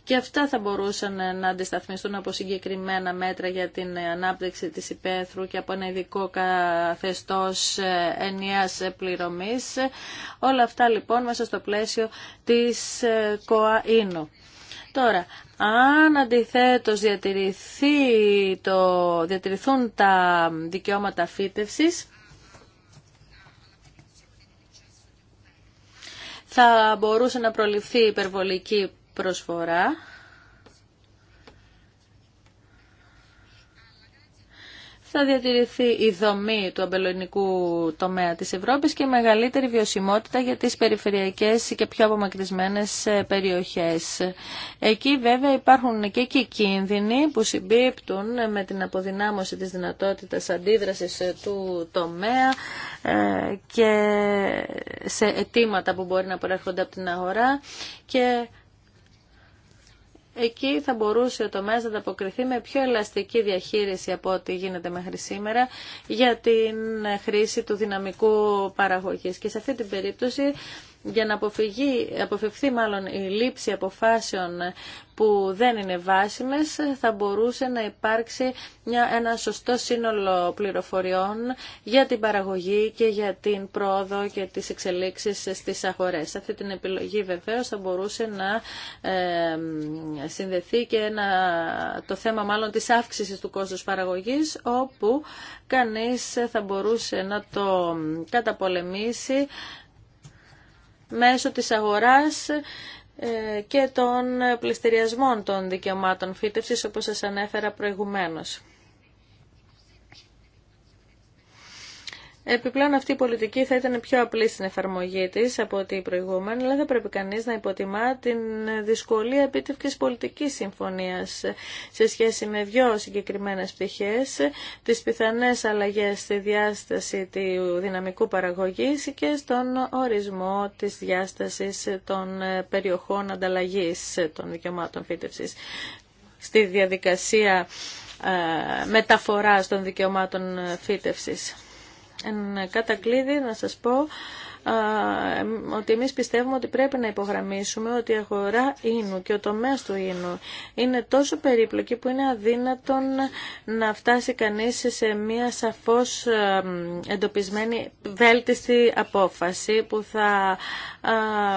Και αυτά θα μπορούσαν να αντισταθμιστούν από συγκεκριμένα μέτρα για την ανάπτυξη της υπαίθρου και από ένα ειδικό καθεστώς ε, ενιαίας πληρωμής. Όλα αυτά λοιπόν μέσα στο πλαίσιο της ε, ΚΟΑ Τώρα, αν αντιθέτως το, διατηρηθούν τα δικαιώματα φύτευσης, θα μπορούσε να προληφθεί υπερβολική προσφορά θα διατηρηθεί η δομή του αμπελονικού τομέα της Ευρώπης και μεγαλύτερη βιωσιμότητα για τις περιφερειακές και πιο απομακρυσμένες ε, περιοχές. Εκεί βέβαια υπάρχουν και εκεί κίνδυνοι που συμπίπτουν ε, με την αποδυνάμωση της δυνατότητας αντίδρασης ε, του τομέα και σε αιτήματα που μπορεί να προέρχονται από την αγορά και εκεί θα μπορούσε ο τομέας να ανταποκριθεί με πιο ελαστική διαχείριση από ό,τι γίνεται μέχρι σήμερα για την χρήση του δυναμικού παραγωγής. Και σε αυτή την περίπτωση για να αποφυγεί, αποφευθεί μάλλον η λήψη αποφάσεων που δεν είναι βάσιμες θα μπορούσε να υπάρξει μια, ένα σωστό σύνολο πληροφοριών για την παραγωγή και για την πρόοδο και τις εξελίξεις στις αγορές. Αυτή την επιλογή βεβαίως θα μπορούσε να συνδεθεί και το θέμα μάλλον της αύξησης του κόστους παραγωγής όπου κανείς θα μπορούσε να το καταπολεμήσει μέσω της αγοράς ε, και των πληστηριασμών των δικαιωμάτων φύτευσης όπως σας ανέφερα προηγουμένως. Επιπλέον αυτή η πολιτική θα ήταν πιο απλή στην εφαρμογή της από ότι η προηγούμενη, αλλά δεν πρέπει κανείς να υποτιμά την δυσκολία επίτευξης πολιτικής συμφωνίας σε σχέση με δυο συγκεκριμένες πτυχές, τις πιθανές αλλαγές στη διάσταση του δυναμικού παραγωγής και στον ορισμό της διάστασης των περιοχών ανταλλαγής των δικαιωμάτων φύτευσης. Στη διαδικασία ε, μεταφοράς των δικαιωμάτων φύτευσης. Εν κατακλείδη να σας πω ότι εμείς πιστεύουμε ότι πρέπει να υπογραμμίσουμε ότι η αγορά ίνου και ο τομέας του ίνου είναι τόσο περίπλοκη που είναι αδύνατον να φτάσει κανείς σε μια σαφώς εντοπισμένη βέλτιστη απόφαση που θα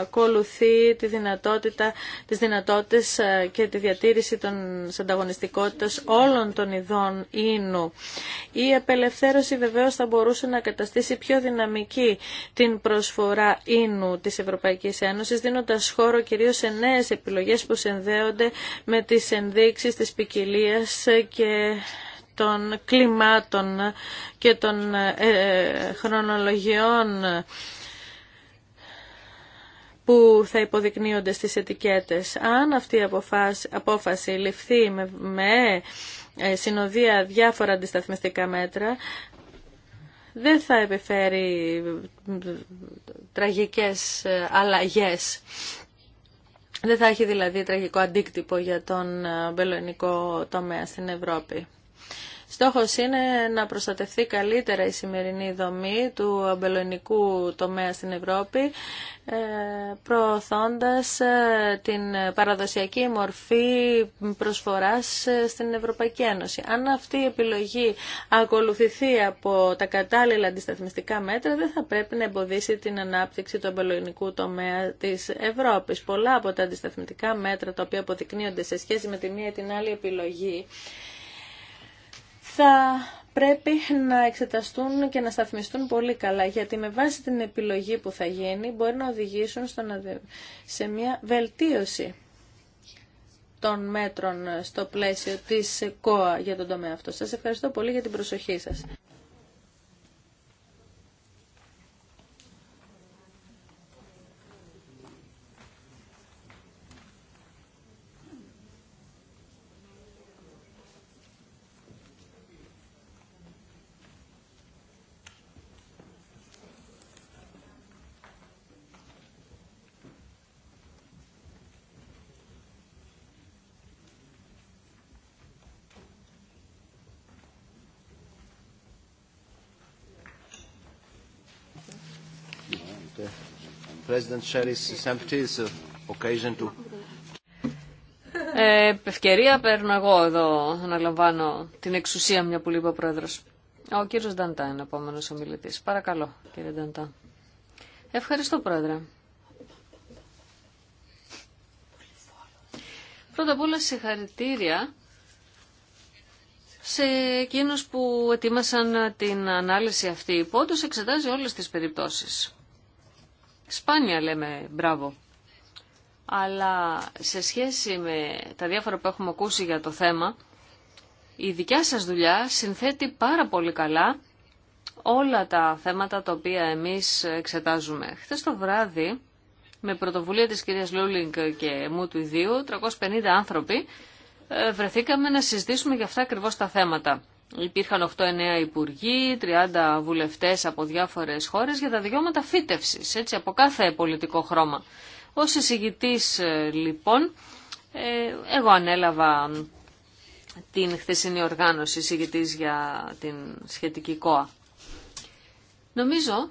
ακολουθεί τη δυνατότητα, τις δυνατότητες ε, και τη διατήρηση των ανταγωνιστικότητας όλων των ειδών ίνου. Η απελευθέρωση βεβαίως θα μπορούσε να καταστήσει πιο δυναμική την προσφορά ίνου της Ευρωπαϊκής Ένωσης, δίνοντας χώρο κυρίως σε νέες επιλογές που συνδέονται με τις ενδείξεις της ποικιλία και των κλιμάτων και των ε, ε, χρονολογιών που θα υποδεικνύονται στις ετικέτες. Αν αυτή η αποφάση, απόφαση ληφθεί με, με ε, συνοδεία διάφορα αντισταθμιστικά μέτρα, δεν θα επιφέρει τραγικές ε, αλλαγές. Δεν θα έχει δηλαδή τραγικό αντίκτυπο για τον ε, μπελονικό τομέα στην Ευρώπη. Στόχος είναι να προστατευτεί καλύτερα η σημερινή δομή του αμπελονικού τομέα στην Ευρώπη, ε, προωθώντας ε, την παραδοσιακή μορφή προσφοράς ε, στην Ευρωπαϊκή Ένωση. Αν αυτή η επιλογή ακολουθηθεί από τα κατάλληλα αντισταθμιστικά μέτρα, δεν θα πρέπει να εμποδίσει την ανάπτυξη του αμπελονικού τομέα της Ευρώπης. Πολλά από τα αντισταθμιστικά μέτρα τα οποία αποδεικνύονται σε σχέση με τη μία ή την άλλη επιλογή, θα πρέπει να εξεταστούν και να σταθμιστούν πολύ καλά, γιατί με βάση την επιλογή που θα γίνει μπορεί να οδηγήσουν στο σε μια βελτίωση των μέτρων στο πλαίσιο της ΚΟΑ για τον τομέα αυτό. Σας ευχαριστώ πολύ για την προσοχή σας. Uh, ε, ευκαιρία παίρνω εγώ εδώ να λαμβάνω την εξουσία μια που λείπει ο πρόεδρος. Ο κύριος Νταντά είναι ο επόμενος ομιλητής. Παρακαλώ κύριε Νταντά. Ευχαριστώ πρόεδρε. Πρώτα απ' όλα συγχαρητήρια σε εκείνους που ετοίμασαν την ανάλυση αυτή, Πόντως εξετάζει όλες τις περιπτώσεις. Σπάνια λέμε μπράβο. Αλλά σε σχέση με τα διάφορα που έχουμε ακούσει για το θέμα, η δικιά σας δουλειά συνθέτει πάρα πολύ καλά όλα τα θέματα τα οποία εμείς εξετάζουμε. Χθες το βράδυ, με πρωτοβουλία της κυρίας Λούλινγκ και μου του ιδίου, 350 άνθρωποι, ε, βρεθήκαμε να συζητήσουμε για αυτά ακριβώς τα θέματα. Υπήρχαν 8-9 υπουργοί, 30 βουλευτές από διάφορες χώρες για τα δικαιώματα φύτευσης, έτσι, από κάθε πολιτικό χρώμα. Ως εισηγητής, ε, λοιπόν, ε, εγώ ανέλαβα την χθεσινή οργάνωση εισηγητής για την σχετική ΚΟΑ. Νομίζω,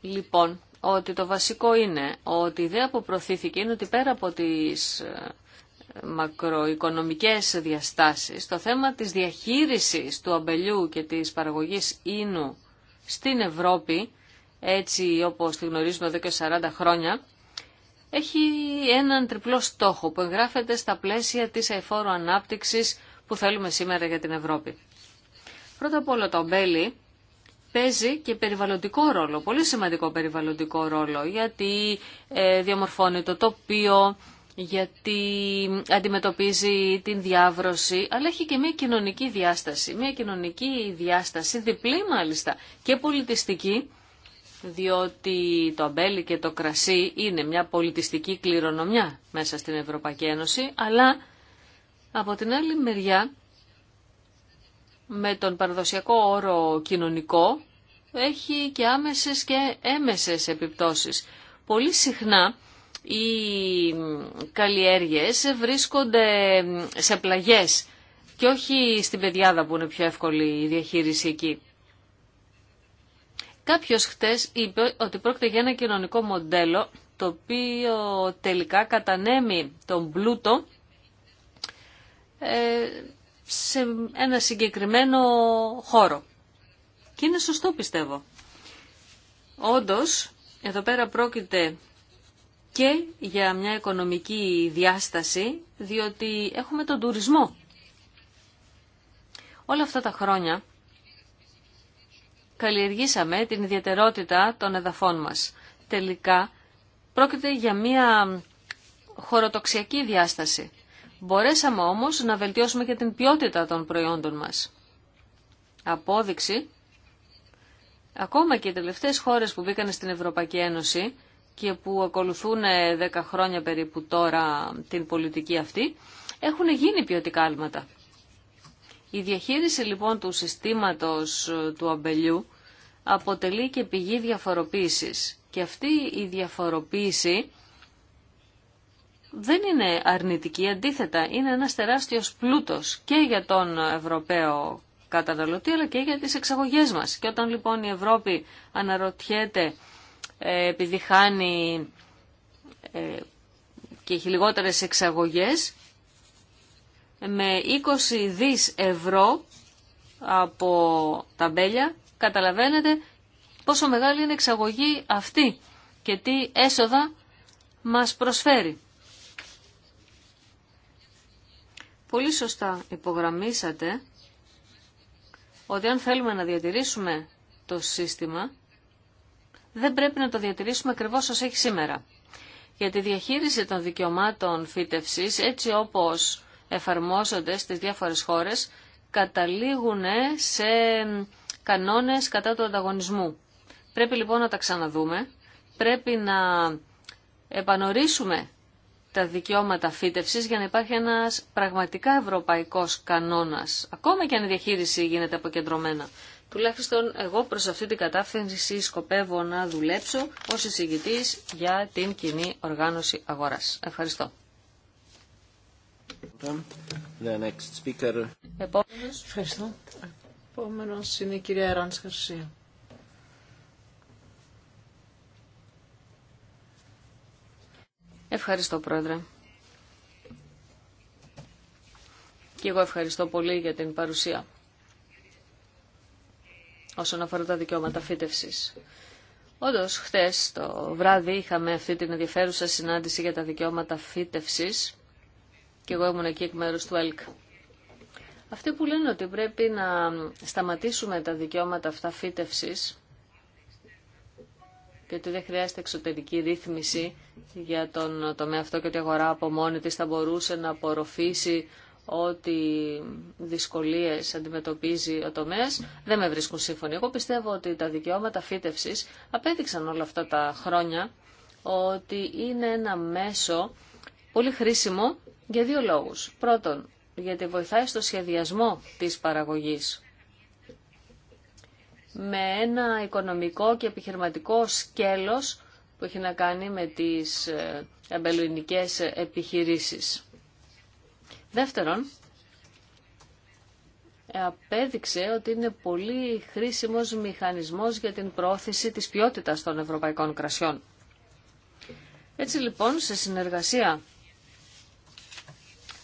λοιπόν, ότι το βασικό είναι ότι η ιδέα που προωθήθηκε είναι ότι πέρα από τις ε, μακροοικονομικές διαστάσεις, το θέμα της διαχείρισης του αμπελιού και της παραγωγής ίνου στην Ευρώπη, έτσι όπως τη γνωρίζουμε εδώ και 40 χρόνια, έχει έναν τριπλό στόχο που εγγράφεται στα πλαίσια της αεφόρου ανάπτυξης που θέλουμε σήμερα για την Ευρώπη. Πρώτα απ' όλα το αμπέλι παίζει και περιβαλλοντικό ρόλο, πολύ σημαντικό περιβαλλοντικό ρόλο, γιατί ε, διαμορφώνει το τοπίο, γιατί αντιμετωπίζει την διάβρωση, αλλά έχει και μια κοινωνική διάσταση. Μια κοινωνική διάσταση, διπλή μάλιστα, και πολιτιστική, διότι το αμπέλι και το κρασί είναι μια πολιτιστική κληρονομιά μέσα στην Ευρωπαϊκή Ένωση, αλλά από την άλλη μεριά, με τον παραδοσιακό όρο κοινωνικό, έχει και άμεσες και έμεσες επιπτώσεις. Πολύ συχνά οι καλλιέργειες βρίσκονται σε πλαγιές και όχι στην πεδιάδα που είναι πιο εύκολη η διαχείριση εκεί. Κάποιος χτες είπε ότι πρόκειται για ένα κοινωνικό μοντέλο το οποίο τελικά κατανέμει τον πλούτο ε, σε ένα συγκεκριμένο χώρο. Και είναι σωστό πιστεύω. Όντως, εδώ πέρα πρόκειται και για μια οικονομική διάσταση, διότι έχουμε τον τουρισμό. Όλα αυτά τα χρόνια καλλιεργήσαμε την ιδιαιτερότητα των εδαφών μας. Τελικά πρόκειται για μια χωροτοξιακή διάσταση. Μπορέσαμε όμως να βελτιώσουμε και την ποιότητα των προϊόντων μας. Απόδειξη, ακόμα και οι τελευταίες χώρες που μπήκαν στην Ευρωπαϊκή Ένωση και που ακολουθούν 10 χρόνια περίπου τώρα την πολιτική αυτή, έχουν γίνει ποιοτικά άλματα. Η διαχείριση λοιπόν του συστήματος του αμπελιού αποτελεί και πηγή διαφοροποίησης. Και αυτή η διαφοροποίηση δεν είναι αρνητική, αντίθετα είναι ένας τεράστιος πλούτος και για τον Ευρωπαίο καταναλωτή αλλά και για τις εξαγωγές μας. Και όταν λοιπόν η Ευρώπη αναρωτιέται ε, επειδή χάνει ε, και έχει λιγότερες εξαγωγές, με 20 δις ευρώ από τα μπέλια, καταλαβαίνετε πόσο μεγάλη είναι η εξαγωγή αυτή και τι έσοδα μας προσφέρει. Πολύ σωστά υπογραμμίσατε ότι αν θέλουμε να διατηρήσουμε το σύστημα, δεν πρέπει να το διατηρήσουμε ακριβώς όσο έχει σήμερα. Γιατί τη διαχείριση των δικαιωμάτων φύτευσης, έτσι όπως εφαρμόζονται στις διάφορες χώρες, καταλήγουν σε κανόνες κατά του ανταγωνισμού. Πρέπει λοιπόν να τα ξαναδούμε, πρέπει να επανορίσουμε τα δικαιώματα φύτευσης για να υπάρχει ένας πραγματικά ευρωπαϊκός κανόνας, ακόμα και αν η διαχείριση γίνεται αποκεντρωμένα. Τουλάχιστον εγώ προς αυτή την κατάφυνση σκοπεύω να δουλέψω ως εισηγητής για την κοινή οργάνωση αγοράς. Ευχαριστώ. The next speaker. Ευχαριστώ. Επόμενος είναι η κυρία Ευχαριστώ, Πρόεδρε. Και εγώ ευχαριστώ πολύ για την παρουσία όσον αφορά τα δικαιώματα φύτευση. Όντω, χθες το βράδυ είχαμε αυτή την ενδιαφέρουσα συνάντηση για τα δικαιώματα φύτευση και εγώ ήμουν εκεί εκ μέρου του ΕΛΚ. Αυτοί που λένε ότι πρέπει να σταματήσουμε τα δικαιώματα αυτά φύτευση και ότι δεν χρειάζεται εξωτερική ρύθμιση για τον τομέα αυτό και ότι η αγορά από μόνη της θα μπορούσε να απορροφήσει ότι δυσκολίες αντιμετωπίζει ο τομέας, δεν με βρίσκουν σύμφωνοι. Εγώ πιστεύω ότι τα δικαιώματα φύτευσης απέδειξαν όλα αυτά τα χρόνια ότι είναι ένα μέσο πολύ χρήσιμο για δύο λόγους. Πρώτον, γιατί βοηθάει στο σχεδιασμό της παραγωγής με ένα οικονομικό και επιχειρηματικό σκέλος που έχει να κάνει με τις αμπελουινικές ε, επιχειρήσεις. Δεύτερον, απέδειξε ότι είναι πολύ χρήσιμος μηχανισμός για την πρόθεση της ποιότητας των ευρωπαϊκών κρασιών. Έτσι λοιπόν, σε συνεργασία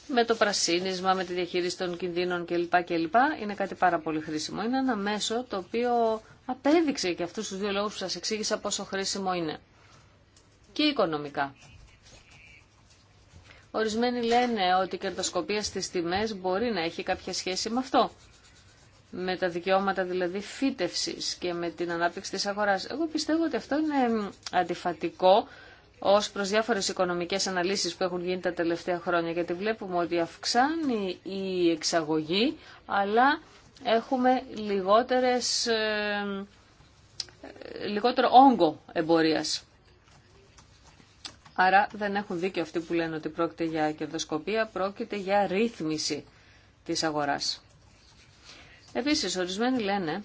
με το πρασίνισμα, με τη διαχείριση των κινδύνων κλπ. κλπ. είναι κάτι πάρα πολύ χρήσιμο. Είναι ένα μέσο το οποίο απέδειξε και αυτούς τους δύο λόγους που σας εξήγησα πόσο χρήσιμο είναι. Και οικονομικά. Ορισμένοι λένε ότι η κερδοσκοπία στις τιμές μπορεί να έχει κάποια σχέση με αυτό. Με τα δικαιώματα δηλαδή φύτευσης και με την ανάπτυξη της αγοράς. Εγώ πιστεύω ότι αυτό είναι αντιφατικό ως προς διάφορες οικονομικές αναλύσεις που έχουν γίνει τα τελευταία χρόνια. Γιατί βλέπουμε ότι αυξάνει η εξαγωγή, αλλά έχουμε λιγότερες, ε, λιγότερο όγκο εμπορίας. Άρα δεν έχουν δίκιο αυτοί που λένε ότι πρόκειται για κερδοσκοπία, πρόκειται για ρύθμιση της αγοράς. Επίσης, ορισμένοι λένε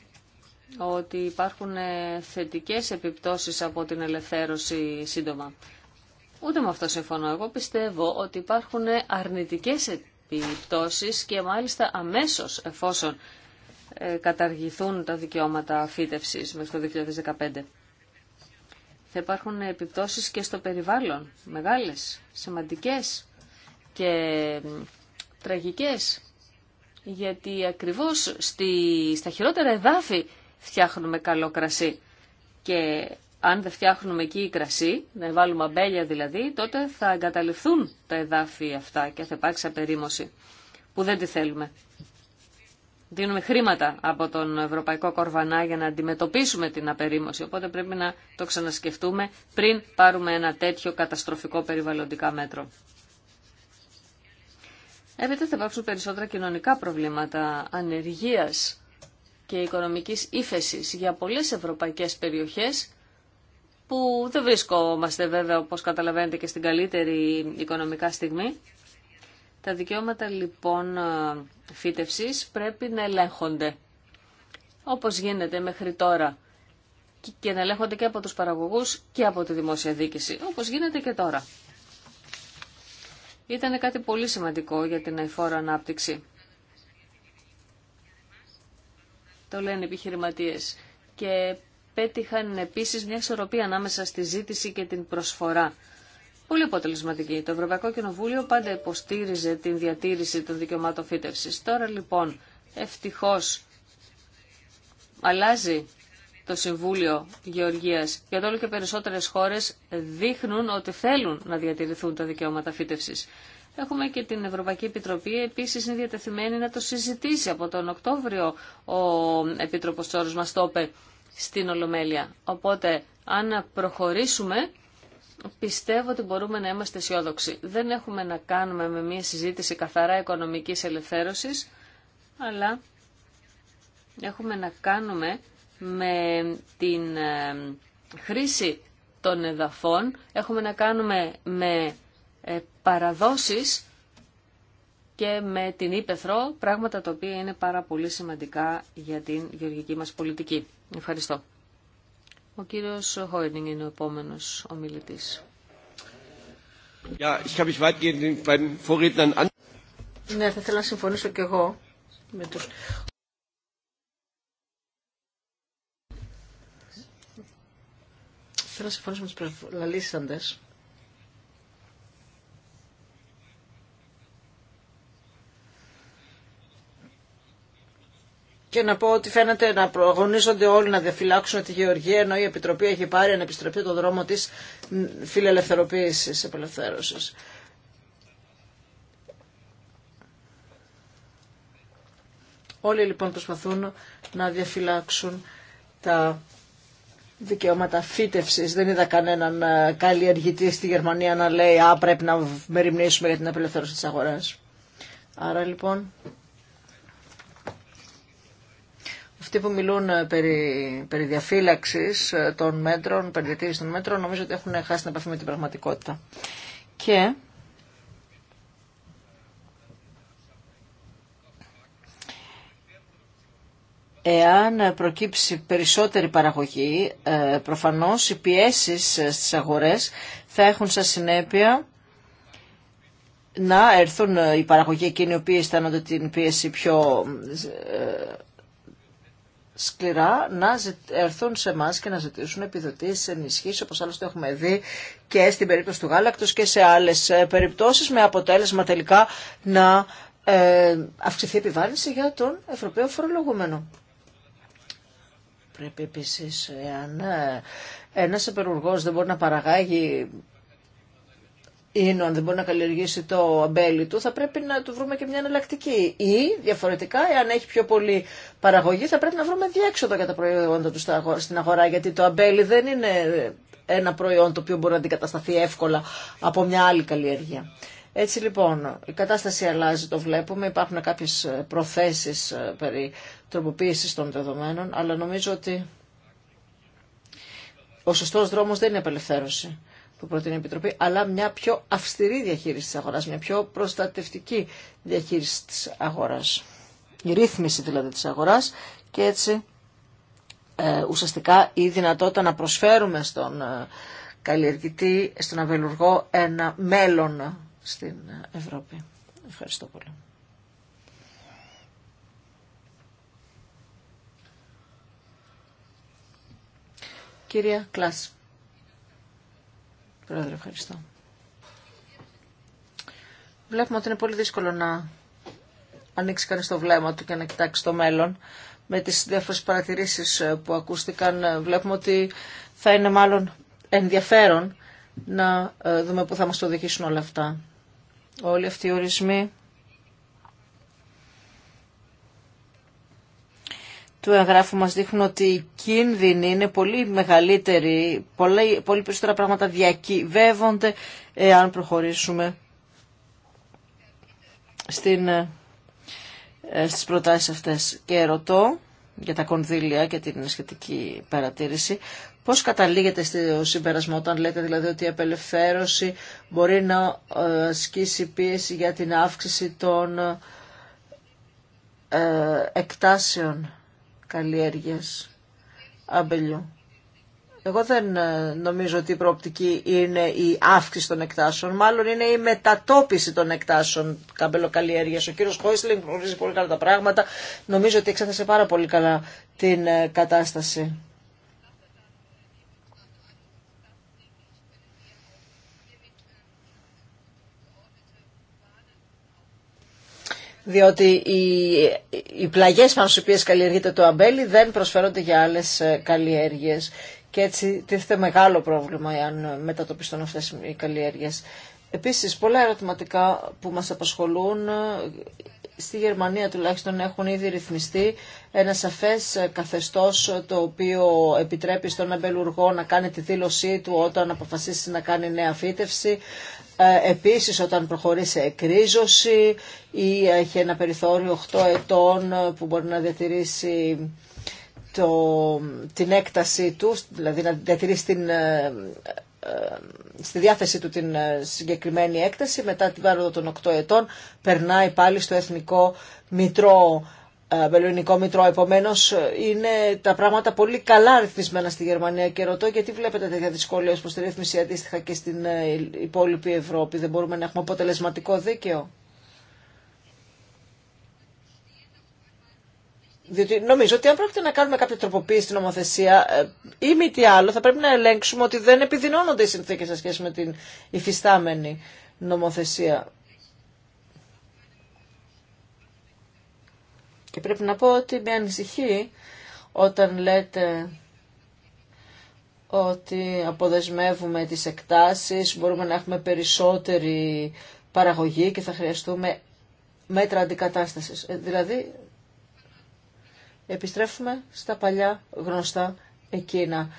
ότι υπάρχουν ε, θετικές επιπτώσεις από την ελευθέρωση σύντομα. Ούτε με αυτό συμφωνώ. Εγώ πιστεύω ότι υπάρχουν ε, αρνητικές επιπτώσεις και μάλιστα αμέσως εφόσον ε, καταργηθούν τα δικαιώματα φύτευσης μέχρι το 2015 θα υπάρχουν επιπτώσεις και στο περιβάλλον, μεγάλες, σημαντικές και τραγικές. Γιατί ακριβώς στη, στα χειρότερα εδάφη φτιάχνουμε καλό κρασί. Και αν δεν φτιάχνουμε εκεί κρασί, να βάλουμε αμπέλια δηλαδή, τότε θα εγκαταλειφθούν τα εδάφη αυτά και θα υπάρξει απερίμωση που δεν τη θέλουμε δίνουμε χρήματα από τον Ευρωπαϊκό Κορβανά για να αντιμετωπίσουμε την απερίμωση. Οπότε πρέπει να το ξανασκεφτούμε πριν πάρουμε ένα τέτοιο καταστροφικό περιβαλλοντικά μέτρο. Έπειτα θα υπάρξουν περισσότερα κοινωνικά προβλήματα ανεργίας και οικονομικής ύφεσης για πολλές ευρωπαϊκές περιοχές που δεν βρίσκομαστε βέβαια όπως καταλαβαίνετε και στην καλύτερη οικονομικά στιγμή τα δικαιώματα λοιπόν ε, φύτευσης πρέπει να ελέγχονται, όπως γίνεται μέχρι τώρα, και να ελέγχονται και από τους παραγωγούς και από τη δημόσια δίκηση, όπως γίνεται και τώρα. Ήταν κάτι πολύ σημαντικό για την αϊφόρο ανάπτυξη. Το λένε οι επιχειρηματίες. Και πέτυχαν επίσης μια ισορροπία ανάμεσα στη ζήτηση και την προσφορά πολύ αποτελεσματική. Το Ευρωπαϊκό Κοινοβούλιο πάντα υποστήριζε την διατήρηση των δικαιωμάτων φύτευσης. Τώρα λοιπόν ευτυχώς αλλάζει το Συμβούλιο Γεωργίας γιατί όλο και περισσότερες χώρες δείχνουν ότι θέλουν να διατηρηθούν τα δικαιώματα φύτευσης. Έχουμε και την Ευρωπαϊκή Επιτροπή, επίσης είναι διατεθειμένη να το συζητήσει από τον Οκτώβριο ο επίτροπο Τσόρο μας το είπε στην Ολομέλεια. Οπότε αν προχωρήσουμε πιστεύω ότι μπορούμε να είμαστε αισιόδοξοι. Δεν έχουμε να κάνουμε με μια συζήτηση καθαρά οικονομικής ελευθέρωσης, αλλά έχουμε να κάνουμε με την ε, χρήση των εδαφών, έχουμε να κάνουμε με ε, παραδόσεις και με την ύπεθρο, πράγματα τα οποία είναι πάρα πολύ σημαντικά για την γεωργική μας πολιτική. Ευχαριστώ. Ο κύριος Χόινινγκ είναι ο επόμενος ομιλητής. Ναι, θα ήθελα να συμφωνήσω και εγώ με τους... Θέλω να συμφωνήσω με τους προλαλήσαντες και να πω ότι φαίνεται να προαγωνίζονται όλοι να διαφυλάξουν τη Γεωργία ενώ η Επιτροπή έχει πάρει να επιστρέψει τον δρόμο της φιλελευθεροποίησης, απελευθέρωσης. Όλοι λοιπόν προσπαθούν να διαφυλάξουν τα δικαιώματα φύτευση. Δεν είδα κανέναν ε, καλλιεργητή στη Γερμανία να λέει Α, πρέπει να μεριμνήσουμε για την απελευθέρωση τη αγορά. Άρα λοιπόν αυτοί που μιλούν ε, περί, περί διαφύλαξης ε, των μέτρων, περί διατήρησης των μέτρων, νομίζω ότι έχουν χάσει την επαφή με την πραγματικότητα. Και Εάν προκύψει περισσότερη παραγωγή, ε, προφανώς οι πιέσεις στις αγορές θα έχουν σαν συνέπεια να έρθουν οι παραγωγοί εκείνοι οι οποίοι αισθάνονται την πίεση πιο σκληρά να έρθουν σε εμά και να ζητήσουν επιδοτήσει, ενισχύσει, όπω άλλωστε έχουμε δει και στην περίπτωση του γάλακτο και σε άλλε περιπτώσει, με αποτέλεσμα τελικά να ε, αυξηθεί η επιβάρυνση για τον Ευρωπαίο φορολογούμενο. Πρέπει επίση, εάν ε, ένα υπερουργό δεν μπορεί να παραγάγει ή, αν δεν μπορεί να καλλιεργήσει το αμπέλι του, θα πρέπει να του βρούμε και μια εναλλακτική. Ή διαφορετικά, εάν έχει πιο πολύ παραγωγή, θα πρέπει να βρούμε διέξοδο για τα προϊόντα του στην αγορά. Γιατί το αμπέλι δεν είναι ένα προϊόν το οποίο μπορεί να αντικατασταθεί εύκολα από μια άλλη καλλιέργεια. Έτσι λοιπόν, η κατάσταση αλλάζει, το βλέπουμε, υπάρχουν κάποιε προθέσει ε, περί τροποποίηση των δεδομένων, αλλά νομίζω ότι ο σωστός δρόμος δεν είναι απελευθέρωση που προτείνει η Επιτροπή, αλλά μια πιο αυστηρή διαχείριση της αγοράς, μια πιο προστατευτική διαχείριση της αγοράς. Η ρύθμιση δηλαδή της αγοράς και έτσι ε, ουσιαστικά η δυνατότητα να προσφέρουμε στον ε, καλλιεργητή, στον αβελουργό ένα μέλλον στην Ευρώπη. Ευχαριστώ πολύ. Κυρία Κλάση. Βλέπουμε ότι είναι πολύ δύσκολο να ανοίξει κανείς το βλέμμα του και να κοιτάξει το μέλλον. Με τις διάφορες παρατηρήσεις που ακούστηκαν βλέπουμε ότι θα είναι μάλλον ενδιαφέρον να ε, δούμε πού θα μας το οδηγήσουν όλα αυτά. Όλοι αυτοί οι ορισμοί του εγγράφου μας δείχνουν ότι οι κίνδυνοι είναι πολύ μεγαλύτεροι, πολύ, πολύ περισσότερα πράγματα διακυβεύονται εάν προχωρήσουμε στην, ε, ε, στις προτάσεις αυτές. Και ρωτώ για τα κονδύλια και την σχετική παρατήρηση, πώς καταλήγεται στο συμπερασμό όταν λέτε δηλαδή ότι η απελευθέρωση μπορεί να ε, ασκήσει πίεση για την αύξηση των εκτάσεων καλλιέργειας αμπελιού. Εγώ δεν ε, νομίζω ότι η προοπτική είναι η αύξηση των εκτάσεων, μάλλον είναι η μετατόπιση των εκτάσεων καμπελοκαλλιέργειας. Ο κύριος Χόισλινγκ γνωρίζει πολύ καλά τα πράγματα. Νομίζω ότι εξέθεσε πάρα πολύ καλά την ε, κατάσταση. διότι οι, οι πλαγιές πάνω στις οποίες καλλιεργείται το αμπέλι δεν προσφέρονται για άλλες ε, καλλιέργειες. Και έτσι τίθεται μεγάλο πρόβλημα αν μετατοπιστούν αυτές οι καλλιέργειες. Επίσης πολλά ερωτηματικά που μας απασχολούν ε, στη Γερμανία τουλάχιστον έχουν ήδη ρυθμιστεί ένα σαφές ε, καθεστώς το οποίο επιτρέπει στον αμπελουργό να κάνει τη δήλωσή του όταν αποφασίσει να κάνει νέα φύτευση. Ε, επίσης όταν προχωρεί σε εκρίζωση ή έχει ένα περιθώριο 8 ετών ε, που μπορεί να διατηρήσει το, την έκταση του, δηλαδή να διατηρήσει την, ε, στη διάθεση του την συγκεκριμένη έκταση, μετά την πάροδο των 8 ετών περνάει πάλι στο Εθνικό Μητρό ε, Βελονικό Μητρό. Επομένω, ε, είναι τα πράγματα πολύ καλά ρυθμισμένα στη Γερμανία και ρωτώ γιατί βλέπετε τέτοια δυσκολία προ τη ρύθμιση αντίστοιχα και στην ε, υπόλοιπη Ευρώπη. Δεν μπορούμε να έχουμε αποτελεσματικό δίκαιο. Διότι νομίζω ότι αν πρόκειται να κάνουμε κάποια τροποποίηση στην νομοθεσία ή μη τι άλλο, θα πρέπει να ελέγξουμε ότι δεν επιδεινώνονται οι συνθήκε σε σχέση με την υφιστάμενη νομοθεσία. Και πρέπει να πω ότι με ανησυχεί όταν λέτε ότι αποδεσμεύουμε τις εκτάσεις, μπορούμε να έχουμε περισσότερη παραγωγή και θα χρειαστούμε μέτρα αντικατάστασης. Ε, δηλαδή, επιστρέφουμε στα παλιά γνωστά εκείνα.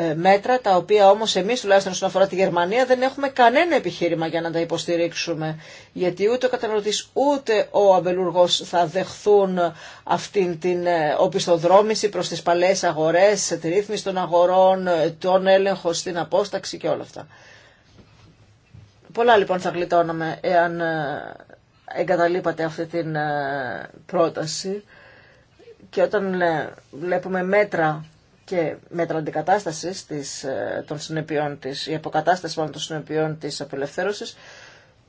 Ε, μέτρα, τα οποία όμως εμείς τουλάχιστον όσον αφορά τη Γερμανία δεν έχουμε κανένα επιχείρημα για να τα υποστηρίξουμε. Γιατί ούτε ο καταναλωτής ούτε ο αμπελουργός θα δεχθούν αυτήν την ε, οπισθοδρόμηση προς τις παλές αγορές, τη ρύθμιση των αγορών, ε, τον έλεγχο στην απόσταξη και όλα αυτά. Πολλά λοιπόν θα γλιτώναμε εάν εγκαταλείπατε αυτή την πρόταση και όταν βλέπουμε μέτρα και μέτρα αντικατάσταση ε, των συνεπειών της, η αποκατάσταση των συνεπειών τη απελευθέρωση.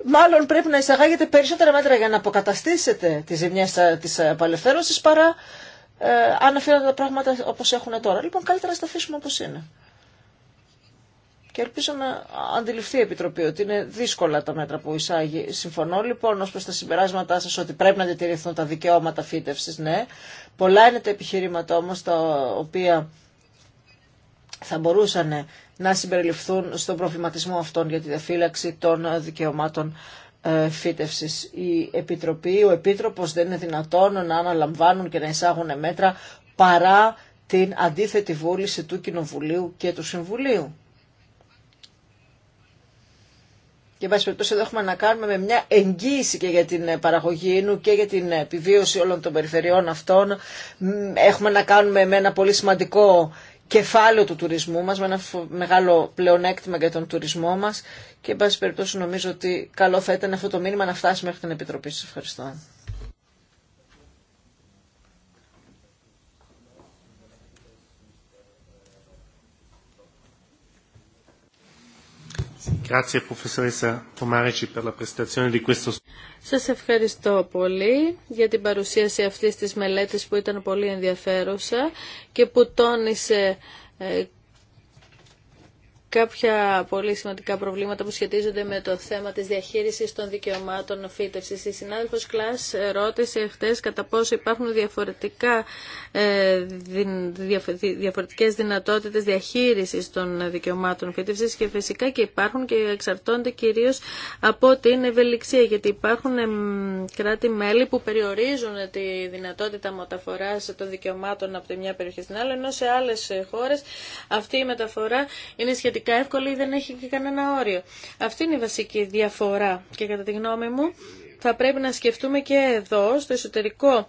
μάλλον πρέπει να εισαγάγετε περισσότερα μέτρα για να αποκαταστήσετε τι ζημιές ε, τη απελευθέρωση παρά ε, αν αφήνατε τα πράγματα όπω έχουν τώρα. Λοιπόν, καλύτερα να τα αφήσουμε όπω είναι. Και ελπίζω να αντιληφθεί η Επιτροπή ότι είναι δύσκολα τα μέτρα που εισάγει. Συμφωνώ λοιπόν ω προ τα συμπεράσματά σα ότι πρέπει να διατηρηθούν τα δικαιώματα φύτευση. Ναι, πολλά είναι τα επιχειρήματα όμω τα οποία θα μπορούσαν να συμπεριληφθούν στον προβληματισμό αυτών για τη διαφύλαξη των δικαιωμάτων ε, φύτευσης. Η Επιτροπή, ο Επίτροπος δεν είναι δυνατόν να αναλαμβάνουν και να εισάγουν μέτρα παρά την αντίθετη βούληση του Κοινοβουλίου και του Συμβουλίου. Και εν πάση περιπτώσει εδώ έχουμε να κάνουμε με μια εγγύηση και για την παραγωγή ίνου και για την επιβίωση όλων των περιφερειών αυτών. Έχουμε να κάνουμε με ένα πολύ σημαντικό κεφάλαιο του τουρισμού μας, με ένα μεγάλο πλεονέκτημα για τον τουρισμό μας και εν πάση περιπτώσει νομίζω ότι καλό θα ήταν αυτό το μήνυμα να φτάσει μέχρι την Επιτροπή. Σας ευχαριστώ. Σας ευχαριστώ πολύ για την παρουσίαση αυτής της μελέτης που ήταν πολύ ενδιαφέρουσα και που τόνισε ε, κάποια πολύ σημαντικά προβλήματα που σχετίζονται με το θέμα της διαχείρισης των δικαιωμάτων φύτευσης. Η συνάδελφος Κλάς ρώτησε χτες κατά πόσο υπάρχουν διαφορετικά, ε, διαφορετικές δυνατότητες διαχείρισης των δικαιωμάτων φύτευσης και φυσικά και υπάρχουν και εξαρτώνται κυρίως από την ευελιξία γιατί υπάρχουν κράτη-μέλη που περιορίζουν τη δυνατότητα μεταφοράς των δικαιωμάτων από τη μια περιοχή στην άλλη ενώ σε άλλες χώρες αυτή η μεταφορά είναι σχετικά σχετικά εύκολη, δεν έχει και κανένα όριο. Αυτή είναι η βασική διαφορά και κατά τη γνώμη μου θα πρέπει να σκεφτούμε και εδώ, στο εσωτερικό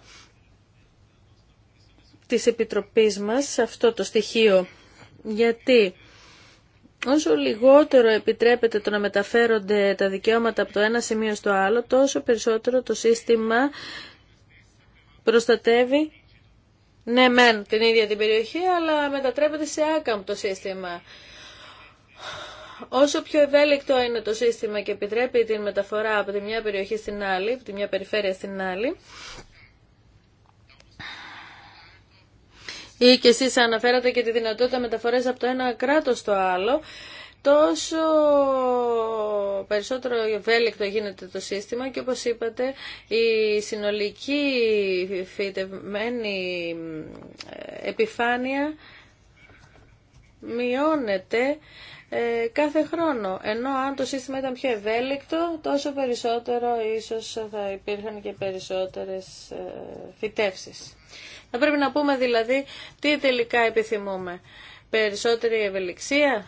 της Επιτροπής μας, αυτό το στοιχείο. Γιατί όσο λιγότερο επιτρέπεται το να μεταφέρονται τα δικαιώματα από το ένα σημείο στο άλλο, τόσο περισσότερο το σύστημα προστατεύει ναι, μεν την ίδια την περιοχή, αλλά μετατρέπεται σε το σύστημα. Όσο πιο ευέλικτο είναι το σύστημα και επιτρέπει την μεταφορά από τη μια περιοχή στην άλλη, από τη μια περιφέρεια στην άλλη, ή και εσείς αναφέρατε και τη δυνατότητα μεταφορές από το ένα κράτος στο άλλο, τόσο περισσότερο ευέλικτο γίνεται το σύστημα και όπως είπατε η συνολική φυτευμένη ε, επιφάνεια μειώνεται ε, κάθε χρόνο. Ενώ αν το σύστημα ήταν πιο ευέλικτο, τόσο περισσότερο ίσως θα υπήρχαν και περισσότερες ε, φυτεύσεις. Θα πρέπει να πούμε δηλαδή τι τελικά επιθυμούμε. Περισσότερη ευελιξία,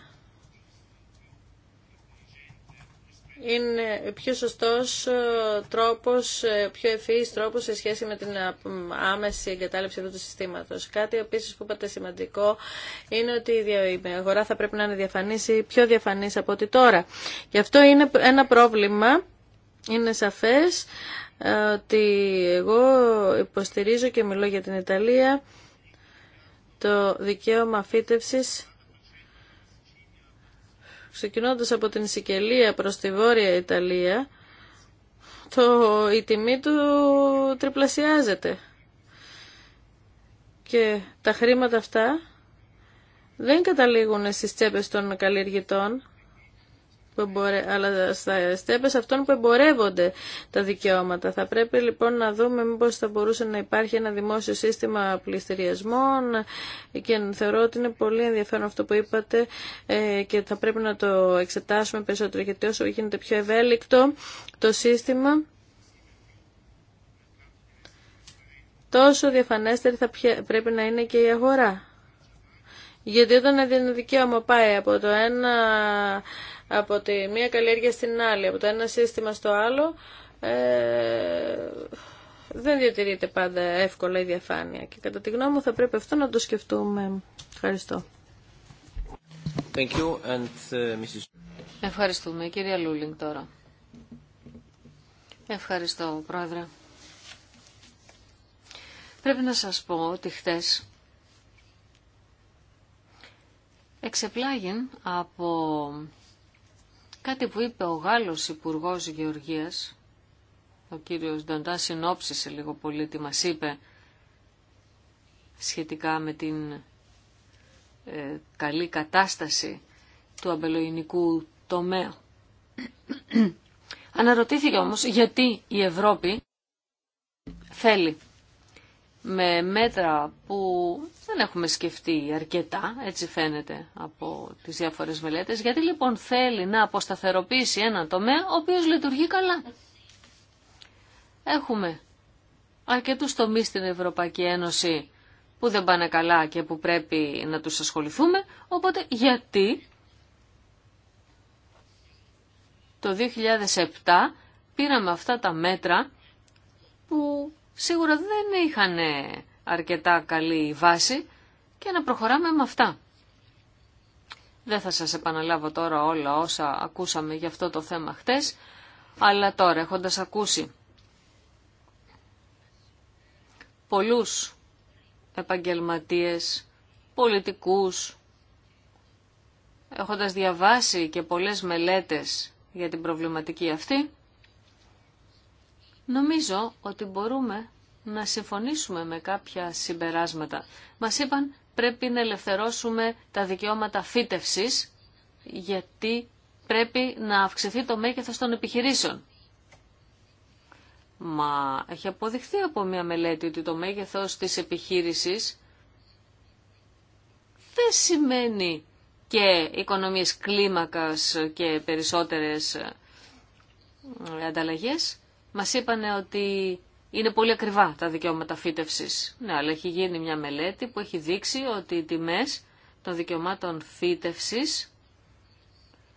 είναι πιο σωστός ε, τρόπος, ε, πιο ευφύης τρόπος σε σχέση με την ε, άμεση εγκατάλειψη αυτού του συστήματος. Κάτι επίσης που είπατε σημαντικό είναι ότι η αγορά θα πρέπει να είναι διαφανής πιο διαφανής από ό,τι τώρα. Γι' αυτό είναι ένα πρόβλημα, είναι σαφές, ότι εγώ υποστηρίζω και μιλώ για την Ιταλία το δικαίωμα φύτευσης ξεκινώντας από την Σικελία προς τη Βόρεια Ιταλία, το, η τιμή του τριπλασιάζεται. Και τα χρήματα αυτά δεν καταλήγουν στις τσέπες των καλλιεργητών, που εμπορε... αλλά στα στέπες αυτών που εμπορεύονται τα δικαιώματα. Θα πρέπει λοιπόν να δούμε μήπως θα μπορούσε να υπάρχει ένα δημόσιο σύστημα πληστηριασμών και θεωρώ ότι είναι πολύ ενδιαφέρον αυτό που είπατε ε, και θα πρέπει να το εξετάσουμε περισσότερο γιατί όσο γίνεται πιο ευέλικτο το σύστημα τόσο διαφανέστερη θα πρέπει να είναι και η αγορά. Γιατί όταν ένα δικαίωμα πάει από το ένα από τη μία καλλιέργεια στην άλλη, από το ένα σύστημα στο άλλο, ε, δεν διατηρείται πάντα εύκολα η διαφάνεια. Και κατά τη γνώμη μου θα πρέπει αυτό να το σκεφτούμε. Ευχαριστώ. Thank you and, uh, Mrs. Ευχαριστούμε. Κυρία Λούλινγκ τώρα. Ευχαριστώ, Πρόεδρε. Πρέπει να σας πω ότι χθες... εξεπλάγην από Κάτι που είπε ο Γάλλος Υπουργό Γεωργίας, ο κύριος Ντοντάς, συνόψησε λίγο πολύ τι μας είπε σχετικά με την ε, καλή κατάσταση του αμπελοϊνικού τομέα. Αναρωτήθηκε όμως γιατί η Ευρώπη θέλει με μέτρα που δεν έχουμε σκεφτεί αρκετά, έτσι φαίνεται από τις διάφορες μελέτες, γιατί λοιπόν θέλει να αποσταθεροποιήσει ένα τομέα ο οποίος λειτουργεί καλά. Έχουμε αρκετούς τομείς στην Ευρωπαϊκή Ένωση που δεν πάνε καλά και που πρέπει να τους ασχοληθούμε, οπότε γιατί το 2007 πήραμε αυτά τα μέτρα που σίγουρα δεν είχαν αρκετά καλή βάση και να προχωράμε με αυτά. Δεν θα σας επαναλάβω τώρα όλα όσα ακούσαμε για αυτό το θέμα χτες, αλλά τώρα έχοντας ακούσει πολλούς επαγγελματίες, πολιτικούς, έχοντας διαβάσει και πολλές μελέτες για την προβληματική αυτή, Νομίζω ότι μπορούμε να συμφωνήσουμε με κάποια συμπεράσματα. Μας είπαν πρέπει να ελευθερώσουμε τα δικαιώματα φύτευσης γιατί πρέπει να αυξηθεί το μέγεθος των επιχειρήσεων. Μα έχει αποδειχθεί από μια μελέτη ότι το μέγεθος της επιχείρησης δεν σημαίνει και οικονομίες κλίμακας και περισσότερες ε, ανταλλαγές. Μας είπανε ότι είναι πολύ ακριβά τα δικαιώματα φύτευσης. Ναι, αλλά έχει γίνει μια μελέτη που έχει δείξει ότι οι τιμές των δικαιωμάτων φύτευσης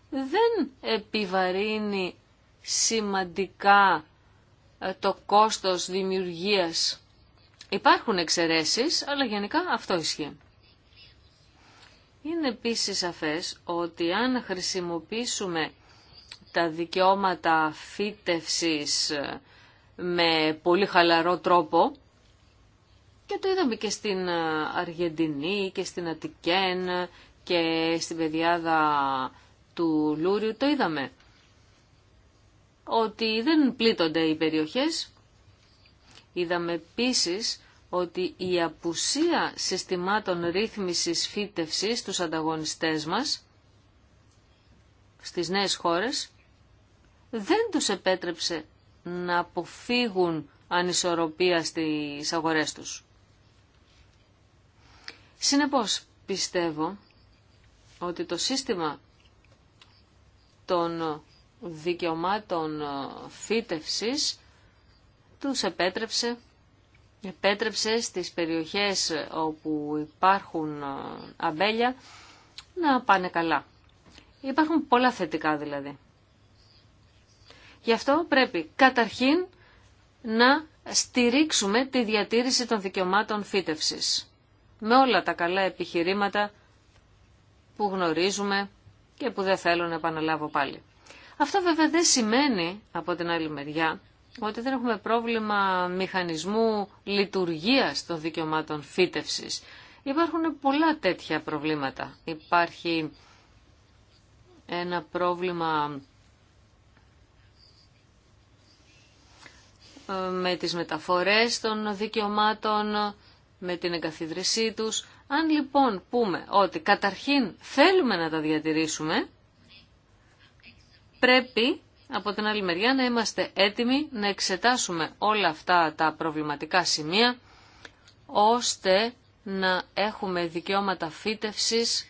δεν επιβαρύνει σημαντικά ε, το κόστος δημιουργίας. Υπάρχουν εξαιρέσεις, αλλά γενικά αυτό ισχύει. Είναι επίσης σαφές ότι αν χρησιμοποιήσουμε τα δικαιώματα φύτευσης με πολύ χαλαρό τρόπο και το είδαμε και στην Αργεντινή και στην ατικέν και στην πεδιάδα του Λούριου το είδαμε ότι δεν πλήττονται οι περιοχές. Είδαμε επίσης ότι η απουσία συστημάτων ρύθμισης φύτευσης στους ανταγωνιστές μας στις νέες χώρες δεν τους επέτρεψε να αποφύγουν ανισορροπία στις αγορές τους. Συνεπώς πιστεύω ότι το σύστημα των δικαιωμάτων φύτευσης τους επέτρεψε επέτρεψε στις περιοχές όπου υπάρχουν ε, αμπέλια να πάνε καλά. Υπάρχουν πολλά θετικά δηλαδή. Γι' αυτό πρέπει καταρχήν να στηρίξουμε τη διατήρηση των δικαιωμάτων φύτευσης με όλα τα καλά επιχειρήματα που γνωρίζουμε και που δεν θέλω να επαναλάβω πάλι. Αυτό βέβαια δεν σημαίνει από την άλλη μεριά ότι δεν έχουμε πρόβλημα μηχανισμού λειτουργίας των δικαιωμάτων φύτευσης. Υπάρχουν πολλά τέτοια προβλήματα. Υπάρχει ένα πρόβλημα με τις μεταφορές των δικαιωμάτων, με την εγκαθίδρυσή τους. Αν λοιπόν πούμε ότι καταρχήν θέλουμε να τα διατηρήσουμε, πρέπει από την άλλη μεριά να είμαστε έτοιμοι να εξετάσουμε όλα αυτά τα προβληματικά σημεία, ώστε να έχουμε δικαιώματα φύτευσης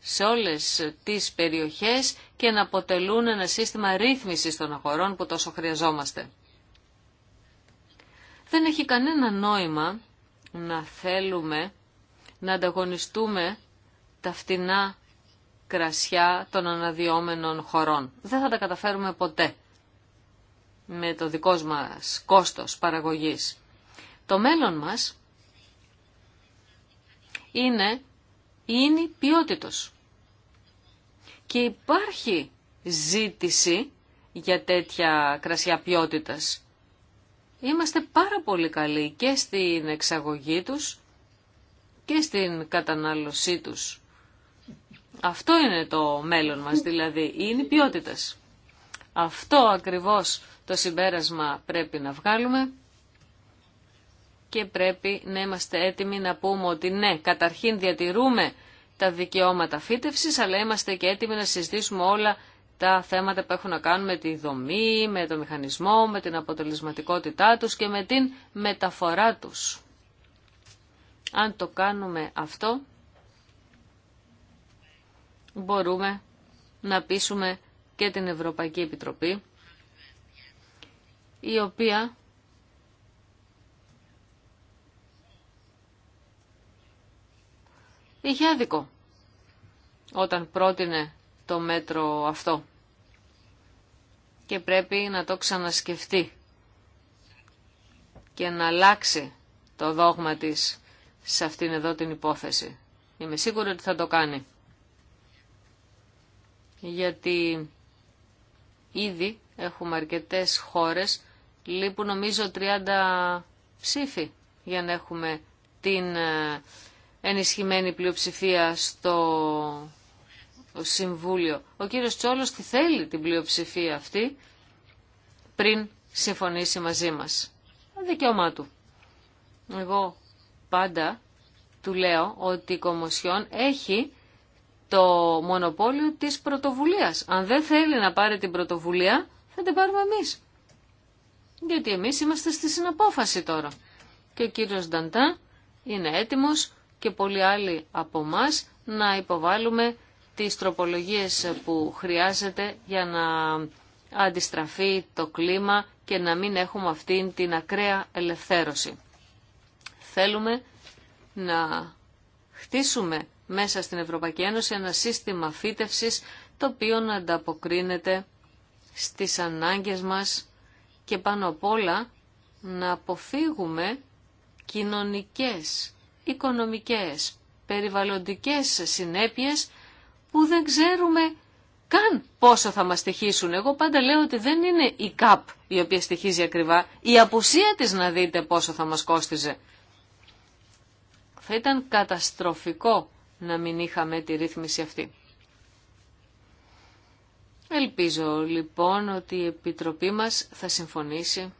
σε όλες τις περιοχές και να αποτελούν ένα σύστημα ρύθμισης των αγορών που τόσο χρειαζόμαστε δεν έχει κανένα νόημα να θέλουμε να ανταγωνιστούμε τα φτηνά κρασιά των αναδυόμενων χωρών. Δεν θα τα καταφέρουμε ποτέ με το δικό μας κόστος παραγωγής. Το μέλλον μας είναι η είναι ποιότητος. Και υπάρχει ζήτηση για τέτοια κρασιά ποιότητας είμαστε πάρα πολύ καλοί και στην εξαγωγή τους και στην κατανάλωσή τους. Αυτό είναι το μέλλον μας δηλαδή, είναι οι ποιότητες. Αυτό ακριβώς το συμπέρασμα πρέπει να βγάλουμε και πρέπει να είμαστε έτοιμοι να πούμε ότι ναι, καταρχήν διατηρούμε τα δικαιώματα φύτευσης, αλλά είμαστε και έτοιμοι να συζητήσουμε όλα τα θέματα που έχουν να κάνουν με τη δομή, με το μηχανισμό, με την αποτελεσματικότητά τους και με την μεταφορά τους. Αν το κάνουμε αυτό, μπορούμε να πείσουμε και την Ευρωπαϊκή Επιτροπή, η οποία είχε άδικο όταν πρότεινε το μέτρο αυτό και πρέπει να το ξανασκεφτεί και να αλλάξει το δόγμα της σε αυτήν εδώ την υπόθεση. Είμαι σίγουρη ότι θα το κάνει. Γιατί ήδη έχουμε αρκετές χώρες, λείπουν νομίζω 30 ψήφοι για να έχουμε την ε, ενισχυμένη πλειοψηφία στο Συμβούλιο. Ο κύριος Τσόλος τη θέλει την πλειοψηφία αυτή πριν συμφωνήσει μαζί μας. Δικαίωμά του. Εγώ πάντα του λέω ότι η Κομοσιόν έχει το μονοπόλιο της πρωτοβουλίας. Αν δεν θέλει να πάρει την πρωτοβουλία, θα την πάρουμε εμείς. Γιατί εμείς είμαστε στη συναπόφαση τώρα. Και ο κύριος Νταντά είναι έτοιμος και πολλοί άλλοι από εμά να υποβάλουμε τις τροπολογίες που χρειάζεται για να αντιστραφεί το κλίμα και να μην έχουμε αυτήν την ακραία ελευθέρωση. Θέλουμε να χτίσουμε μέσα στην Ευρωπαϊκή Ένωση ένα σύστημα φύτευσης το οποίο να ανταποκρίνεται στις ανάγκες μας και πάνω απ' όλα να αποφύγουμε κοινωνικές, οικονομικές, περιβαλλοντικές συνέπειες που δεν ξέρουμε καν πόσο θα μας στοιχήσουν. Εγώ πάντα λέω ότι δεν είναι η ΚΑΠ η οποία στοιχίζει ακριβά, η απουσία της να δείτε πόσο θα μας κόστιζε. Θα ήταν καταστροφικό να μην είχαμε τη ρύθμιση αυτή. Ελπίζω λοιπόν ότι η Επιτροπή μας θα συμφωνήσει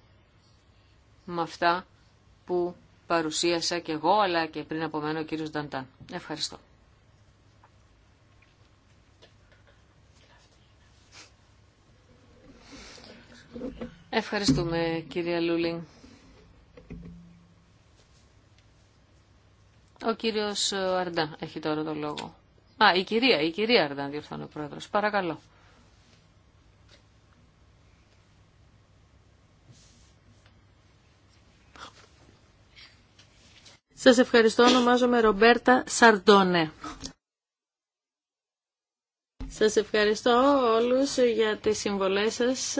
με αυτά που παρουσίασα και εγώ αλλά και πριν από μένα ο κύριος Νταντάν. Ευχαριστώ. Ευχαριστούμε κυρία Λούλινγκ. Ο κύριος Αρντά έχει τώρα το λόγο. Α, η κυρία, η κυρία Αρντά διορθώνει ο πρόεδρος. Παρακαλώ. Σας ευχαριστώ, ονομάζομαι Ρομπέρτα Σαρντόνε. Σας ευχαριστώ όλους για τις συμβολές σας.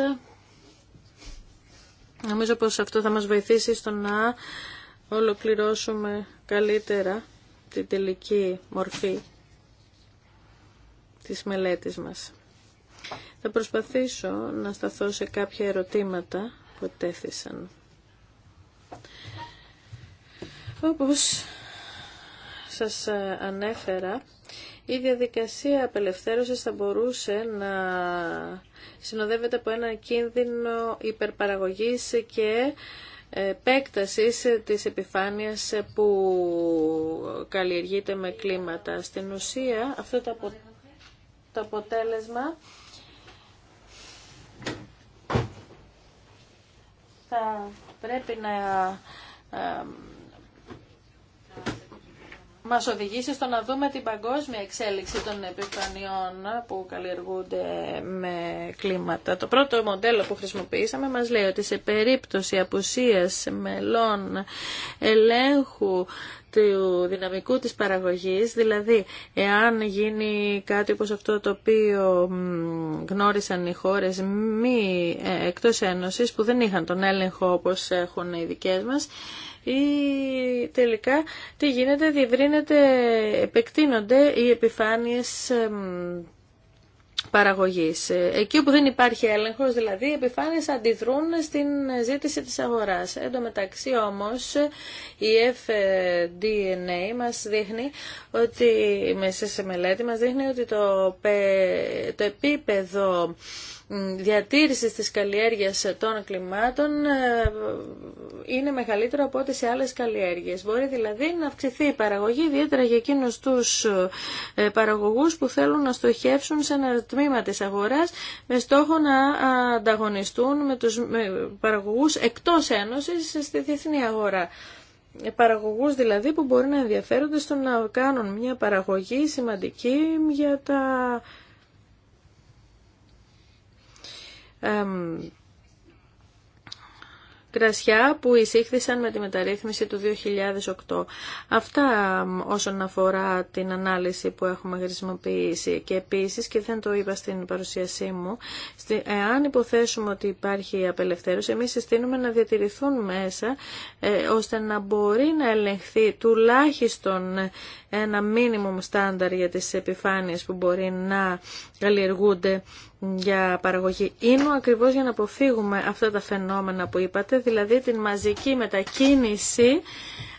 Νομίζω πως αυτό θα μας βοηθήσει στο να ολοκληρώσουμε καλύτερα την τελική μορφή της μελέτης μας. Θα προσπαθήσω να σταθώ σε κάποια ερωτήματα που τέθησαν. Όπως σας ε, ανέφερα, η διαδικασία απελευθέρωσης θα μπορούσε να συνοδεύεται από ένα κίνδυνο υπερπαραγωγής και επέκτασης της επιφάνειας που καλλιεργείται με κλίματα. Στην ουσία αυτό το αποτέλεσμα θα πρέπει να ε, μας οδηγήσει στο να δούμε την παγκόσμια εξέλιξη των επιφανειών που καλλιεργούνται με κλίματα. Το πρώτο μοντέλο που χρησιμοποιήσαμε μας λέει ότι σε περίπτωση απουσίας μελών ελέγχου του δυναμικού της παραγωγής, δηλαδή εάν γίνει κάτι όπως αυτό το οποίο γνώρισαν οι χώρες μη ε, εκτός ένωσης που δεν είχαν τον έλεγχο όπως έχουν οι δικές μας, ή τελικά τι γίνεται, διευρύνεται, επεκτείνονται οι επιφάνειες παραγωγής. Ε, εκεί όπου δεν υπάρχει έλεγχος, δηλαδή, οι επιφάνειες αντιδρούν στην ζήτηση της αγοράς. Εν τω μεταξύ όμως, η FDNA μας δείχνει ότι, μέσα σε μελέτη μας δείχνει ότι το, το επίπεδο Διατήρηση της καλλιέργειας των κλιμάτων ε, είναι μεγαλύτερο από ό,τι σε άλλες καλλιέργειες. Μπορεί δηλαδή να αυξηθεί η παραγωγή, ιδιαίτερα για εκείνους τους ε, παραγωγούς που θέλουν να στοχεύσουν σε ένα τμήμα της αγοράς με στόχο να ανταγωνιστούν με τους παραγωγούς εκτός Ένωσης στη διεθνή αγορά ε, παραγωγούς δηλαδή που μπορεί να ενδιαφέρονται στο να κάνουν μια παραγωγή σημαντική για τα κρασιά που εισήχθησαν με τη μεταρρύθμιση του 2008. Αυτά όσον αφορά την ανάλυση που έχουμε χρησιμοποιήσει και επίσης, και δεν το είπα στην παρουσίασή μου, εάν υποθέσουμε ότι υπάρχει απελευθέρωση, εμείς συστήνουμε να διατηρηθούν μέσα ε, ώστε να μπορεί να ελεγχθεί τουλάχιστον ένα μίνιμουμ στάνταρ για τις επιφάνειες που μπορεί να καλλιεργούνται για παραγωγή ίνου ακριβώς για να αποφύγουμε αυτά τα φαινόμενα που είπατε, δηλαδή την μαζική μετακίνηση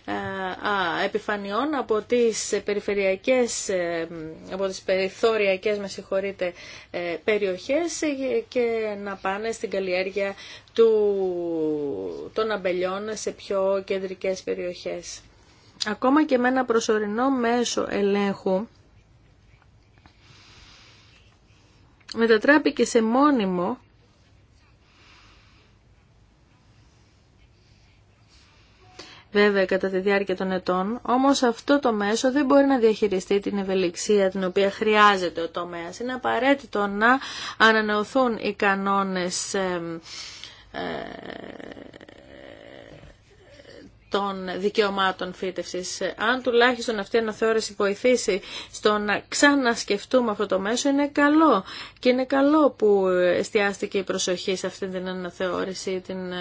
ε, επιφανειών από τις περιφερειακές, ε, από τις περιθωριακές, με συγχωρείτε, ε, περιοχές και να πάνε στην καλλιέργεια του, των αμπελιών σε πιο κεντρικές περιοχές. Ακόμα και με ένα προσωρινό μέσο ελέγχου, μετατράπηκε σε μόνιμο βέβαια κατά τη διάρκεια των ετών, όμως αυτό το μέσο δεν μπορεί να διαχειριστεί την ευελιξία την οποία χρειάζεται ο τομέας. Είναι απαραίτητο να ανανεωθούν οι κανόνες ε, των δικαιωμάτων φύτευσης. Αν τουλάχιστον αυτή η αναθεώρηση βοηθήσει στο να ξανασκεφτούμε αυτό το μέσο είναι καλό και είναι καλό που εστιάστηκε η προσοχή σε αυτή την αναθεώρηση την ε,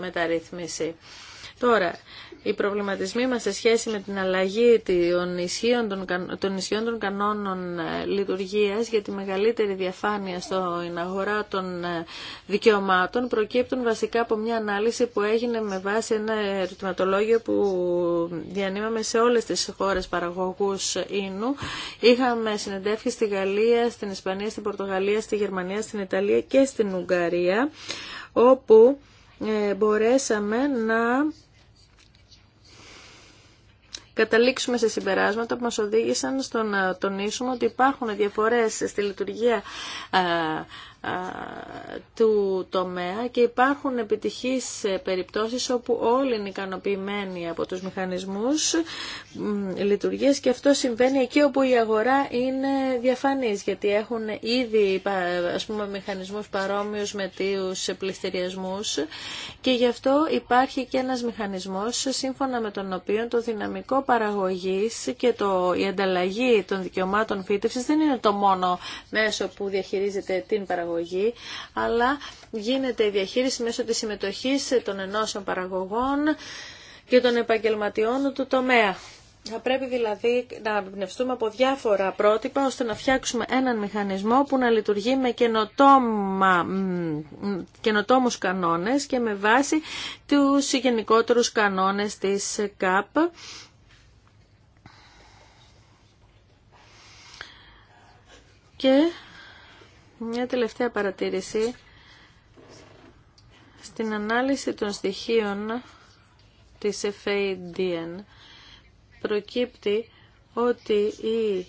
μεταρρύθμιση. Τώρα, οι προβληματισμοί μας σε σχέση με την αλλαγή των ισχύων των, κανόνων ε, λειτουργίας για τη μεγαλύτερη διαφάνεια στο αγορά των ε, δικαιωμάτων προκύπτουν βασικά από μια ανάλυση που έγινε με βάση ένα ερωτηματολόγιο που διανύμαμε σε όλες τις χώρες παραγωγούς ίνου. Είχαμε συνεντεύχει στη Γαλλία, στην Ισπανία, στην Πορτογαλία, στη Γερμανία, στην Ιταλία και στην Ουγγαρία όπου ε, μπορέσαμε να καταλήξουμε σε συμπεράσματα που μας οδήγησαν στο να τονίσουμε ότι υπάρχουν διαφορές στη λειτουργία ε, του τομέα και υπάρχουν επιτυχείς περιπτώσεις όπου όλοι είναι ικανοποιημένοι από τους μηχανισμούς λειτουργίας και αυτό συμβαίνει εκεί όπου η αγορά είναι διαφανής γιατί έχουν ήδη ας πούμε μηχανισμούς παρόμοιους με τους πληστηριασμούς και γι' αυτό υπάρχει και ένας μηχανισμός σύμφωνα με τον οποίο το δυναμικό παραγωγής και το, η ανταλλαγή των δικαιωμάτων φύτευσης δεν είναι το μόνο μέσο που διαχειρίζεται την παραγωγή παραγωγή, αλλά γίνεται η διαχείριση μέσω της συμμετοχής των ενώσεων παραγωγών και των επαγγελματιών του τομέα. Θα πρέπει δηλαδή να εμπνευστούμε από διάφορα πρότυπα ώστε να φτιάξουμε έναν μηχανισμό που να λειτουργεί με καινοτόμα, καινοτόμους κανόνες και με βάση τους γενικότερους κανόνες της ΚΑΠ. Και μια τελευταία παρατήρηση. Στην ανάλυση των στοιχείων της FADN προκύπτει ότι η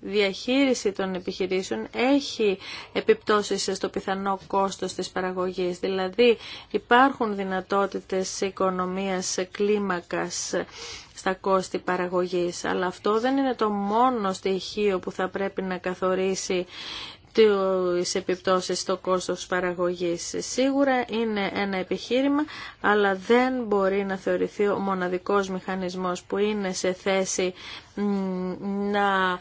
διαχείριση των επιχειρήσεων έχει επιπτώσεις στο πιθανό κόστος της παραγωγής. Δηλαδή υπάρχουν δυνατότητες οικονομίας κλίμακας στα κόστη παραγωγής. Αλλά αυτό δεν είναι το μόνο στοιχείο που θα πρέπει να καθορίσει τις επιπτώσεις στο κόστος παραγωγής. Σίγουρα είναι ένα επιχείρημα, αλλά δεν μπορεί να θεωρηθεί ο μοναδικός μηχανισμός που είναι σε θέση να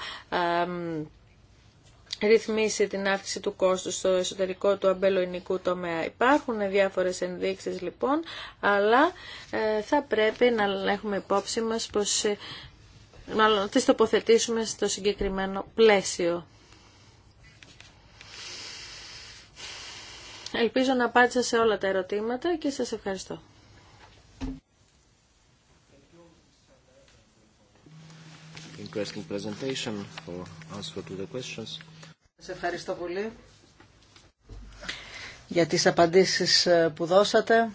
ρυθμίσει την αύξηση του κόστου στο εσωτερικό του αμπελοϊνικού τομέα. Υπάρχουν διάφορες ενδείξεις λοιπόν, αλλά ε, θα πρέπει να έχουμε υπόψη μας πως ε, μάλλον τις τοποθετήσουμε στο συγκεκριμένο πλαίσιο. Ελπίζω να απάντησα σε όλα τα ερωτήματα και σας ευχαριστώ. Σε ευχαριστώ πολύ για τις απαντήσεις ε, που δώσατε.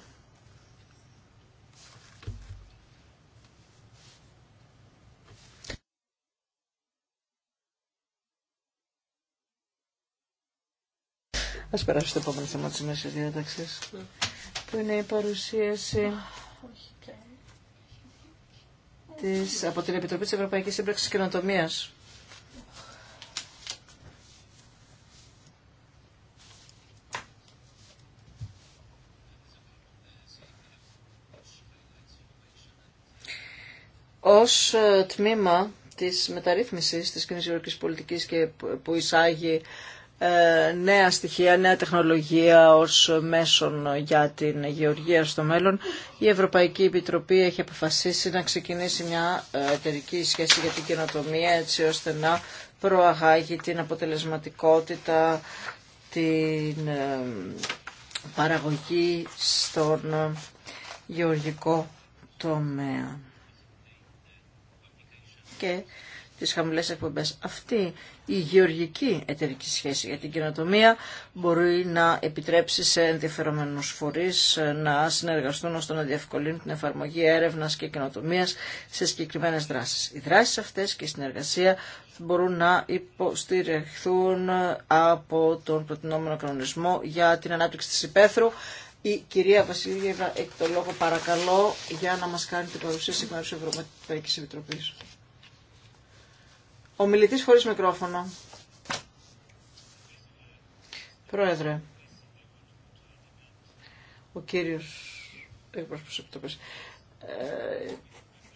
Ας περάσουμε στο επόμενο θέμα της μέσης διάταξης, που είναι η παρουσίαση της, από την Επιτροπή της Ευρωπαϊκής Σύμπραξης Καινοτομίας. ως ε, τμήμα της μεταρρύθμισης της κοινής πολιτικής και που εισάγει ε, νέα στοιχεία, νέα τεχνολογία ως μέσον για την γεωργία στο μέλλον, η Ευρωπαϊκή Επιτροπή έχει αποφασίσει να ξεκινήσει μια ε, εταιρική σχέση για την καινοτομία έτσι ώστε να προαγάγει την αποτελεσματικότητα, την παραγωγή στον γεωργικό τομέα και τις χαμηλές εκπομπές. Αυτή η γεωργική εταιρική σχέση για την κοινοτομία μπορεί να επιτρέψει σε ενδιαφερομένους φορείς να συνεργαστούν ώστε να διευκολύνουν την εφαρμογή έρευνας και κοινοτομία σε συγκεκριμένες δράσεις. Οι δράσεις αυτές και η συνεργασία μπορούν να υποστηριχθούν από τον προτινόμενο κανονισμό για την ανάπτυξη της υπαίθρου. Η κυρία Βασίλια, εκ το λόγο παρακαλώ για να μας κάνει την παρουσίαση με μέρους Ευρωπαϊκής Επιτροπής. Ο μιλητής χωρίς μικρόφωνο. Πρόεδρε. Ο κύριος... Ε,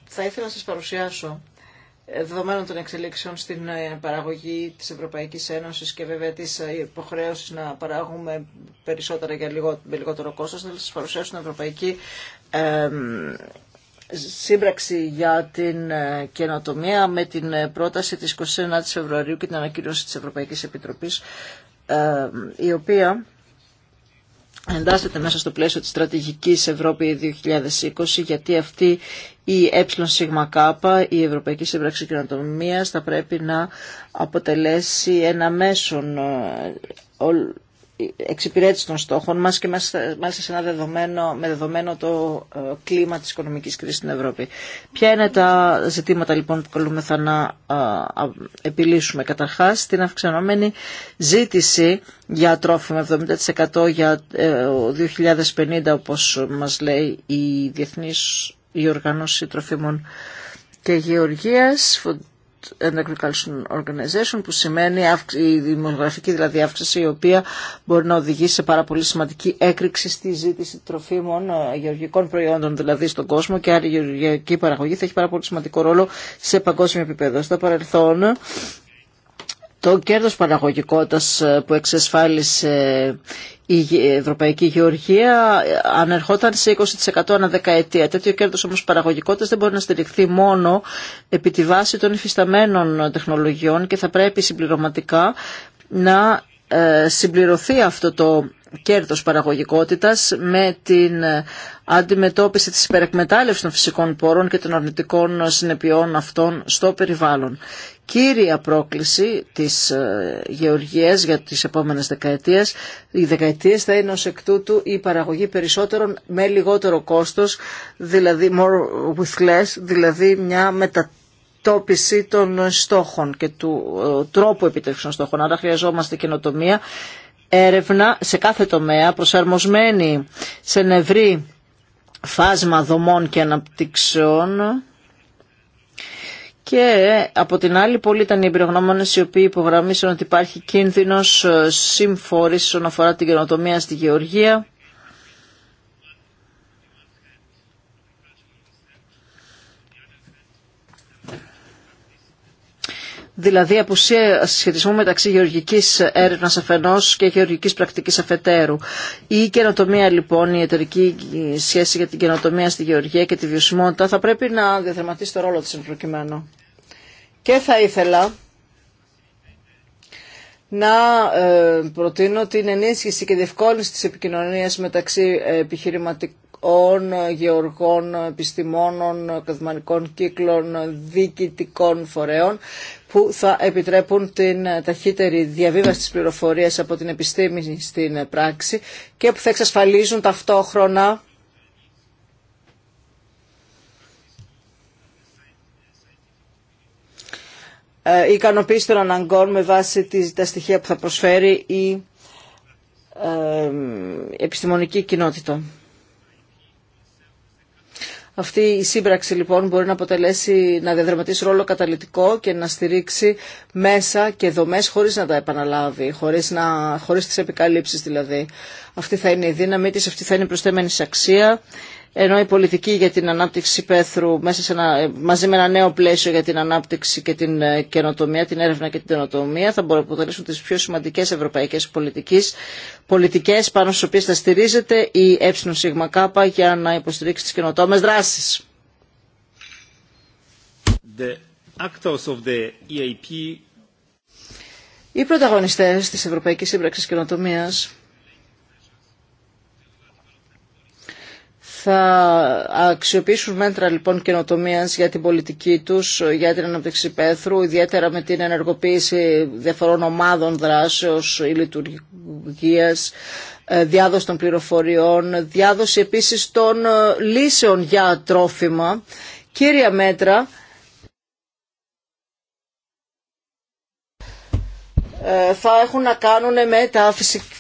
θα ήθελα να σας παρουσιάσω ε, δεδομένων των εξελίξεων στην ε, παραγωγή της Ευρωπαϊκής Ένωσης και βέβαια της ε, υποχρέωσης να παράγουμε περισσότερα για λιγότερο, κόστος, να σας παρουσιάσω την Ευρωπαϊκή σύμπραξη για την ε, καινοτομία με την ε, πρόταση της 29 Φεβρουαρίου και την ανακοίνωση της Ευρωπαϊκής Επιτροπής ε, η οποία εντάσσεται μέσα στο πλαίσιο της στρατηγικής Ευρώπη 2020 γιατί αυτή η ΕΣΚ, η Ευρωπαϊκή Σύμπραξη Καινοτομίας θα πρέπει να αποτελέσει ένα μέσον εξυπηρέτηση των στόχων μας και μάλιστα σε ένα δεδομένο, με δεδομένο το ε, κλίμα της οικονομικής κρίσης στην Ευρώπη. Ποια είναι τα ζητήματα λοιπόν που θα να επιλύσουμε. Καταρχάς την αυξανόμενη ζήτηση για τρόφιμα 70% για 2050 ε, όπως μας λέει η Διεθνής η Οργανώση Τροφίμων και Γεωργίας and Agricultural Organization που σημαίνει η δημογραφική δηλαδή αύξηση η οποία μπορεί να οδηγήσει σε πάρα πολύ σημαντική έκρηξη στη ζήτηση τροφίμων ε, γεωργικών προϊόντων δηλαδή στον κόσμο και άλλη γεωργική παραγωγή θα έχει πάρα πολύ σημαντικό ρόλο σε παγκόσμιο επίπεδο. Στο παρελθόν το κέρδος παραγωγικότητας ε, που εξασφάλισε η Ευρωπαϊκή Γεωργία ανερχόταν σε 20% ανά δεκαετία. Τέτοιο κέρδος όμως παραγωγικότητας δεν μπορεί να στηριχθεί μόνο επί τη βάση των υφισταμένων τεχνολογιών και θα πρέπει συμπληρωματικά να ε, συμπληρωθεί αυτό το κέρδος παραγωγικότητας με την αντιμετώπιση της υπερεκμετάλλευσης των φυσικών πόρων και των αρνητικών συνεπειών αυτών στο περιβάλλον. Κύρια πρόκληση της ε, γεωργίας για τις επόμενες δεκαετίες, οι δεκαετίες θα είναι ως εκ τούτου η παραγωγή περισσότερων με λιγότερο κόστος, δηλαδή more with less, δηλαδή μια μετατόπιση των στόχων και του ε, τρόπου επίτευξη των στόχων. Άρα χρειαζόμαστε καινοτομία έρευνα σε κάθε τομέα προσαρμοσμένη σε νευρή φάσμα δομών και αναπτύξεων και από την άλλη πολλοί ήταν οι εμπειρογνώμονες οι οποίοι υπογραμμίσαν ότι υπάρχει κίνδυνος ε, συμφόρησης όσον αφορά την καινοτομία στη γεωργία δηλαδή απουσία σχετισμού μεταξύ γεωργικής έρευνας αφενός και γεωργικής πρακτικής αφετέρου. Η καινοτομία λοιπόν, η εταιρική σχέση για την καινοτομία στη γεωργία και τη βιωσιμότητα θα πρέπει να διαδραματίσει το ρόλο της προκειμένου. Και θα ήθελα να ε, προτείνω την ενίσχυση και διευκόλυνση της επικοινωνίας μεταξύ επιχειρηματικών, γεωργών, επιστημόνων, ακαδημανικών κύκλων, διοικητικών φορέων που θα επιτρέπουν την ε, ταχύτερη διαβίβαση της πληροφορίας από την επιστήμη στην ε, πράξη και που θα εξασφαλίζουν ταυτόχρονα η ε, ικανοποίηση των αναγκών με βάση τα στοιχεία που θα προσφέρει η επιστημονική κοινότητα. Αυτή η σύμπραξη λοιπόν μπορεί να αποτελέσει, να διαδραματίσει ρόλο καταλητικό και να στηρίξει μέσα και δομές χωρίς να τα επαναλάβει, χωρίς, να, χωρίς τις επικαλύψεις δηλαδή. Αυτή θα είναι η δύναμη της, αυτή θα είναι η προσθέμενη αξία ενώ η πολιτική για την ανάπτυξη πέθρου μέσα σε μαζί με ένα νέο πλαίσιο για την ανάπτυξη και την ε, καινοτομία, την έρευνα και την καινοτομία θα μπορούν να αποτελέσουν τις πιο σημαντικές ευρωπαϊκές πολιτικές, πολιτικές πάνω στις οποίες θα στηρίζεται η ΕΣΚ για να υποστηρίξει τις καινοτόμες δράσεις. of the EAP. Οι πρωταγωνιστές της Ευρωπαϊκής Σύμπραξης Καινοτομίας Θα αξιοποιήσουν μέτρα λοιπόν καινοτομία για την πολιτική του, για την ανάπτυξη πέθρου, ιδιαίτερα με την ενεργοποίηση διαφορών ομάδων δράσεω ή λειτουργία, ε, διάδοση των πληροφοριών, διάδοση επίση των ε, λύσεων για τρόφιμα, κύρια μέτρα Ε, θα έχουν να κάνουν με τα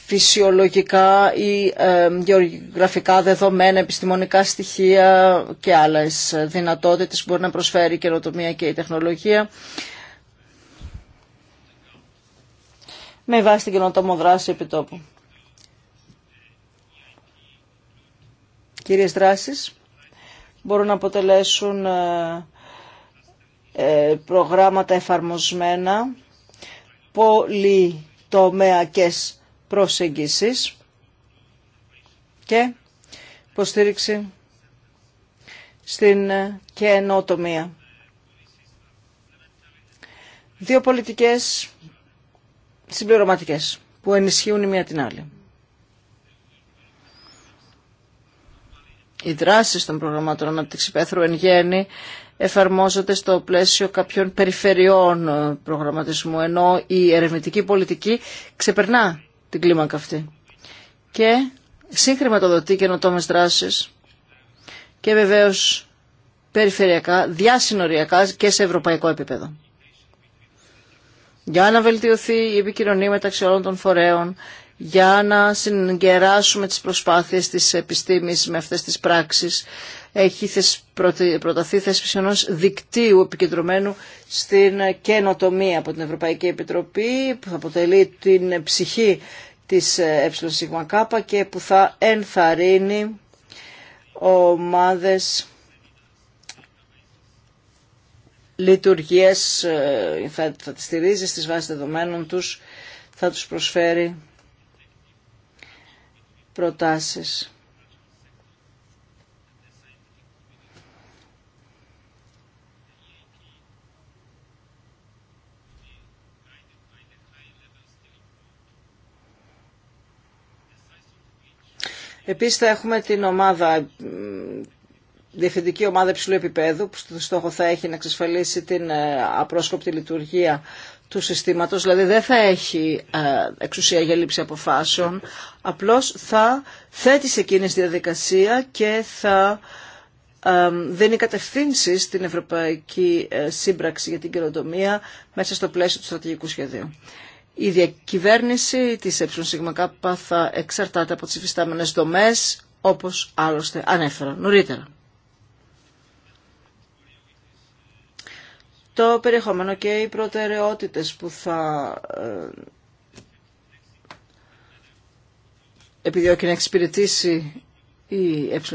φυσιολογικά ή ε, γεωγραφικά δεδομένα, επιστημονικά στοιχεία και άλλες δυνατότητες που μπορεί να προσφέρει η καινοτομία και η τεχνολογία. Με βάση την καινοτόμο δράση επιτόπου. Κυρίες δράσεις μπορούν να αποτελέσουν ε, προγράμματα εφαρμοσμένα πολυτομεακές προσεγγίσεις και υποστήριξη στην καινοτομία. Δύο πολιτικές συμπληρωματικές που ενισχύουν η μία την άλλη. Οι δράσεις των προγραμμάτων ανάπτυξη πέθρου εν γέννη εφαρμόζονται στο πλαίσιο κάποιων περιφερειών ε, προγραμματισμού, ενώ η ερευνητική πολιτική ξεπερνά την κλίμακα αυτή. Και συγχρηματοδοτεί καινοτόμε δράσεις και βεβαίως περιφερειακά, διασυνοριακά και σε ευρωπαϊκό επίπεδο. Για να βελτιωθεί η επικοινωνία μεταξύ όλων των φορέων, για να συγκεράσουμε τις προσπάθειες της επιστήμης με αυτές τις πράξεις, έχει προταθεί θέσπιση ενό δικτύου επικεντρωμένου στην καινοτομία από την Ευρωπαϊκή Επιτροπή που θα αποτελεί την ψυχή της ΕΣΚ και που θα ενθαρρύνει ομάδες λειτουργίες ε, θα, θα τις στηρίζει στις βάσεις δεδομένων τους, θα τους προσφέρει προτάσεις. Επίσης θα έχουμε την ομάδα, διευθυντική ομάδα υψηλού επίπεδου που στο στόχο θα έχει να εξασφαλίσει την ε, απρόσκοπτη λειτουργία του συστήματος, δηλαδή δεν θα έχει ε, εξουσία για λήψη αποφάσεων, απλώς θα θέτει σε εκείνη τη διαδικασία και θα ε, δίνει κατευθύνσεις στην Ευρωπαϊκή Σύμπραξη για την Καινοτομία μέσα στο πλαίσιο του στρατηγικού σχεδίου. Η διακυβέρνηση της ΕΣΚ θα εξαρτάται από τις υφιστάμενες δομές, όπως άλλωστε ανέφερα νωρίτερα. Το περιεχόμενο και οι προτεραιότητες που θα ε, επιδιώκει να εξυπηρετήσει η ΕΣΚ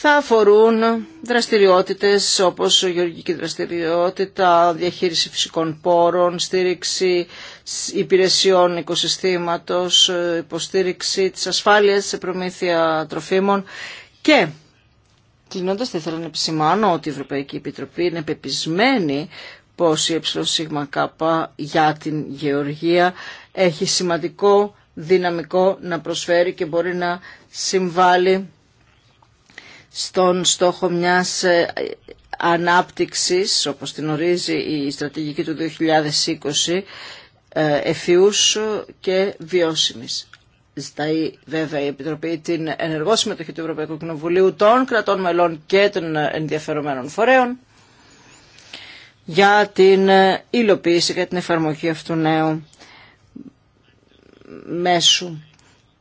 θα αφορούν δραστηριότητες όπως γεωργική δραστηριότητα, διαχείριση φυσικών πόρων, στήριξη υπηρεσιών οικοσυστήματος, υποστήριξη της ασφάλειας σε προμήθεια τροφίμων και Κλείνοντα, θα ήθελα να επισημάνω ότι η Ευρωπαϊκή Επιτροπή είναι πεπισμένη πως η ΕΣΚ για την γεωργία έχει σημαντικό δυναμικό να προσφέρει και μπορεί να συμβάλλει στον στόχο μιας ε, ανάπτυξης, όπως την ορίζει η στρατηγική του 2020, ε, εφιούς και βιώσιμης. Ζητάει βέβαια η Επιτροπή την ενεργό συμμετοχή του Ευρωπαϊκού Κοινοβουλίου των κρατών μελών και των ενδιαφερομένων φορέων για την ε, υλοποίηση και την εφαρμογή αυτού νέου μέσου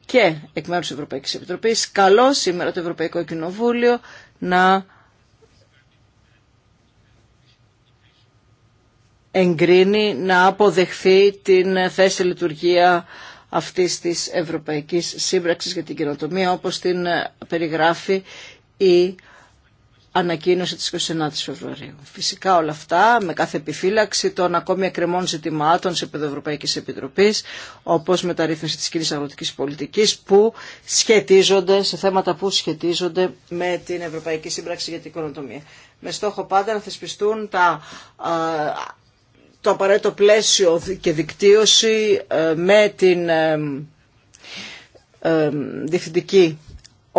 και εκ μέρους της Ευρωπαϊκής Επιτροπής καλό σήμερα το Ευρωπαϊκό Κοινοβούλιο να εγκρίνει να αποδεχθεί την θέση λειτουργία αυτής της Ευρωπαϊκής Σύμπραξης για την Κοινοτομία όπως την περιγράφει η ανακοίνωση της 29 Φεβρουαρίου. Φυσικά όλα αυτά με κάθε επιφύλαξη των ακόμη εκκρεμών ζητημάτων σε επίπεδο Επιτροπής όπως μεταρρύθμιση της κοινής αγροτικής πολιτικής που σχετίζονται σε θέματα που σχετίζονται με την Ευρωπαϊκή Σύμπραξη για την Οικονοτομία. Με στόχο πάντα να θεσπιστούν τα το απαραίτητο πλαίσιο και δικτύωση ε, με την ε, ε, διευθυντική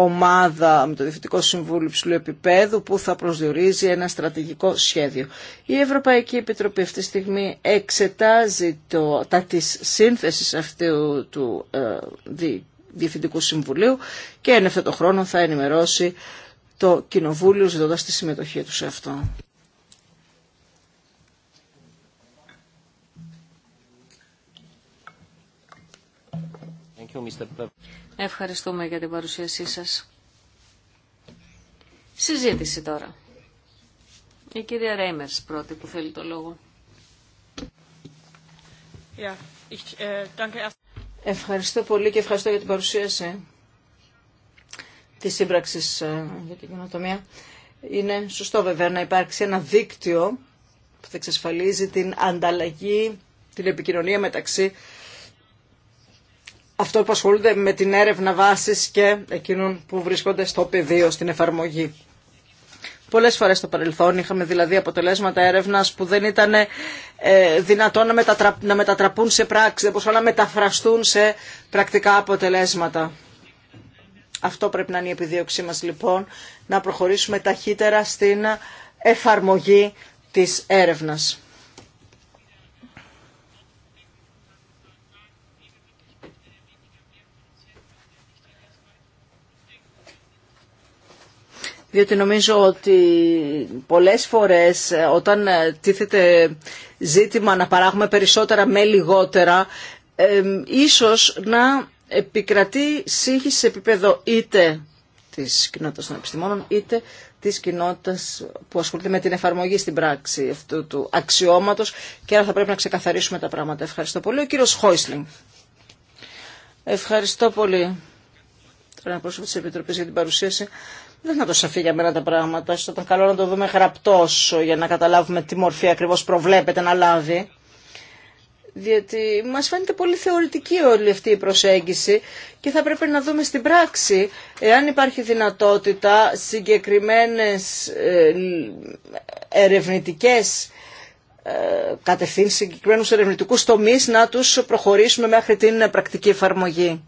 ομάδα με το Διευθυντικό Συμβούλιο Υψηλού Επιπέδου που θα προσδιορίζει ένα στρατηγικό σχέδιο. Η Ευρωπαϊκή Επιτροπή αυτή τη στιγμή εξετάζει το, τα της σύνθεσης αυτού του ε, δι, Διευθυντικού Συμβουλίου και εν αυτό το χρόνο θα ενημερώσει το Κοινοβούλιο ζητώντα τη συμμετοχή του σε αυτό. Ευχαριστούμε για την παρουσίασή σας. Συζήτηση τώρα. Η κυρία Ρέιμερς πρώτη που θέλει το λόγο. Äh, ευχαριστώ πολύ και ευχαριστώ για την παρουσίαση της σύμπραξης ε, για την κοινοτομία. Είναι σωστό βέβαια να υπάρξει ένα δίκτυο που θα εξασφαλίζει την ανταλλαγή, την επικοινωνία μεταξύ αυτό που ασχολούνται με την έρευνα βάσης και εκείνων που βρίσκονται στο πεδίο, στην εφαρμογή. Πολλές φορές στο παρελθόν είχαμε δηλαδή αποτελέσματα έρευνας που δεν ήταν ε, δυνατόν να, μετατραπούν σε πράξη, δεν μπορούσαν να μεταφραστούν σε πρακτικά αποτελέσματα. Αυτό πρέπει να είναι η επιδίωξή μας λοιπόν, να προχωρήσουμε ταχύτερα στην εφαρμογή της έρευνας. διότι νομίζω ότι πολλές φορές ε, όταν ε, τίθεται ζήτημα να παράγουμε περισσότερα με λιγότερα, ίσως να επικρατεί σύγχυση σε επίπεδο είτε της κοινότητας των επιστημόνων, είτε της κοινότητας που ασχολείται με την εφαρμογή στην πράξη αυτού του αξιώματος και άρα θα πρέπει να ξεκαθαρίσουμε τα πράγματα. Ευχαριστώ πολύ. Ο κύριος Χόισλινγκ. Ευχαριστώ πολύ πρόσωπο της Επιτροπής για την παρουσίαση. Δεν θα το σαφή για μένα τα πράγματα. Θα ήταν καλό να το δούμε γραπτό για να καταλάβουμε τι μορφή ακριβώς προβλέπεται να λάβει. Διότι μας φαίνεται πολύ θεωρητική όλη αυτή η προσέγγιση και θα πρέπει να δούμε στην πράξη εάν υπάρχει δυνατότητα συγκεκριμένες ε, ερευνητικές ε, κατευθύνσεις, συγκεκριμένους ερευνητικούς τομείς να τους προχωρήσουμε μέχρι την πρακτική εφαρμογή.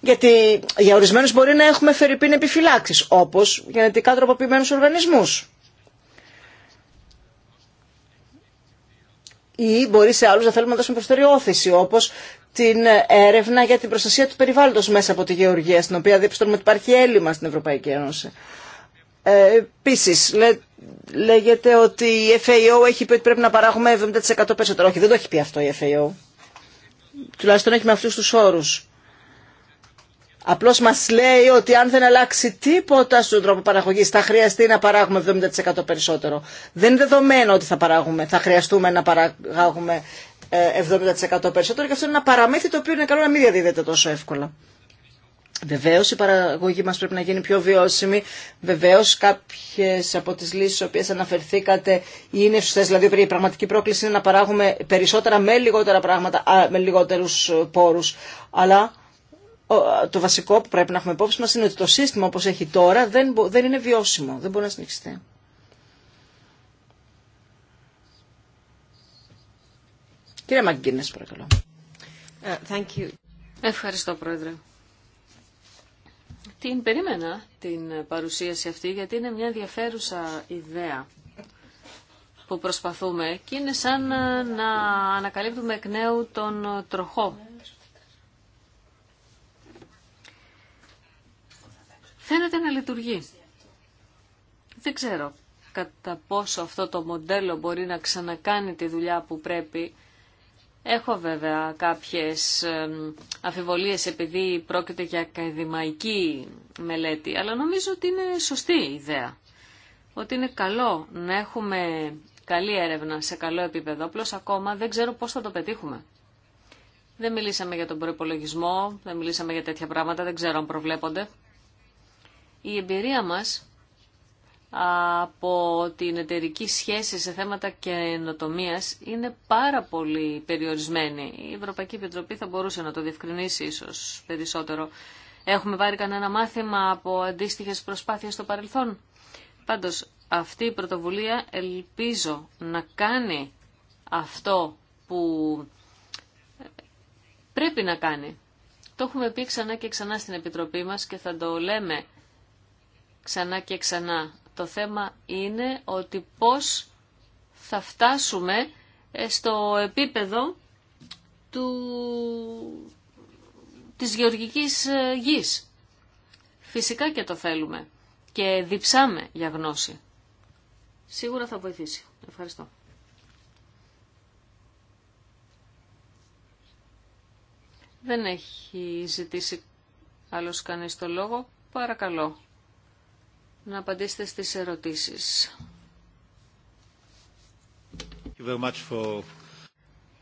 Γιατί για ορισμένου μπορεί να έχουμε φερειπίν επιφυλάξει όπω γενετικά τροποποιημένου οργανισμού. Ή μπορεί σε άλλου να θέλουμε να δώσουμε προσθεριώθηση, όπω την έρευνα για την προστασία του περιβάλλοντο μέσα από τη γεωργία, στην οποία διαπιστώνουμε ότι υπάρχει έλλειμμα στην Ευρωπαϊκή Ένωση. Ε, Επίση, λέ, λέγεται ότι η FAO έχει πει ότι πρέπει να παράγουμε 70% περισσότερο. Όχι, δεν το έχει πει αυτό η FAO. Τουλάχιστον έχει με αυτού του όρου. Απλώς μας λέει ότι αν δεν αλλάξει τίποτα στον τρόπο παραγωγής θα χρειαστεί να παράγουμε 70% περισσότερο. Δεν είναι δεδομένο ότι θα παράγουμε, θα χρειαστούμε να παράγουμε 70% ε, περισσότερο και αυτό είναι ένα παραμύθι το οποίο είναι καλό να μην διαδίδεται τόσο εύκολα. Βεβαίω η παραγωγή μα πρέπει να γίνει πιο βιώσιμη. Βεβαίω κάποιε από τι λύσει στι οποίε αναφερθήκατε είναι σωστέ. Δηλαδή η πραγματική πρόκληση είναι να παράγουμε περισσότερα με λιγότερα πράγματα, με λιγότερου πόρου. Αλλά το βασικό που πρέπει να έχουμε υπόψη μας είναι ότι το σύστημα όπως έχει τώρα δεν, δεν είναι βιώσιμο, δεν μπορεί να συνεχιστεί. Κύριε Μαγκίνες, παρακαλώ. Ε, thank you. Ευχαριστώ, Πρόεδρε. Την περίμενα την παρουσίαση αυτή γιατί είναι μια ενδιαφέρουσα ιδέα που προσπαθούμε και είναι σαν να ανακαλύπτουμε εκ νέου τον τροχό φαίνεται να λειτουργεί. Δεν ξέρω κατά πόσο αυτό το μοντέλο μπορεί να ξανακάνει τη δουλειά που πρέπει. Έχω βέβαια κάποιες αφιβολίες επειδή πρόκειται για ακαδημαϊκή μελέτη, αλλά νομίζω ότι είναι σωστή η ιδέα. Ότι είναι καλό να έχουμε καλή έρευνα σε καλό επίπεδο, απλώς ακόμα δεν ξέρω πώς θα το πετύχουμε. Δεν μιλήσαμε για τον προπολογισμό, δεν μιλήσαμε για τέτοια πράγματα, δεν ξέρω αν προβλέπονται. Η εμπειρία μας από την εταιρική σχέση σε θέματα καινοτομία είναι πάρα πολύ περιορισμένη. Η Ευρωπαϊκή Επιτροπή θα μπορούσε να το διευκρινίσει ίσως περισσότερο. Έχουμε πάρει κανένα μάθημα από αντίστοιχες προσπάθειες στο παρελθόν. Πάντως αυτή η πρωτοβουλία ελπίζω να κάνει αυτό που πρέπει να κάνει. Το έχουμε πει ξανά και ξανά στην Επιτροπή μας και θα το λέμε ξανά και ξανά. Το θέμα είναι ότι πώς θα φτάσουμε ε, στο επίπεδο του... της γεωργικής ε, γης. Φυσικά και το θέλουμε και διψάμε για γνώση. Σίγουρα θα βοηθήσει. Ευχαριστώ. Δεν έχει ζητήσει άλλος κανείς το λόγο. Παρακαλώ να απαντήσετε στις ερωτήσεις.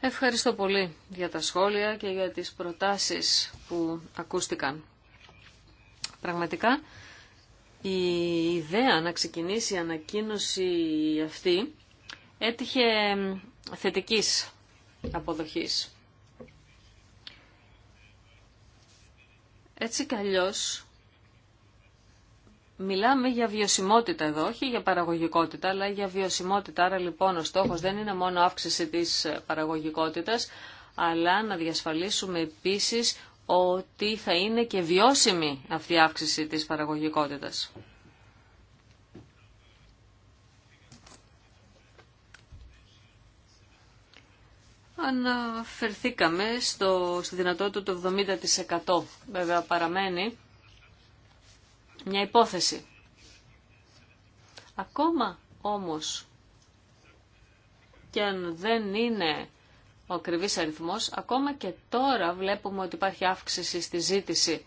Ευχαριστώ πολύ για τα σχόλια και για τις προτάσεις που ακούστηκαν. Πραγματικά, η ιδέα να ξεκινήσει η ανακοίνωση αυτή έτυχε θετικής αποδοχής. Έτσι κι Μιλάμε για βιωσιμότητα εδώ, όχι για παραγωγικότητα, αλλά για βιωσιμότητα. Άρα λοιπόν ο στόχος δεν είναι μόνο αύξηση της παραγωγικότητας, αλλά να διασφαλίσουμε επίσης ότι θα είναι και βιώσιμη αυτή η αύξηση της παραγωγικότητας. Αναφερθήκαμε στο, στη δυνατότητα του 70%. Βέβαια παραμένει μια υπόθεση. Ακόμα όμως και αν δεν είναι ο ακριβής αριθμός, ακόμα και τώρα βλέπουμε ότι υπάρχει αύξηση στη ζήτηση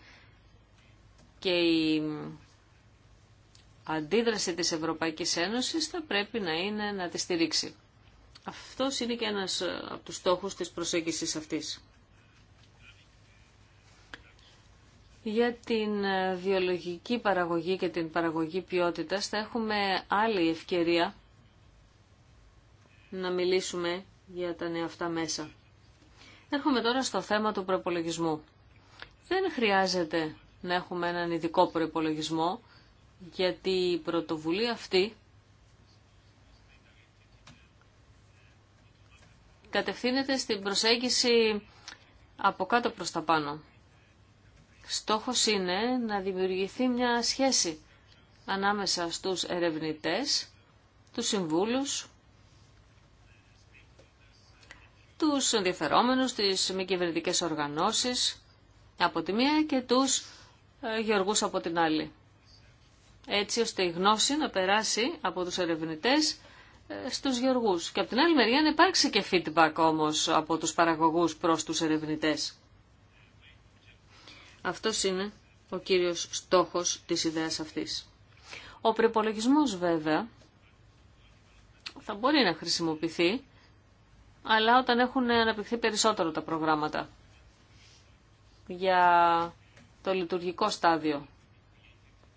και η αντίδραση της Ευρωπαϊκής Ένωσης θα πρέπει να είναι να τη στηρίξει. Αυτός είναι και ένας ε, από τους στόχους της προσέγγισης αυτής. για την ε, βιολογική παραγωγή και την παραγωγή ποιότητας θα έχουμε άλλη ευκαιρία να μιλήσουμε για τα νέα αυτά μέσα. Έρχομαι τώρα στο θέμα του προπολογισμού. Δεν χρειάζεται να έχουμε έναν ειδικό προπολογισμό γιατί η πρωτοβουλία αυτή κατευθύνεται στην προσέγγιση από κάτω προς τα πάνω. Στόχος είναι να δημιουργηθεί μια σχέση ανάμεσα στους ερευνητές, τους συμβούλους, τους ενδιαφερόμενους, τις μη κυβερνητικέ οργανώσεις από τη μία και τους ε, γεωργούς από την άλλη. Έτσι ώστε η γνώση να περάσει από τους ερευνητές ε, στους γεωργούς. Και από την άλλη μεριά να υπάρξει και feedback όμως από τους παραγωγούς προς τους ερευνητές. Αυτό είναι ο κύριος στόχος της ιδέας αυτής. Ο προπολογισμό βέβαια θα μπορεί να χρησιμοποιηθεί, αλλά όταν έχουν αναπτυχθεί περισσότερο τα προγράμματα για το λειτουργικό στάδιο.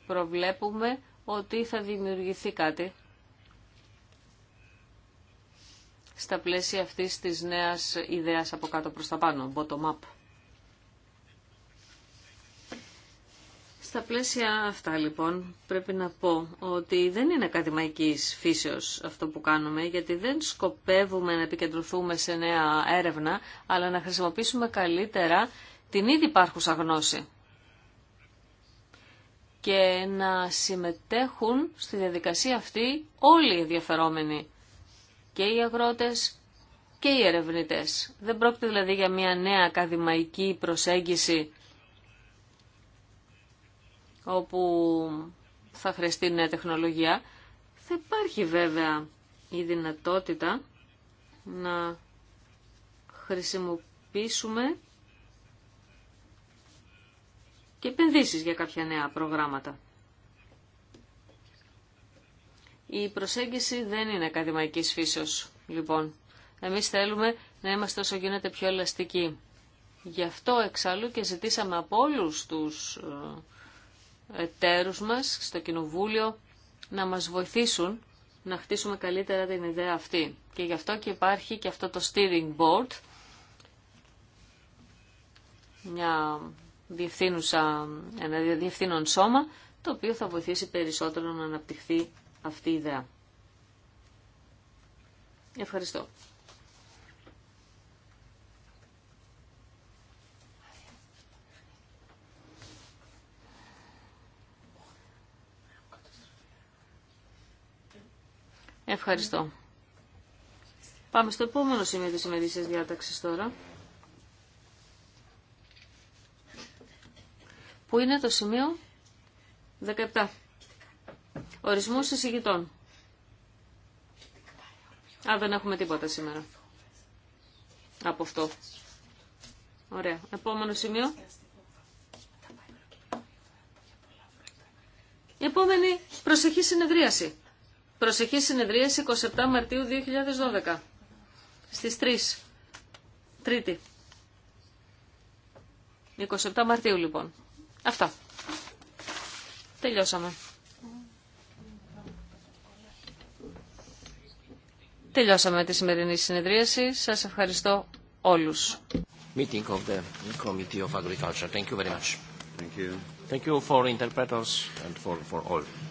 Προβλέπουμε ότι θα δημιουργηθεί κάτι στα πλαίσια αυτής της νέας ιδέας από κάτω προς τα πάνω, bottom-up. Στα πλαίσια αυτά λοιπόν πρέπει να πω ότι δεν είναι ακαδημαϊκής φύσεως αυτό που κάνουμε γιατί δεν σκοπεύουμε να επικεντρωθούμε σε νέα έρευνα αλλά να χρησιμοποιήσουμε καλύτερα την ήδη υπάρχουσα γνώση και να συμμετέχουν στη διαδικασία αυτή όλοι οι ενδιαφερόμενοι και οι αγρότες και οι ερευνητές. Δεν πρόκειται δηλαδή για μια νέα ακαδημαϊκή προσέγγιση όπου θα χρειαστεί νέα τεχνολογία, θα υπάρχει βέβαια η δυνατότητα να χρησιμοποιήσουμε και επενδύσεις για κάποια νέα προγράμματα. Η προσέγγιση δεν είναι ακαδημαϊκής φύσεως, λοιπόν. Εμείς θέλουμε να είμαστε όσο γίνεται πιο ελαστικοί. Γι' αυτό εξάλλου και ζητήσαμε από όλους τους ε, εταίρους μας στο Κοινοβούλιο να μας βοηθήσουν να χτίσουμε καλύτερα την ιδέα αυτή. Και γι' αυτό και υπάρχει και αυτό το steering board, μια διευθύνουσα, ένα διευθύνων σώμα, το οποίο θα βοηθήσει περισσότερο να αναπτυχθεί αυτή η ιδέα. Ευχαριστώ. Ευχαριστώ. Πάμε στο επόμενο σημείο της ημερήσιας διάταξης τώρα. Που είναι το σημείο 17. Ορισμός εισηγητών. Α, δεν έχουμε τίποτα σήμερα. Από αυτό. Ωραία. Επόμενο σημείο. Η επόμενη προσεχή συνεδρίαση. Προσεχή συνεδρίαση 27 Μαρτίου 2012. Στις 3. Τρίτη. 27 Μαρτίου λοιπόν. Αυτά. Τελειώσαμε. Τελειώσαμε τη σημερινή συνεδρίαση. Σας ευχαριστώ όλους. Meeting of the Committee of Agriculture. Thank you very much. Thank you. Thank you for interpreters and for, for all.